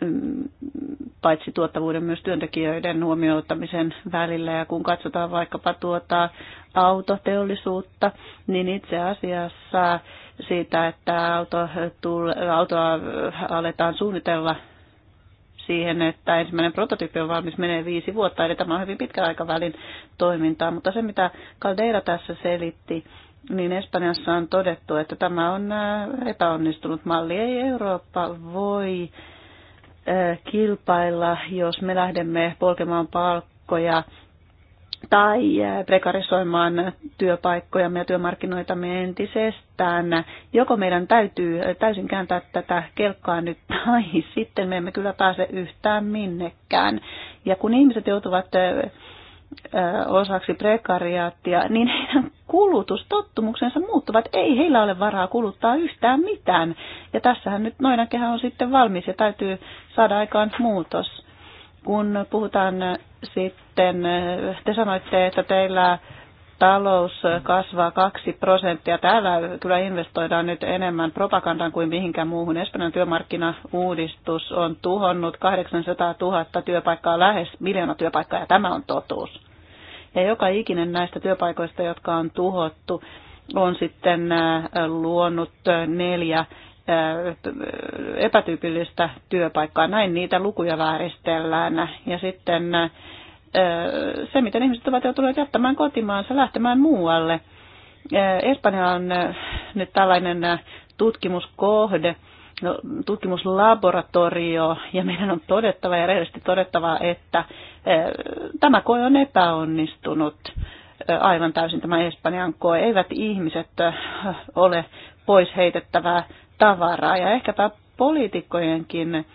mm, paitsi tuottavuuden myös työntekijöiden huomioittamisen välillä. Ja kun katsotaan vaikkapa tuota autoteollisuutta, niin itse asiassa siitä, että auto, autoa aletaan suunnitella siihen, että ensimmäinen prototyyppi on valmis, menee viisi vuotta, eli tämä on hyvin pitkän aikavälin toimintaa. Mutta se, mitä Caldeira tässä selitti, niin Espanjassa on todettu, että tämä on äh, epäonnistunut malli. Ei Eurooppa voi äh, kilpailla, jos me lähdemme polkemaan palkkoja tai eh, prekarisoimaan työpaikkojamme ja työmarkkinoitamme entisestään. Joko meidän täytyy eh, täysin kääntää tätä kelkkaa nyt, tai sitten me emme kyllä pääse yhtään minnekään. Ja kun ihmiset joutuvat eh, osaksi prekariaattia, niin heidän kulutustottumuksensa muuttuvat. Ei heillä ole varaa kuluttaa yhtään mitään. Ja tässähän nyt noinakehän on sitten valmis ja täytyy saada aikaan muutos. Kun puhutaan sitten, te sanoitte, että teillä talous kasvaa 2 prosenttia. Täällä kyllä investoidaan nyt enemmän propagandaan kuin mihinkään muuhun. Espanjan työmarkkinauudistus on tuhonnut 800 000 työpaikkaa, lähes miljoona työpaikkaa, ja tämä on totuus. Ja joka ikinen näistä työpaikoista, jotka on tuhottu, on sitten äh, luonut äh, neljä epätyypillistä työpaikkaa. Näin niitä lukuja vääristellään. Ja sitten se, miten ihmiset ovat joutuneet jättämään kotimaansa, lähtemään muualle. Espanja on nyt tällainen tutkimuskohde, no, tutkimuslaboratorio, ja meidän on todettava ja rehellisesti todettava, että tämä koe on epäonnistunut aivan täysin tämä Espanjan koe. Eivät ihmiset ole pois heitettävää tavaraa. Ja ehkäpä poliitikkojenkin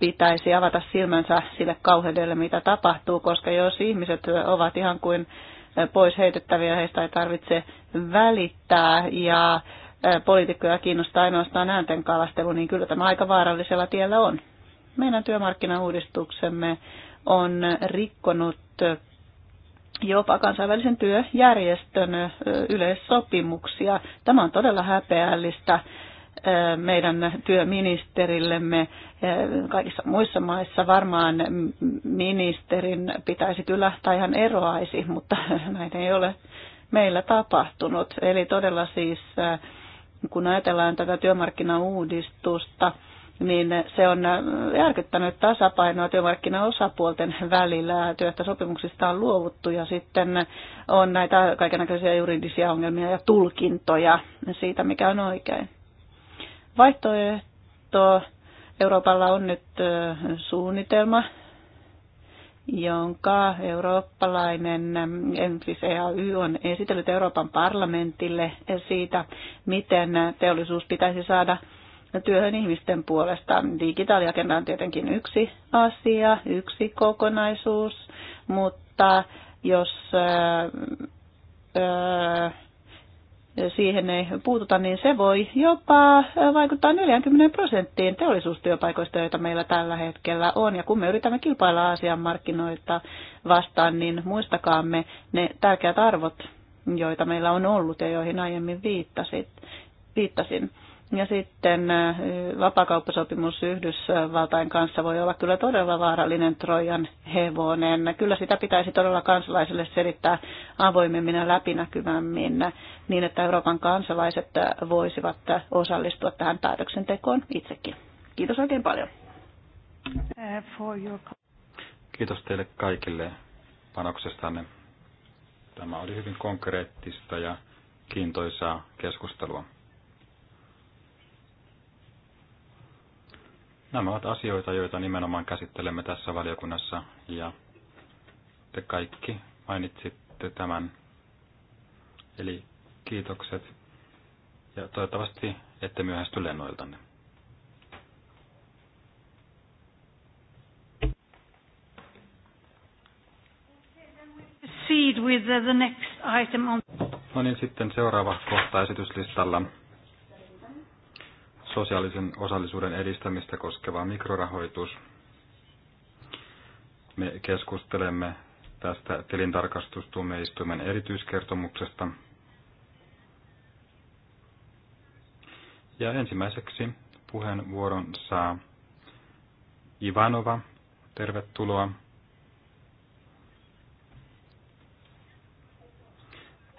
pitäisi avata silmänsä sille kauheudelle, mitä tapahtuu, koska jos ihmiset ovat ihan kuin pois heitettäviä, heistä ei tarvitse välittää ja poliitikkoja kiinnostaa ainoastaan äänten kalastelu, niin kyllä tämä aika vaarallisella tiellä on. Meidän työmarkkinauudistuksemme on rikkonut jopa kansainvälisen työjärjestön yleissopimuksia. Tämä on todella häpeällistä meidän työministerillemme eh, kaikissa muissa maissa. Varmaan ministerin pitäisi kyllä, tai hän eroaisi, mutta näin ei ole meillä tapahtunut. Eli todella siis, eh, kun ajatellaan tätä työmarkkinauudistusta, niin se on eh, järkyttänyt tasapainoa työmarkkinaosapuolten välillä. sopimuksista on luovuttu ja sitten on näitä kaikenlaisia juridisia ongelmia ja tulkintoja siitä, mikä on oikein. Vaihtoehto Euroopalla on nyt suunnitelma, jonka eurooppalainen Enfis EAY on esitellyt Euroopan parlamentille siitä, miten teollisuus pitäisi saada työhön ihmisten puolesta. Digitaaliagenda on tietenkin yksi asia, yksi kokonaisuus, mutta jos öö, siihen ei puututa, niin se voi jopa vaikuttaa 40 prosenttiin teollisuustyöpaikoista, joita meillä tällä hetkellä on. Ja kun me yritämme kilpailla Aasian markkinoita vastaan, niin muistakaamme ne tärkeät arvot, joita meillä on ollut ja joihin aiemmin viittasit, viittasin. Ja sitten vapakauppasopimus Yhdysvaltain kanssa voi olla kyllä todella vaarallinen Trojan hevonen. Kyllä sitä pitäisi todella kansalaisille selittää avoimemmin ja läpinäkyvämmin niin, että Euroopan kansalaiset voisivat osallistua tähän päätöksentekoon itsekin. Kiitos oikein paljon. Kiitos teille kaikille panoksestanne. Tämä oli hyvin konkreettista ja kiintoisaa keskustelua. Nämä ovat asioita, joita nimenomaan käsittelemme tässä valiokunnassa ja te kaikki mainitsitte tämän. Eli kiitokset ja toivottavasti ette myöhästy lennoiltanne. No niin, sitten seuraava kohta esityslistalla sosiaalisen osallisuuden edistämistä koskeva mikrorahoitus. Me keskustelemme tästä tilintarkastustuomioistuimen erityiskertomuksesta. Ja ensimmäiseksi puheenvuoron saa Ivanova. Tervetuloa.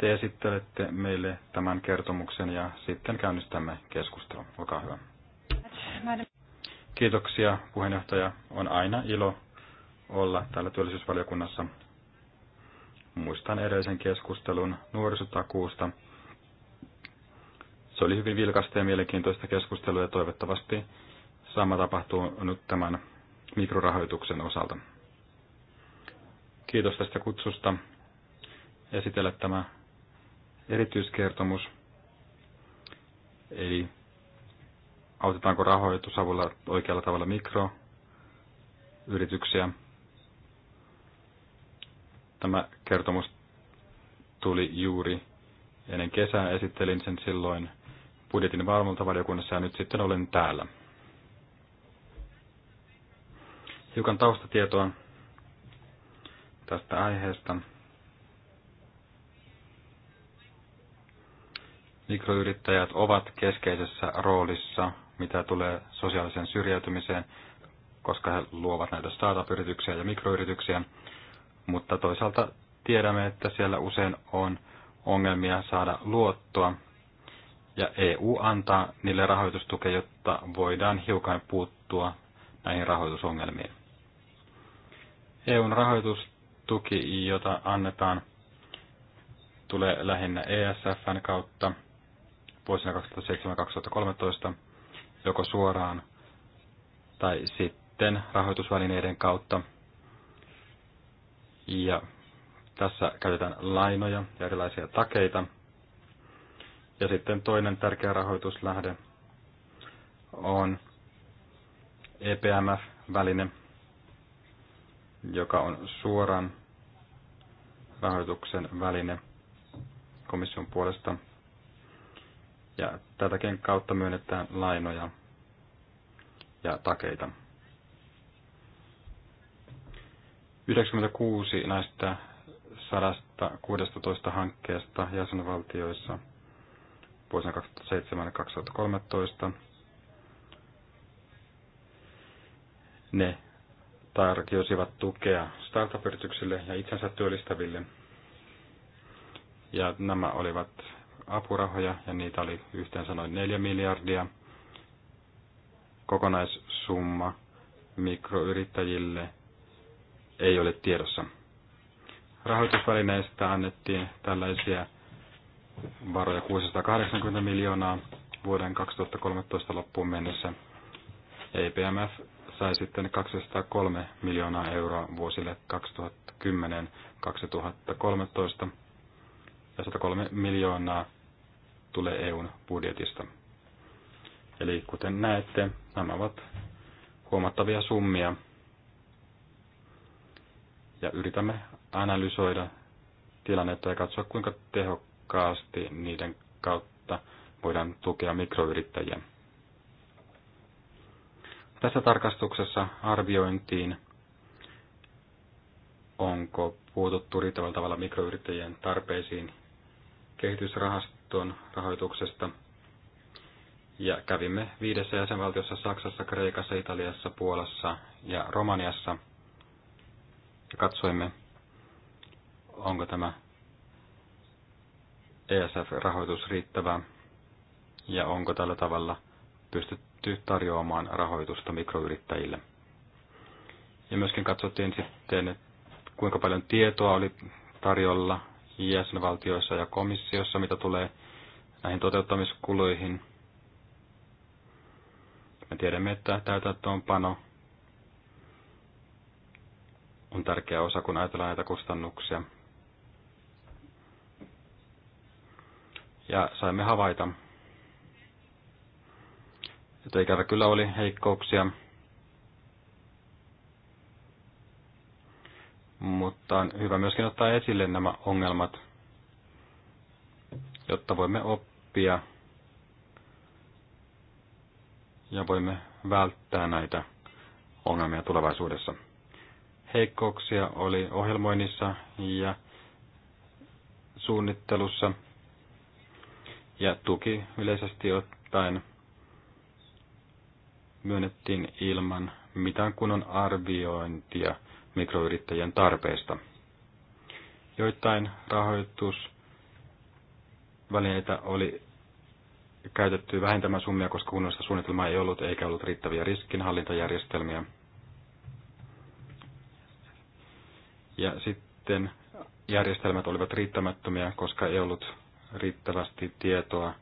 Te esittelette meille tämän kertomuksen ja sitten käynnistämme keskustelun. Olkaa hyvä. Kiitoksia puheenjohtaja. On aina ilo olla täällä työllisyysvaliokunnassa. Muistan edellisen keskustelun nuorisotakuusta. Se oli hyvin vilkasta ja mielenkiintoista keskustelua ja toivottavasti sama tapahtuu nyt tämän mikrorahoituksen osalta. Kiitos tästä kutsusta esitellä tämä erityiskertomus, eli autetaanko rahoitusavulla oikealla tavalla mikroyrityksiä. Tämä kertomus tuli juuri ennen kesää. Esittelin sen silloin budjetin valvontavaliokunnassa ja nyt sitten olen täällä. Hiukan taustatietoa tästä aiheesta. Mikroyrittäjät ovat keskeisessä roolissa, mitä tulee sosiaaliseen syrjäytymiseen, koska he luovat näitä startup-yrityksiä ja mikroyrityksiä, mutta toisaalta tiedämme, että siellä usein on ongelmia saada luottoa, ja EU antaa niille rahoitustukea, jotta voidaan hiukan puuttua näihin rahoitusongelmiin. EUn rahoitustuki, jota annetaan, tulee lähinnä ESFn kautta – vuosina 2007-2013 joko suoraan tai sitten rahoitusvälineiden kautta. Ja tässä käytetään lainoja ja erilaisia takeita. Ja sitten toinen tärkeä rahoituslähde on EPMF-väline, joka on suoran rahoituksen väline komission puolesta – ja tätäkin kautta myönnetään lainoja ja takeita. 96 näistä 116 hankkeesta jäsenvaltioissa vuosina 2007-2013 ne tarjosivat tukea startup-yrityksille ja itsensä työllistäville. Ja nämä olivat apurahoja ja niitä oli yhteensä noin 4 miljardia. Kokonaissumma mikroyrittäjille ei ole tiedossa. Rahoitusvälineistä annettiin tällaisia varoja 680 miljoonaa vuoden 2013 loppuun mennessä. EPMF sai sitten 203 miljoonaa euroa vuosille 2010-2013 ja 103 miljoonaa tulee EUn budjetista. Eli kuten näette, nämä ovat huomattavia summia. Ja yritämme analysoida tilannetta ja katsoa, kuinka tehokkaasti niiden kautta voidaan tukea mikroyrittäjiä. Tässä tarkastuksessa arviointiin, onko puututtu riittävällä tavalla mikroyrittäjien tarpeisiin kehitysrahasta tuon rahoituksesta. Ja kävimme viidessä jäsenvaltiossa Saksassa, Kreikassa, Italiassa, Puolassa ja Romaniassa. Ja katsoimme, onko tämä ESF-rahoitus riittävä ja onko tällä tavalla pystytty tarjoamaan rahoitusta mikroyrittäjille. Ja myöskin katsottiin sitten, kuinka paljon tietoa oli tarjolla jäsenvaltioissa ja komissiossa, mitä tulee näihin toteuttamiskuluihin. Me tiedämme, että pano on tärkeä osa, kun ajatellaan näitä kustannuksia. Ja saimme havaita, että ikävä kyllä oli heikkouksia, mutta on hyvä myöskin ottaa esille nämä ongelmat, jotta voimme oppia oppia ja voimme välttää näitä ongelmia tulevaisuudessa. Heikkouksia oli ohjelmoinnissa ja suunnittelussa ja tuki yleisesti ottaen myönnettiin ilman mitään kunnon arviointia mikroyrittäjien tarpeesta, Joitain rahoitus välineitä oli käytetty vähentämään summia, koska kunnollista suunnitelmaa ei ollut eikä ollut riittäviä riskinhallintajärjestelmiä. Ja sitten järjestelmät olivat riittämättömiä, koska ei ollut riittävästi tietoa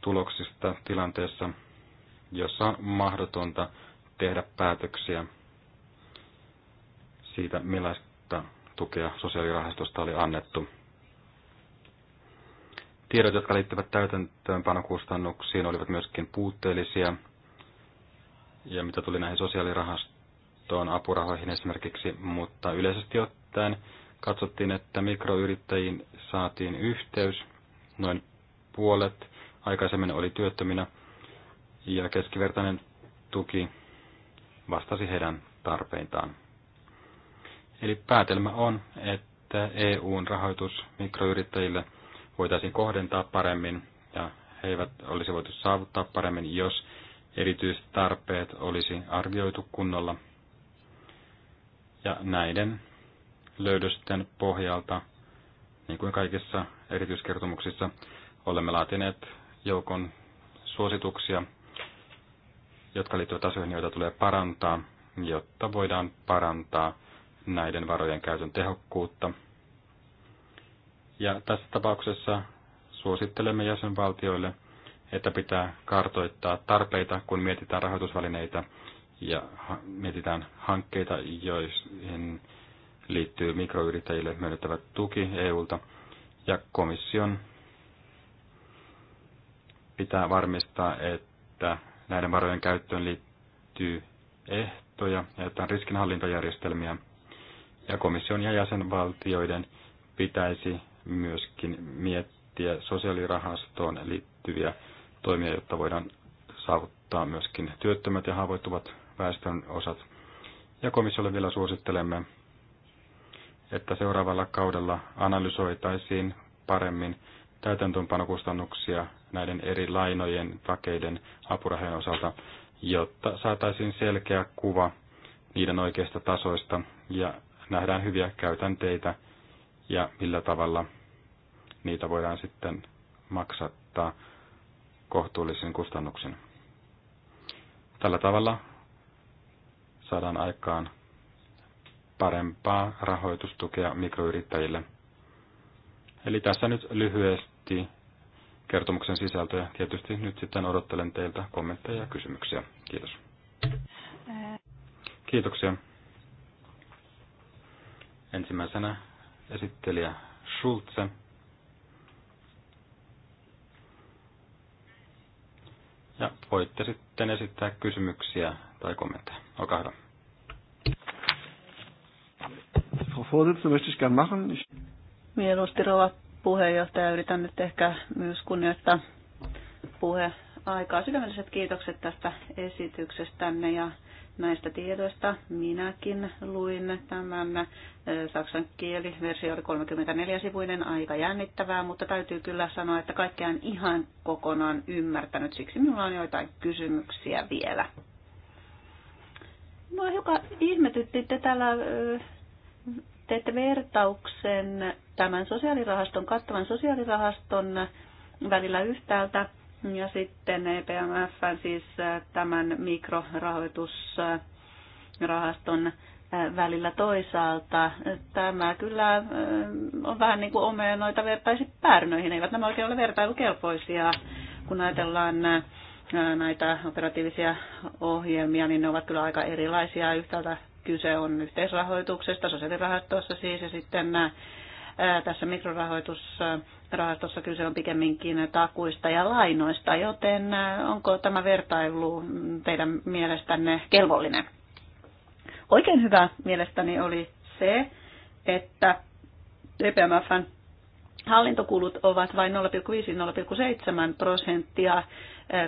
tuloksista tilanteessa, jossa on mahdotonta tehdä päätöksiä siitä, millaista tukea sosiaalirahastosta oli annettu. Tiedot, jotka liittyvät täytäntöönpanokustannuksiin, olivat myöskin puutteellisia. Ja mitä tuli näihin sosiaalirahastoon apurahoihin esimerkiksi, mutta yleisesti ottaen katsottiin, että mikroyrittäjiin saatiin yhteys. Noin puolet aikaisemmin oli työttöminä ja keskivertainen tuki vastasi heidän tarpeitaan. Eli päätelmä on, että EUn rahoitus mikroyrittäjille – voitaisiin kohdentaa paremmin ja he eivät olisi voitu saavuttaa paremmin, jos erityiset tarpeet olisi arvioitu kunnolla. Ja näiden löydösten pohjalta, niin kuin kaikissa erityiskertomuksissa, olemme laatineet joukon suosituksia, jotka liittyvät asioihin, joita tulee parantaa, jotta voidaan parantaa näiden varojen käytön tehokkuutta – ja tässä tapauksessa suosittelemme jäsenvaltioille, että pitää kartoittaa tarpeita, kun mietitään rahoitusvälineitä ja mietitään hankkeita, joihin liittyy mikroyrittäjille myönnettävä tuki EUlta. Ja komission pitää varmistaa, että näiden varojen käyttöön liittyy ehtoja ja että on riskinhallintajärjestelmiä. Ja komission ja jäsenvaltioiden pitäisi myöskin miettiä sosiaalirahastoon liittyviä toimia, jotta voidaan saavuttaa myöskin työttömät ja haavoittuvat väestön osat. Ja komissiolle vielä suosittelemme, että seuraavalla kaudella analysoitaisiin paremmin täytäntöönpanokustannuksia näiden eri lainojen, takeiden, apurahojen osalta, jotta saataisiin selkeä kuva niiden oikeista tasoista ja nähdään hyviä käytänteitä ja millä tavalla niitä voidaan sitten maksattaa kohtuullisin kustannuksin. Tällä tavalla saadaan aikaan parempaa rahoitustukea mikroyrittäjille. Eli tässä nyt lyhyesti kertomuksen sisältö ja tietysti nyt sitten odottelen teiltä kommentteja ja kysymyksiä. Kiitos. Kiitoksia. Ensimmäisenä esittelijä Schulze. Ja voitte sitten esittää kysymyksiä tai kommentteja. Olkaa hyvä. Frau Vorsitzende, möchte ich gern machen. Ich... Mieluusti rouva puheenjohtaja, yritän nyt ehkä myös kunnioittaa puheaikaa. Sydämelliset kiitokset tästä esityksestänne ja näistä tiedoista. Minäkin luin tämän saksan versio oli 34-sivuinen, aika jännittävää, mutta täytyy kyllä sanoa, että kaikkea ihan kokonaan ymmärtänyt, siksi minulla on joitain kysymyksiä vielä. No joka ihmetytti, te täällä teette vertauksen tämän sosiaalirahaston, kattavan sosiaalirahaston välillä yhtäältä ja sitten EPMF, siis äh, tämän mikrorahoitusrahaston äh, välillä toisaalta. Tämä kyllä äh, on vähän niin kuin noita vertaisi päärnöihin. Eivät nämä oikein ole vertailukelpoisia, kun ajatellaan näitä operatiivisia ohjelmia, niin ne ovat kyllä aika erilaisia. Yhtäältä kyse on yhteisrahoituksesta, sosiaalirahastossa siis, ja sitten tässä mikrorahoitus rahastossa kyse on pikemminkin takuista ja lainoista, joten onko tämä vertailu teidän mielestänne kelvollinen? Oikein hyvä mielestäni oli se, että EPMFn hallintokulut ovat vain 0,5-0,7 prosenttia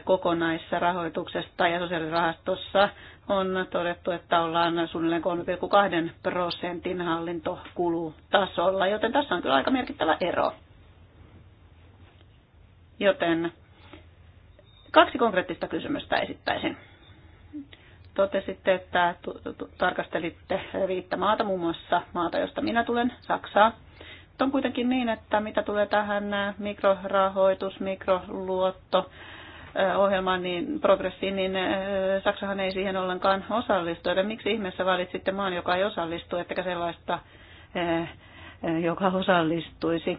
kokonaisessa rahoituksesta ja sosiaalirahastossa on todettu, että ollaan suunnilleen 3,2 prosentin hallintokulutasolla, joten tässä on kyllä aika merkittävä ero. Joten kaksi konkreettista kysymystä esittäisin. Totesitte, että tarkastelitte viittä maata, muun muassa maata, josta minä tulen, Saksaa. Nyt on kuitenkin niin, että mitä tulee tähän mikrorahoitus, mikroluotto, ohjelmaan, niin progressiin, niin Saksahan ei siihen ollenkaan osallistu. Joten miksi ihmeessä valitsitte maan, joka ei osallistu, ettekä sellaista, joka osallistuisi?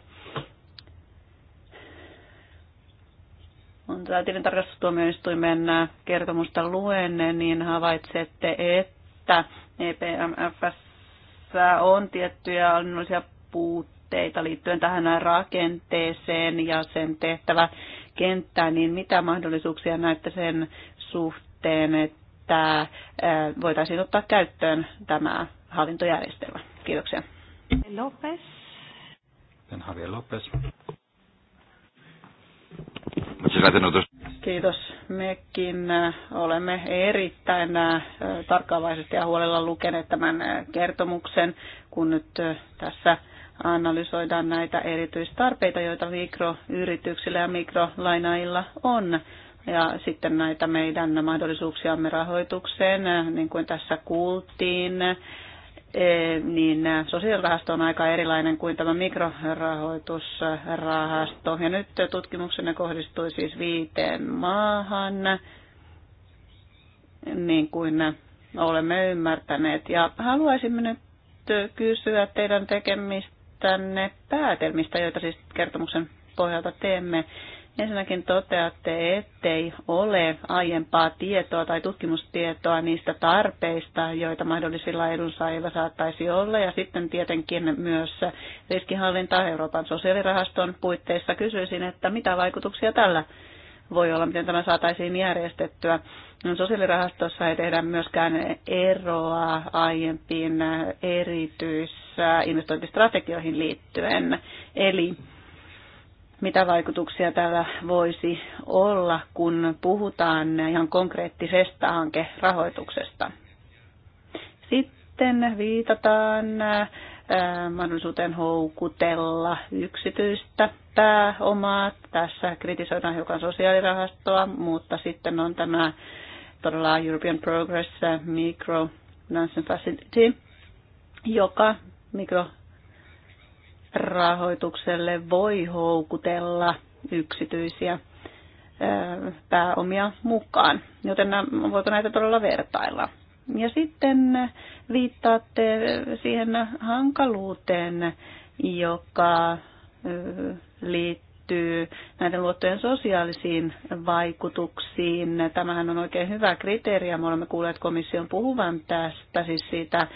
kun tätä tilintarkastustuomioistuimen äh, kertomusta luen, niin havaitsette, että EPMFssä on tiettyjä hallinnollisia puutteita liittyen tähän rakenteeseen ja sen tehtävä kenttään, niin mitä mahdollisuuksia näette sen suhteen, että äh, voitaisiin ottaa käyttöön tämä hallintojärjestelmä? Kiitoksia. Lopes. Ben Javier Lopes. Kiitos. Mekin äh, olemme erittäin äh, tarkkaavaisesti ja huolella lukeneet tämän äh, kertomuksen, kun nyt tässä analysoidaan näitä erityistarpeita, joita mikroyrityksillä ja mikrolainailla on. Ja sitten näitä meidän mahdollisuuksiamme rahoitukseen, niin kuin tässä kuultiin, E, niin sosiaalirahasto on aika erilainen kuin tämä mikrorahoitusrahasto. Ja nyt tutkimuksenne kohdistui siis viiteen maahan, niin kuin olemme ymmärtäneet. Ja haluaisimme nyt kysyä teidän tekemistänne päätelmistä, joita siis kertomuksen pohjalta teemme. Ensinnäkin toteatte, ettei ole aiempaa tietoa tai tutkimustietoa niistä tarpeista, joita mahdollisilla edunsaajilla saattaisi olla. Ja sitten tietenkin myös riskihallinta Euroopan sosiaalirahaston puitteissa kysyisin, että mitä vaikutuksia tällä voi olla, miten tämä saataisiin järjestettyä. No, sosiaalirahastossa ei tehdä myöskään eroa aiempiin erityis- investointistrategioihin liittyen. Eli mitä vaikutuksia tällä voisi olla, kun puhutaan ihan konkreettisesta hankerahoituksesta. Sitten viitataan mahdollisuuteen houkutella yksityistä pääomaa. Tässä kritisoidaan hiukan sosiaalirahastoa, mutta sitten on tämä todella European Progress Micro Financing Facility, joka mikro rahoitukselle voi houkutella yksityisiä pääomia mukaan, joten voiko näitä todella vertailla. Ja sitten viittaatte siihen hankaluuteen, joka liittyy näiden luottojen sosiaalisiin vaikutuksiin. Tämähän on oikein hyvä kriteeri ja me olemme kuulleet komission puhuvan tästä, siis siitä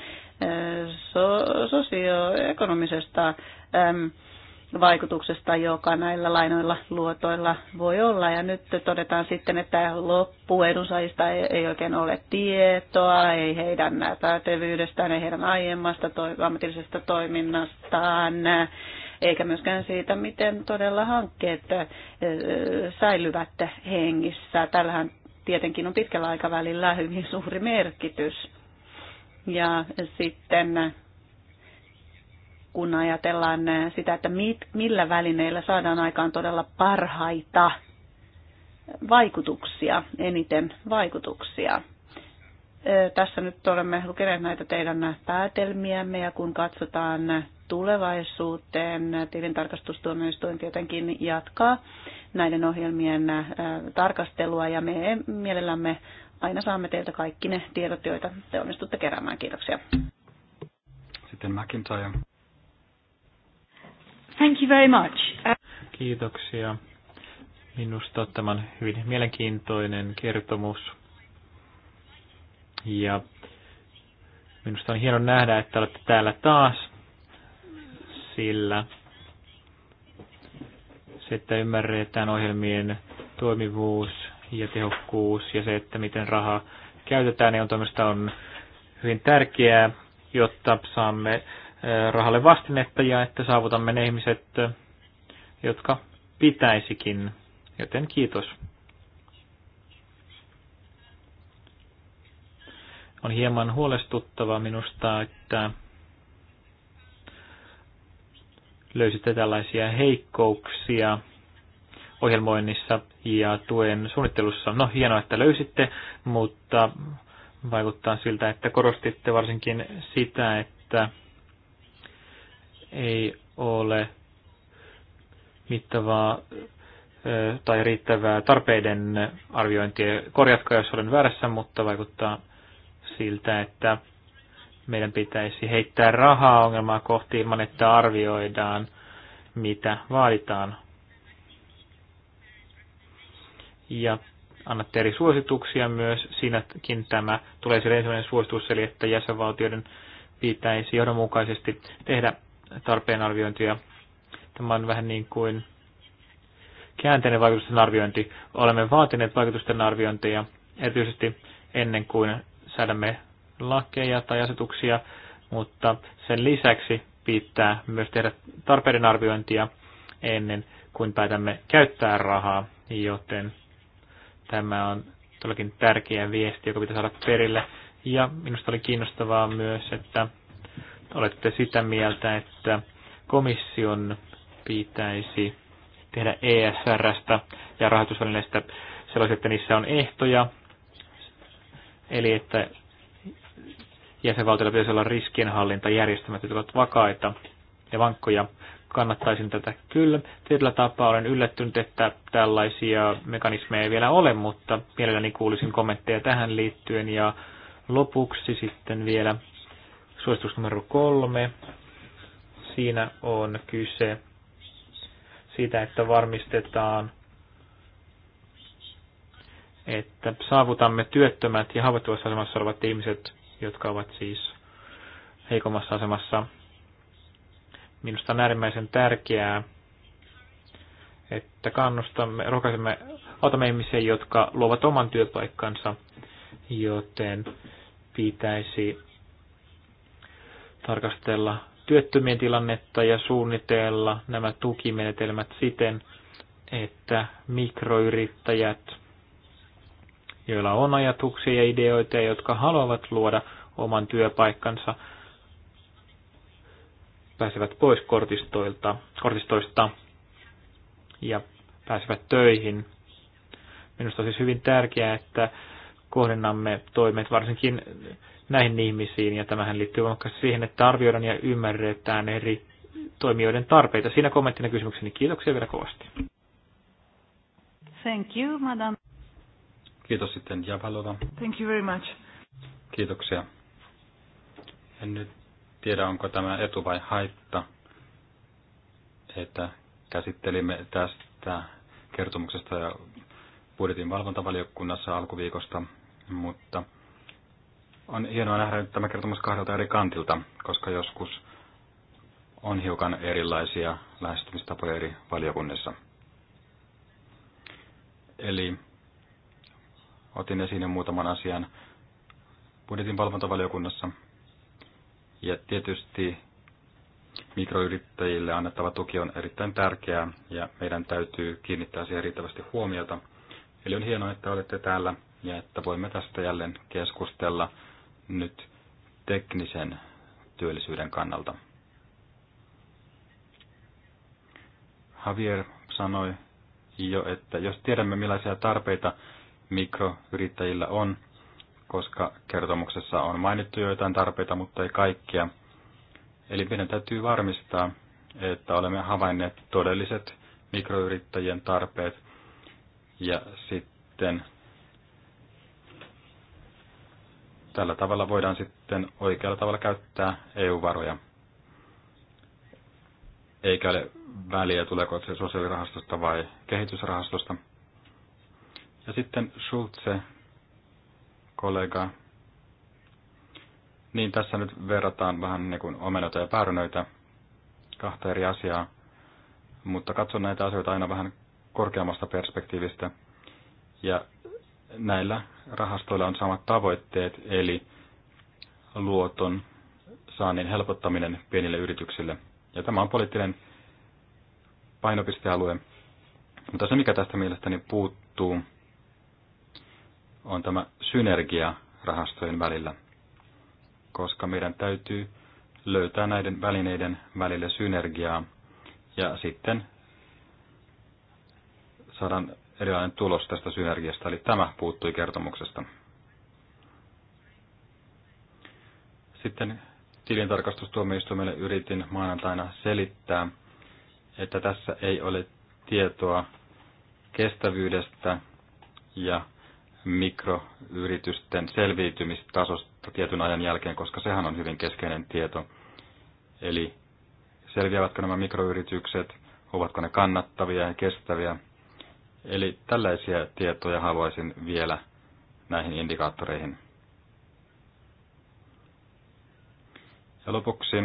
sosioekonomisesta vaikutuksesta, joka näillä lainoilla luotoilla voi olla. Ja nyt todetaan sitten, että loppu edunsaajista ei, ei oikein ole tietoa, ei heidän pätevyydestään, ei heidän aiemmasta toi, ammatillisesta toiminnastaan, eikä myöskään siitä, miten todella hankkeet äh, säilyvät hengissä. Tällähän tietenkin on pitkällä aikavälillä hyvin suuri merkitys. Ja sitten kun ajatellaan sitä, että mit, millä välineillä saadaan aikaan todella parhaita vaikutuksia, eniten vaikutuksia. Tässä nyt olemme lukeneet näitä teidän päätelmiämme ja kun katsotaan tulevaisuuteen, tilintarkastustuomioistuin tietenkin jatkaa näiden ohjelmien tarkastelua ja me mielellämme aina saamme teiltä kaikki ne tiedot, joita te onnistutte keräämään. Kiitoksia. Sitten McIntyre. Thank you very much. Kiitoksia. Minusta tämä on hyvin mielenkiintoinen kertomus. Ja minusta on hieno nähdä, että olette täällä taas, sillä se, että ymmärretään ohjelmien toimivuus ja tehokkuus ja se, että miten rahaa käytetään, niin on hyvin tärkeää, jotta saamme Eh, rahalle vastinetta ja että saavutamme ne ihmiset, eh, jotka pitäisikin. Joten kiitos. On hieman huolestuttava minusta, että löysitte tällaisia heikkouksia ohjelmoinnissa ja tuen suunnittelussa. No hienoa, että löysitte, mutta vaikuttaa siltä, että korostitte varsinkin sitä, että ei ole mittavaa tai riittävää tarpeiden arviointia. Korjatkaa, jos olen väärässä, mutta vaikuttaa siltä, että meidän pitäisi heittää rahaa ongelmaa kohti ilman, että arvioidaan, mitä vaaditaan. Ja annatte eri suosituksia myös. Siinäkin tämä tulee se ensimmäinen suositus, eli että jäsenvaltioiden pitäisi johdonmukaisesti tehdä tarpeen arviointia. Tämä on vähän niin kuin käänteinen vaikutusten arviointi. Olemme vaatineet vaikutusten arviointia erityisesti ennen kuin säädämme lakeja tai asetuksia, mutta sen lisäksi pitää myös tehdä tarpeiden arviointia ennen kuin päätämme käyttää rahaa, joten tämä on todellakin tärkeä viesti, joka pitää saada perille. Ja minusta oli kiinnostavaa myös, että olette sitä mieltä, että komission pitäisi tehdä ESRstä ja rahoitusvälineestä sellaisia, että niissä on ehtoja, eli että jäsenvaltioilla pitäisi olla riskienhallintajärjestelmät, jotka ovat vakaita ja vankkoja. Kannattaisin tätä kyllä. Tietyllä tapaa olen yllättynyt, että tällaisia mekanismeja ei vielä ole, mutta mielelläni kuulisin kommentteja tähän liittyen. Ja lopuksi sitten vielä Suositus numero kolme. Siinä on kyse siitä, että varmistetaan, että saavutamme työttömät ja haavoittuvassa asemassa olevat ihmiset, jotka ovat siis heikommassa asemassa. Minusta on äärimmäisen tärkeää, että kannustamme, rohkaisemme, autamme ihmisiä, jotka luovat oman työpaikkansa, joten pitäisi tarkastella työttömien tilannetta ja suunnitella nämä tukimenetelmät siten, että mikroyrittäjät, joilla on ajatuksia ja ideoita, jotka haluavat luoda oman työpaikkansa, pääsevät pois kortistoilta, kortistoista ja pääsevät töihin. Minusta on siis hyvin tärkeää, että kohdennamme toimet varsinkin näihin ihmisiin, ja tämähän liittyy voimakkaasti siihen, että arvioidaan ja ymmärretään eri toimijoiden tarpeita. Siinä kommenttina kysymykseni. Kiitoksia vielä kovasti. Thank you, madam. Kiitos sitten Javalova. Thank you very much. Kiitoksia. En nyt tiedä, onko tämä etu vai haitta, että käsittelimme tästä kertomuksesta ja budjetin valvontavaliokunnassa alkuviikosta, mutta on hienoa nähdä nyt tämä kertomus kahdelta eri kantilta, koska joskus on hiukan erilaisia lähestymistapoja eri valiokunnissa. Eli otin esiin muutaman asian budjetin valvontavaliokunnassa. Ja tietysti mikroyrittäjille annettava tuki on erittäin tärkeää ja meidän täytyy kiinnittää siihen riittävästi huomiota. Eli on hienoa, että olette täällä ja että voimme tästä jälleen keskustella nyt teknisen työllisyyden kannalta. Javier sanoi jo, että jos tiedämme millaisia tarpeita mikroyrittäjillä on, koska kertomuksessa on mainittu joitain tarpeita, mutta ei kaikkia. Eli meidän täytyy varmistaa, että olemme havainneet todelliset mikroyrittäjien tarpeet ja sitten tällä tavalla voidaan sitten oikealla tavalla käyttää EU-varoja. Eikä ole väliä, tuleeko se sosiaalirahastosta vai kehitysrahastosta. Ja sitten Schulze, kollega, niin tässä nyt verrataan vähän niin kuin omenoita ja päärynöitä, kahta eri asiaa, mutta katson näitä asioita aina vähän korkeammasta perspektiivistä. Ja näillä rahastoilla on samat tavoitteet, eli luoton saannin helpottaminen pienille yrityksille. Ja tämä on poliittinen painopistealue. Mutta se, mikä tästä mielestäni puuttuu, on tämä synergia rahastojen välillä, koska meidän täytyy löytää näiden välineiden välille synergiaa ja sitten saadaan erilainen tulos tästä synergiasta, eli tämä puuttui kertomuksesta. Sitten tilintarkastustuomioistuimelle yritin maanantaina selittää, että tässä ei ole tietoa kestävyydestä ja mikroyritysten selviytymistasosta tietyn ajan jälkeen, koska sehän on hyvin keskeinen tieto. Eli selviävätkö nämä mikroyritykset, ovatko ne kannattavia ja kestäviä, Eli tällaisia tietoja haluaisin vielä näihin indikaattoreihin. Ja lopuksi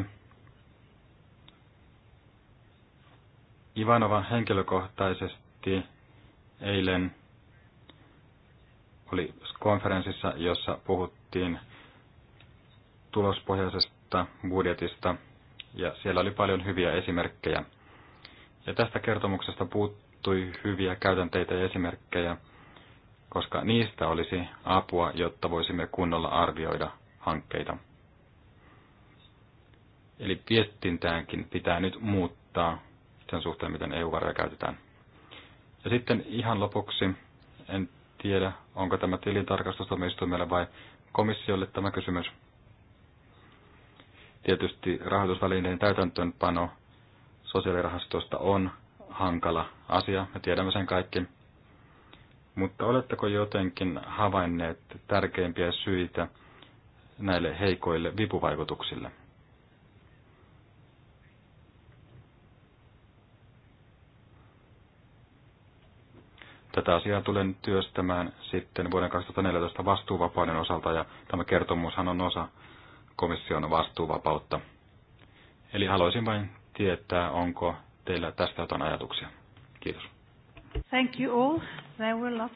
Ivanova henkilökohtaisesti eilen oli konferenssissa, jossa puhuttiin tulospohjaisesta budjetista, ja siellä oli paljon hyviä esimerkkejä. Ja tästä kertomuksesta puuttuu tarjoutui hyviä käytänteitä ja esimerkkejä, koska niistä olisi apua, jotta voisimme kunnolla arvioida hankkeita. Eli viestintäänkin pitää nyt muuttaa sen suhteen, miten EU-varoja käytetään. Ja sitten ihan lopuksi, en tiedä, onko tämä tilintarkastustoimistuimelle vai komissiolle tämä kysymys. Tietysti rahoitusvälineen täytäntöönpano sosiaalirahastosta on hankala asia, me tiedämme sen kaikki. Mutta oletteko jotenkin havainneet tärkeimpiä syitä näille heikoille vipuvaikutuksille? Tätä asiaa tulen työstämään sitten vuoden 2014 vastuuvapauden osalta ja tämä kertomushan on osa komission vastuuvapautta. Eli haluaisin vain tietää, onko teillä tästä jotain ajatuksia. Kiitos. Thank you all. There were lots.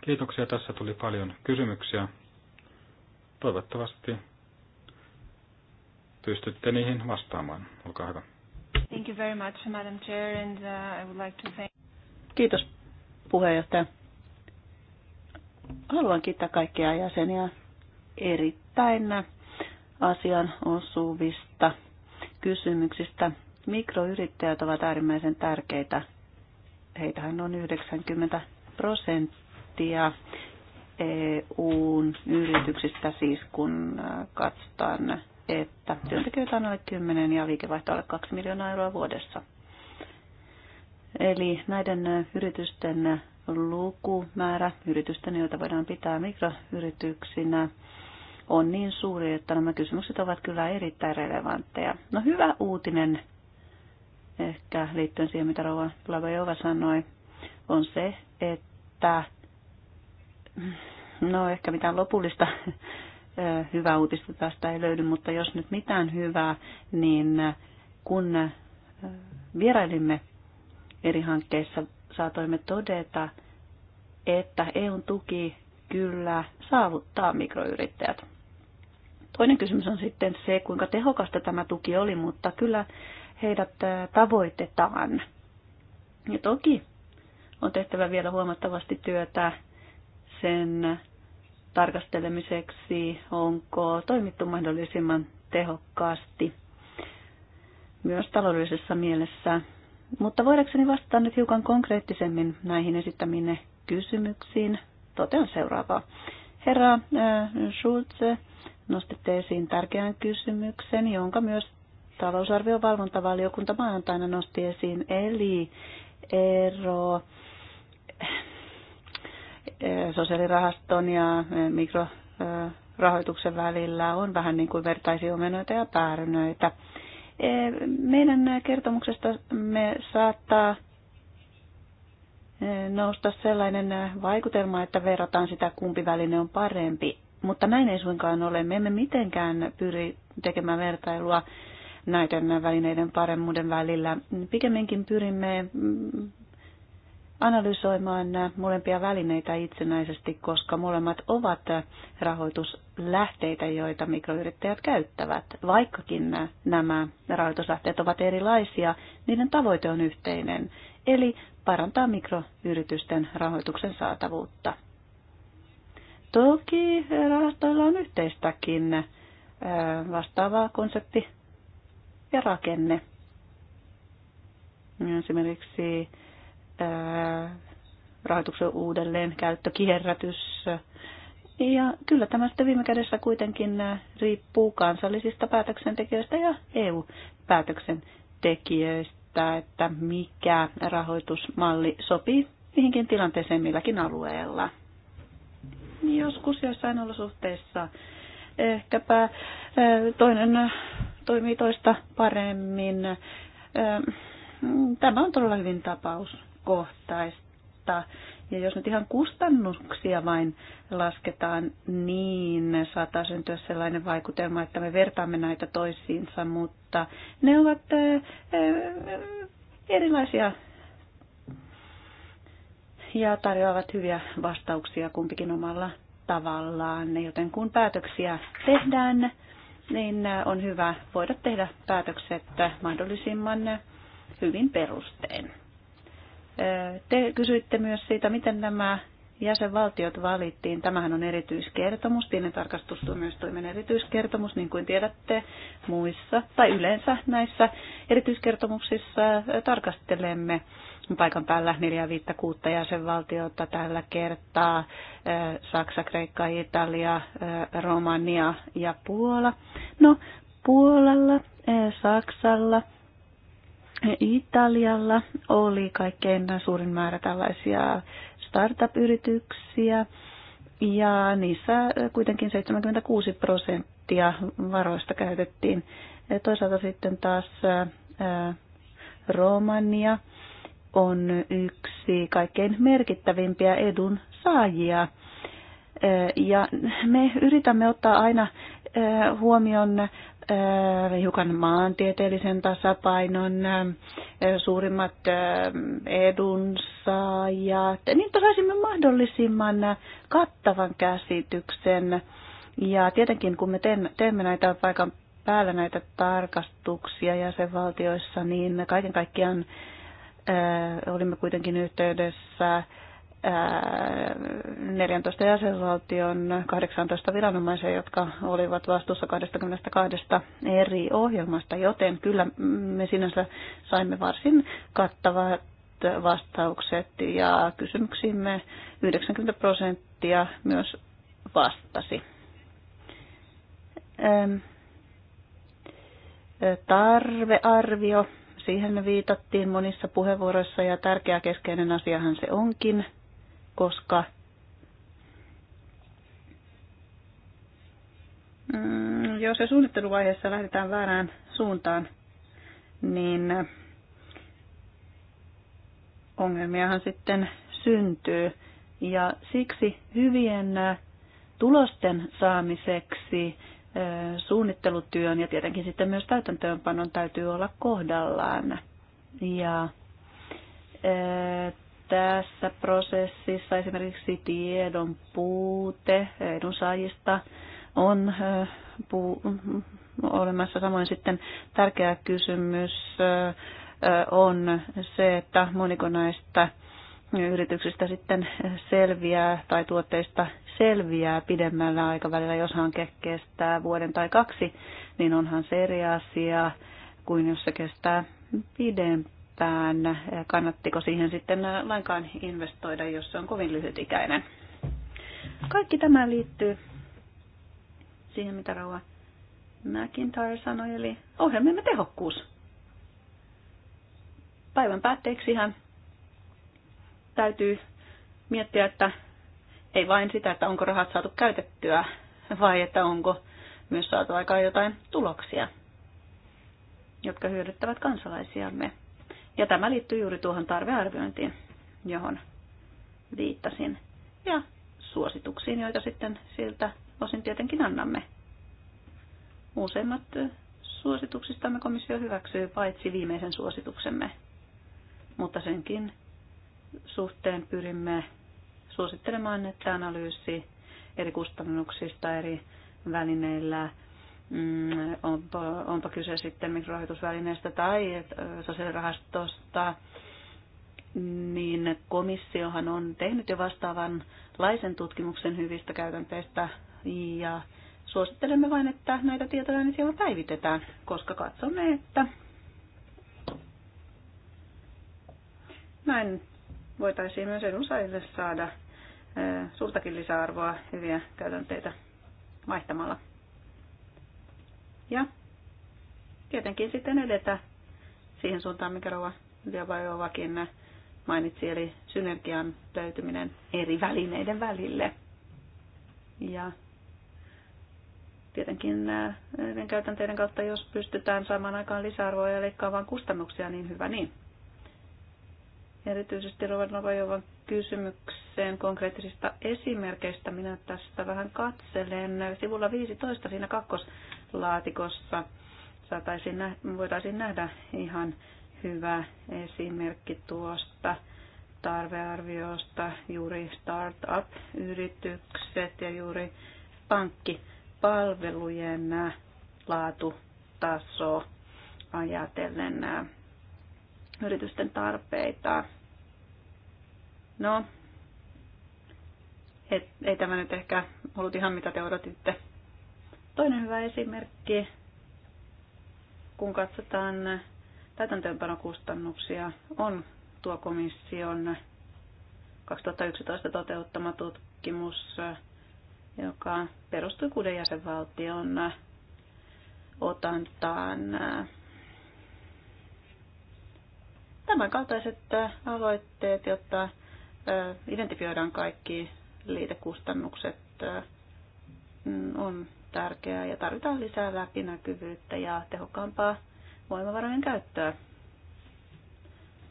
Kiitoksia. Tässä tuli paljon kysymyksiä. Toivottavasti pystytte niihin vastaamaan. Olkaa hyvä. Thank you very much, Madam Chair, and uh, I would like to thank... Kiitos, puheenjohtaja. Haluan kiittää kaikkia jäseniä erittäin asian osuvista kysymyksistä. Mikroyrittäjät ovat äärimmäisen tärkeitä. Heitähän on 90 prosenttia EUn yrityksistä siis, kun katsotaan, että työntekijöitä on alle 10 ja liikevaihto alle 2 miljoonaa euroa vuodessa. Eli näiden yritysten lukumäärä, yritysten, joita voidaan pitää mikroyrityksinä, on niin suuri, että nämä kysymykset ovat kyllä erittäin relevantteja. No hyvä uutinen ehkä liittyen siihen, mitä Rova Lavajova sanoi, on se, että no ehkä mitään lopullista hyvää uutista tästä ei löydy, mutta jos nyt mitään hyvää, niin kun vierailimme eri hankkeissa, saatoimme todeta, että EUn tuki kyllä saavuttaa mikroyrittäjät. Toinen kysymys on sitten se, kuinka tehokasta tämä tuki oli, mutta kyllä heidät tavoitetaan. Ja toki on tehtävä vielä huomattavasti työtä sen tarkastelemiseksi, onko toimittu mahdollisimman tehokkaasti myös taloudellisessa mielessä. Mutta voidakseni vastata nyt hiukan konkreettisemmin näihin esittämiinne kysymyksiin, totean seuraavaa. Herra Schulze, nostitte esiin tärkeän kysymyksen, jonka myös talousarvion valvontavaliokunta maanantaina nosti esiin, eli ero eh, sosiaalirahaston ja eh, mikrorahoituksen eh, välillä on vähän niin kuin vertaisiomenoita ja päärynöitä. Meidän kertomuksesta me saattaa nousta sellainen vaikutelma, että verrataan sitä, kumpi väline on parempi. Mutta näin ei suinkaan ole. Me emme mitenkään pyri tekemään vertailua näiden välineiden paremmuuden välillä. Pikemminkin pyrimme mm, analysoimaan molempia välineitä itsenäisesti, koska molemmat ovat rahoituslähteitä, joita mikroyrittäjät käyttävät. Vaikkakin nämä rahoituslähteet ovat erilaisia, niiden tavoite on yhteinen, eli parantaa mikroyritysten rahoituksen saatavuutta. Toki rahastoilla on yhteistäkin vastaava konsepti ja rakenne. Esimerkiksi rahoituksen uudelleen käyttö, kierrätys. Ja kyllä tämä sitten viime kädessä kuitenkin riippuu kansallisista päätöksentekijöistä ja EU-päätöksentekijöistä, että mikä rahoitusmalli sopii mihinkin tilanteeseen milläkin alueella. Joskus joissain olosuhteissa ehkäpä toinen toimii toista paremmin. Tämä on todella hyvin tapauskohtaista. Ja jos nyt ihan kustannuksia vain lasketaan, niin saattaa syntyä sellainen vaikutelma, että me vertaamme näitä toisiinsa, mutta ne ovat erilaisia ja tarjoavat hyviä vastauksia kumpikin omalla tavallaan. Joten kun päätöksiä tehdään, niin on hyvä voida tehdä päätökset mahdollisimman hyvin perustein. Te kysyitte myös siitä, miten nämä jäsenvaltiot valittiin. Tämähän on erityiskertomus, tarkastustuomioistuimen erityiskertomus, niin kuin tiedätte muissa tai yleensä näissä erityiskertomuksissa tarkastelemme paikan päällä 4, 5, 6 jäsenvaltiota tällä kertaa, Saksa, Kreikka, Italia, Romania ja Puola. No, Puolalla, Saksalla, Italialla oli kaikkein suurin määrä tällaisia startup-yrityksiä ja niissä kuitenkin 76 prosenttia varoista käytettiin. Toisaalta sitten taas Romania, on yksi kaikkein merkittävimpiä edun saajia. Ja me yritämme ottaa aina huomioon hiukan maantieteellisen tasapainon, suurimmat edunsaajat, niin saisimme mahdollisimman kattavan käsityksen. Ja tietenkin kun me teemme näitä paikan päällä näitä tarkastuksia jäsenvaltioissa, niin kaiken kaikkiaan Äh, olimme kuitenkin yhteydessä 14 äh, jäsenvaltion 18 viranomaisen, jotka olivat vastuussa 22 eri ohjelmasta, joten kyllä me sinänsä saimme varsin kattavat vastaukset ja kysymyksiimme 90 prosenttia myös vastasi. Ähm, tarvearvio Siihen viitattiin monissa puheenvuoroissa ja tärkeä keskeinen asiahan se onkin, koska mm, jos se suunnitteluvaiheessa lähdetään väärään suuntaan, niin ongelmiahan sitten syntyy. Ja siksi hyvien tulosten saamiseksi suunnittelutyön ja tietenkin sitten myös täytäntöönpanon täytyy olla kohdallaan. Ja tässä prosessissa esimerkiksi tiedon puute edunsaajista on puu, olemassa. Samoin sitten tärkeä kysymys on se, että moniko näistä yrityksistä sitten selviää tai tuotteista selviää pidemmällä aikavälillä, jos hanke kestää vuoden tai kaksi, niin onhan se eri asia kuin jos se kestää pidempään. Kannattiko siihen sitten lainkaan investoida, jos se on kovin lyhytikäinen? Kaikki tämä liittyy siihen, mitä Rauha McIntyre sanoi, eli ohjelmiemme tehokkuus. Päivän päätteeksi ihan täytyy miettiä, että ei vain sitä, että onko rahat saatu käytettyä, vai että onko myös saatu aikaa jotain tuloksia, jotka hyödyttävät kansalaisiamme. Ja tämä liittyy juuri tuohon tarvearviointiin, johon viittasin, ja suosituksiin, joita sitten siltä osin tietenkin annamme. Useimmat suosituksistamme komissio hyväksyy paitsi viimeisen suosituksemme, mutta senkin suhteen pyrimme suosittelemaan, että analyysi eri kustannuksista eri välineillä, mm, onpa kyse sitten mikrorahoitusvälineestä tai äh, sosiaalirahastosta, niin komissiohan on tehnyt jo vastaavanlaisen tutkimuksen hyvistä käytänteistä ja suosittelemme vain, että näitä tietoja niin siellä päivitetään, koska katsomme, että näin voitaisiin myös edunsaajille saada suurtakin lisäarvoa hyviä käytänteitä vaihtamalla. Ja tietenkin sitten edetä siihen suuntaan, mikä Rova Diabajovakin mainitsi, eli synergian löytyminen eri välineiden välille. Ja tietenkin näiden käytänteiden kautta, jos pystytään saamaan aikaan lisäarvoa ja leikkaamaan kustannuksia, niin hyvä niin erityisesti Rovanovajovan kysymykseen konkreettisista esimerkkeistä. Minä tästä vähän katselen. Sivulla 15 siinä kakkoslaatikossa saataisiin nä- voitaisiin nähdä ihan hyvä esimerkki tuosta tarvearviosta juuri startup-yritykset ja juuri pankkipalvelujen laatutaso ajatellen yritysten tarpeita. No, et, ei tämä nyt ehkä ollut ihan mitä te odotitte. Toinen hyvä esimerkki, kun katsotaan täytäntöönpanokustannuksia, on tuo komission 2011 toteuttama tutkimus, joka perustui kuuden jäsenvaltion otantaan Tämän kaltaiset aloitteet, jotta identifioidaan kaikki liitekustannukset, mm, on tärkeää ja tarvitaan lisää läpinäkyvyyttä ja tehokkaampaa voimavarojen käyttöä.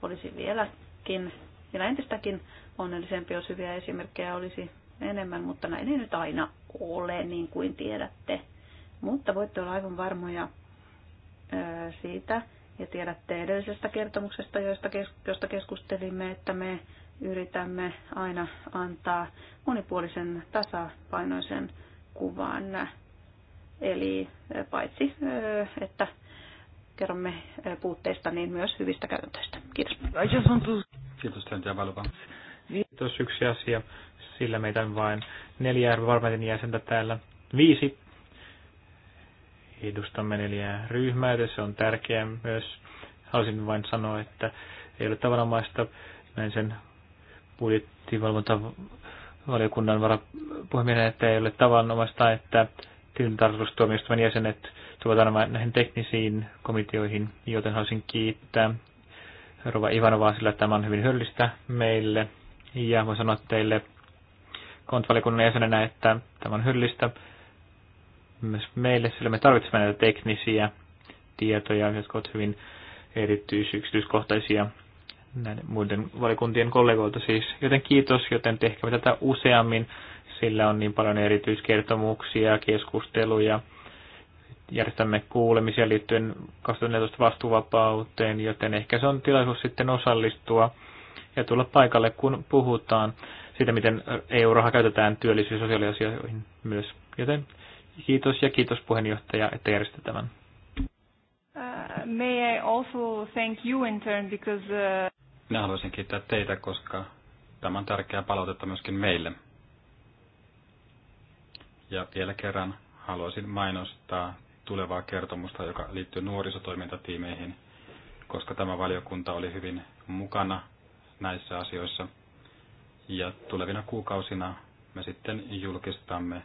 Olisi vieläkin, vielä entistäkin onnellisempi, jos hyviä esimerkkejä olisi enemmän, mutta näin ei nyt aina ole, niin kuin tiedätte. Mutta voitte olla aivan varmoja siitä, ja tiedätte edellisestä kertomuksesta, josta keskustelimme, että me yritämme aina antaa monipuolisen tasapainoisen kuvan. Eli eh, paitsi, eh, että kerromme eh, puutteista, niin myös hyvistä käytöstä. Kiitos. Kiitos, Tentia Valva. Niin. Kiitos, yksi asia. Sillä meitä on vain neljä parlamentin jäsentä täällä. Viisi edustamme neljää ryhmää, ja se on tärkeää myös. Haluaisin vain sanoa, että ei ole tavanomaista näin sen budjettivalvontavaliokunnan varapuhemiehenä, että ei ole tavanomaista, että tilintarkastustuomioistuvan jäsenet tuovat aina näihin teknisiin komiteoihin, joten haluaisin kiittää Rova Ivanovaa, sillä tämä on hyvin hyödyllistä meille. Ja voin sanoa teille kontvaliokunnan jäsenenä, että tämä on hyllistä myös meille, sillä me tarvitsemme näitä teknisiä tietoja, jotka ovat hyvin erityisyksityiskohtaisia näiden muiden valikuntien kollegoilta siis. Joten kiitos, joten tehkäämme tätä useammin, sillä on niin paljon erityiskertomuksia, keskusteluja. Järjestämme kuulemisia liittyen 2014 vastuuvapauteen, joten ehkä se on tilaisuus sitten osallistua ja tulla paikalle, kun puhutaan siitä, miten EU-raha käytetään työllisyys- ja sosiaaliasioihin myös. Joten Kiitos ja kiitos puheenjohtaja, että järjestit tämän. Uh, may I also thank you in turn because... Uh... Minä haluaisin kiittää teitä, koska tämä on tärkeää palautetta myöskin meille. Ja vielä kerran haluaisin mainostaa tulevaa kertomusta, joka liittyy nuorisotoimintatiimeihin, koska tämä valiokunta oli hyvin mukana näissä asioissa. Ja tulevina kuukausina me sitten julkistamme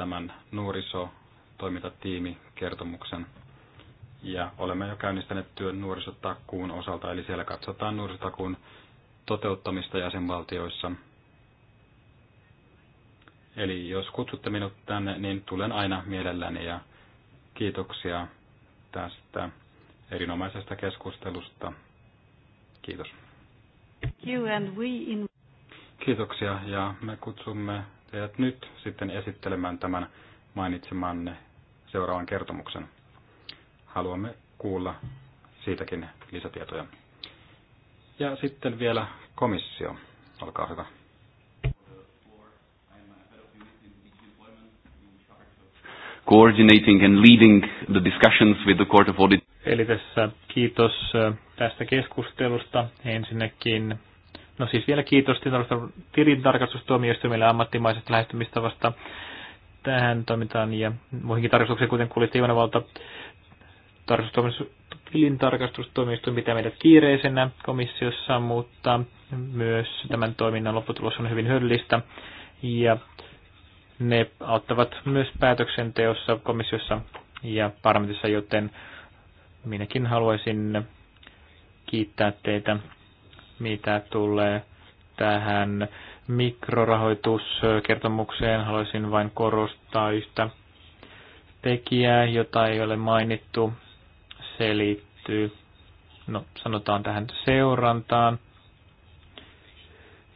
tämän nuorisotoimintatiimi kertomuksen. Ja olemme jo käynnistäneet työn nuorisotakuun osalta, eli siellä katsotaan nuorisotakuun toteuttamista jäsenvaltioissa. Eli jos kutsutte minut tänne, niin tulen aina mielelläni ja kiitoksia tästä erinomaisesta keskustelusta. Kiitos. Kiitoksia ja me kutsumme teidät nyt sitten esittelemään tämän mainitsemanne seuraavan kertomuksen. Haluamme kuulla siitäkin lisätietoja. Ja sitten vielä komissio. Olkaa hyvä. Coordinating and leading the discussions with the Court of Audit. Eli tässä kiitos tästä keskustelusta. Ensinnäkin No siis vielä kiitos tilintarkastustuomioistuimille ammattimaisesta lähestymistavasta tähän toimintaan ja muihinkin tarkastuksiin, kuten kuulitte Ivanevalta, tilintarkastustuomioistuin pitää meidät kiireisenä komissiossa, mutta myös tämän toiminnan lopputulos on hyvin hyödyllistä ja ne auttavat myös päätöksenteossa komissiossa ja parlamentissa, joten minäkin haluaisin kiittää teitä mitä tulee tähän mikrorahoituskertomukseen. Haluaisin vain korostaa yhtä tekijää, jota ei ole mainittu. Se liittyy, no sanotaan tähän seurantaan,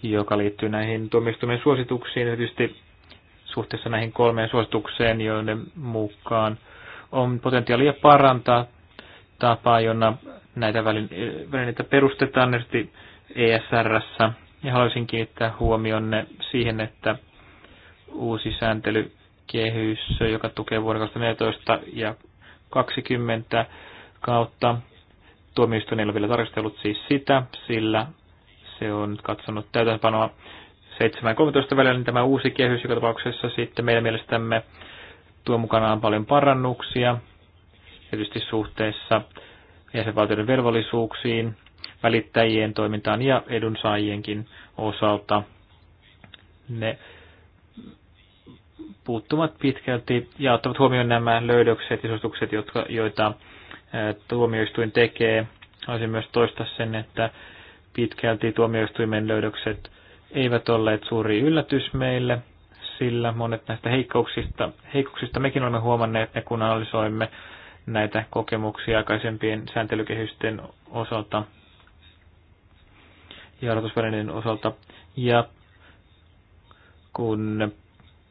joka liittyy näihin tuomioistuimen suosituksiin, tietysti suhteessa näihin kolmeen suositukseen, joiden mukaan on potentiaalia parantaa tapaa, jona näitä välineitä perustetaan, tietysti ESRssä. Ja haluaisin kiinnittää huomionne siihen, että uusi sääntelykehys, joka tukee vuoden 2014 ja 2020 kautta, tuomioistuin ei ole vielä tarkastellut siis sitä, sillä se on katsonut täytäntöpanoa 7.13 välillä, niin tämä uusi kehys joka tapauksessa sitten meidän mielestämme tuo mukanaan paljon parannuksia, tietysti suhteessa jäsenvaltioiden velvollisuuksiin, välittäjien toimintaan ja edunsaajienkin osalta. Ne puuttuvat pitkälti ja ottavat huomioon nämä löydökset ja suositukset, jotka, joita tuomioistuin tekee. Haluaisin myös toistaa sen, että pitkälti tuomioistuimen löydökset eivät olleet suuri yllätys meille, sillä monet näistä heikkouksista, heikkouksista mekin olemme huomanneet ne, kun analysoimme näitä kokemuksia aikaisempien sääntelykehysten osalta ja osalta. Ja kun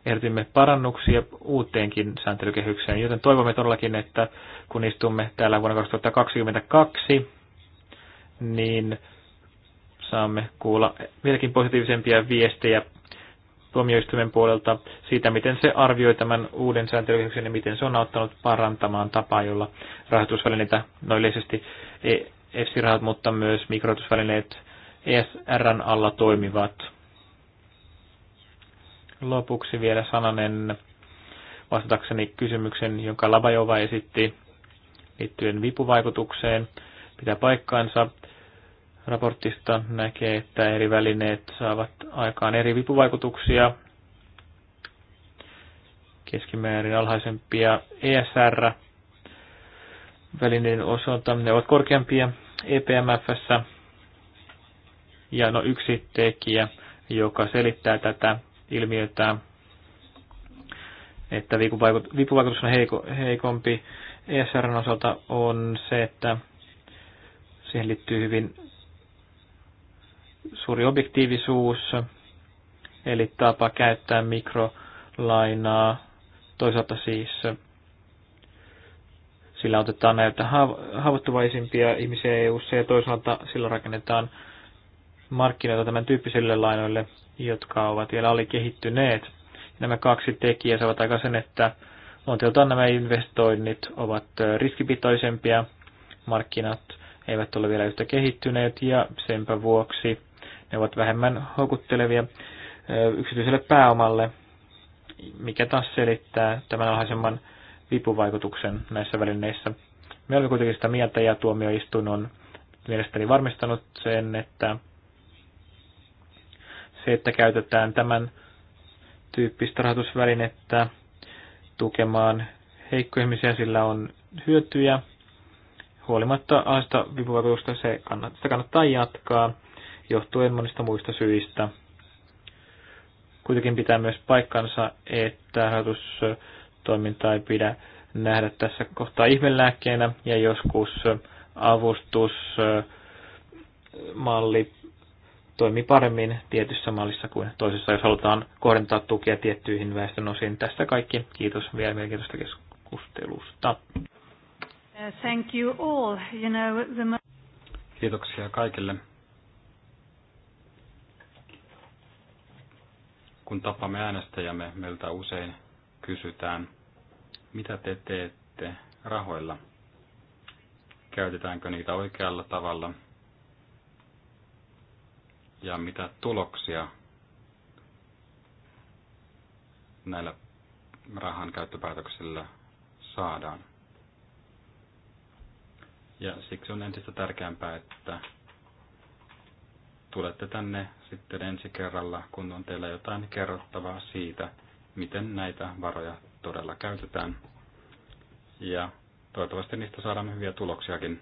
ehdotimme parannuksia uuteenkin sääntelykehykseen, joten toivomme todellakin, että kun istumme täällä vuonna 2022, niin saamme kuulla vieläkin positiivisempia viestejä tuomioistuimen puolelta siitä, miten se arvioi tämän uuden sääntelykehyksen ja miten se on auttanut parantamaan tapaa, jolla rahoitusvälineitä, no yleisesti EFSI-rahat, mutta myös mikroitusvälineet ESRn alla toimivat. Lopuksi vielä sananen vastatakseni kysymyksen, jonka Labajova esitti liittyen vipuvaikutukseen. Pitää paikkaansa. Raportista näkee, että eri välineet saavat aikaan eri vipuvaikutuksia. Keskimäärin alhaisempia ESR välineiden osalta. Ne ovat korkeampia EPMFssä ja no yksi tekijä, joka selittää tätä ilmiötä, että vipuvaikutus on heiko, heikompi ESRn osalta, on se, että siihen liittyy hyvin suuri objektiivisuus, eli tapa käyttää mikrolainaa. Toisaalta siis sillä otetaan näitä haavoittuvaisimpia ihmisiä eu ja toisaalta sillä rakennetaan markkinoita tämän tyyppisille lainoille, jotka ovat vielä alikehittyneet. Nämä kaksi tekijää saavat aikaan sen, että luonteeltaan nämä investoinnit ovat riskipitoisempia, markkinat eivät ole vielä yhtä kehittyneet ja senpä vuoksi ne ovat vähemmän houkuttelevia yksityiselle pääomalle, mikä taas selittää tämän alhaisemman vipuvaikutuksen näissä välineissä. Me olemme kuitenkin sitä mieltä ja tuomioistuin on mielestäni varmistanut sen, että se, että käytetään tämän tyyppistä rahoitusvälinettä tukemaan heikkoja ihmisiä, sillä on hyötyjä. Huolimatta aasta vipuvaikutusta se kannattaa, sitä kannattaa jatkaa johtuen monista muista syistä. Kuitenkin pitää myös paikkansa, että rahoitustoiminta ei pidä nähdä tässä kohtaa ihmelääkkeenä ja joskus avustusmalli toimii paremmin tietyssä mallissa kuin toisessa, jos halutaan kohdentaa tukea tiettyihin väestön osiin. Tässä kaikki. Kiitos vielä mielenkiintoista keskustelusta. Uh, thank you all. You know, the... Kiitoksia kaikille. Kun tapamme äänestäjämme, meiltä usein kysytään, mitä te teette rahoilla? Käytetäänkö niitä oikealla tavalla? ja mitä tuloksia näillä rahan käyttöpäätöksillä saadaan. Ja siksi on entistä tärkeämpää, että tulette tänne sitten ensi kerralla, kun on teillä jotain kerrottavaa siitä, miten näitä varoja todella käytetään. Ja toivottavasti niistä saadaan hyviä tuloksiakin,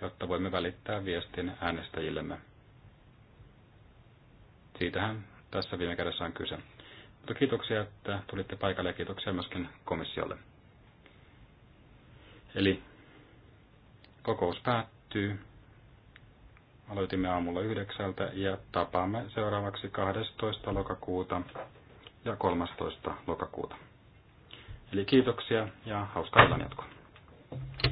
jotta voimme välittää viestin äänestäjillemme siitähän tässä viime kädessä on kyse. Mutta kiitoksia, että tulitte paikalle ja kiitoksia myöskin komissiolle. Eli kokous päättyy. Aloitimme aamulla yhdeksältä ja tapaamme seuraavaksi 12. lokakuuta ja 13. lokakuuta. Eli kiitoksia ja hauskaa illanjatkoa.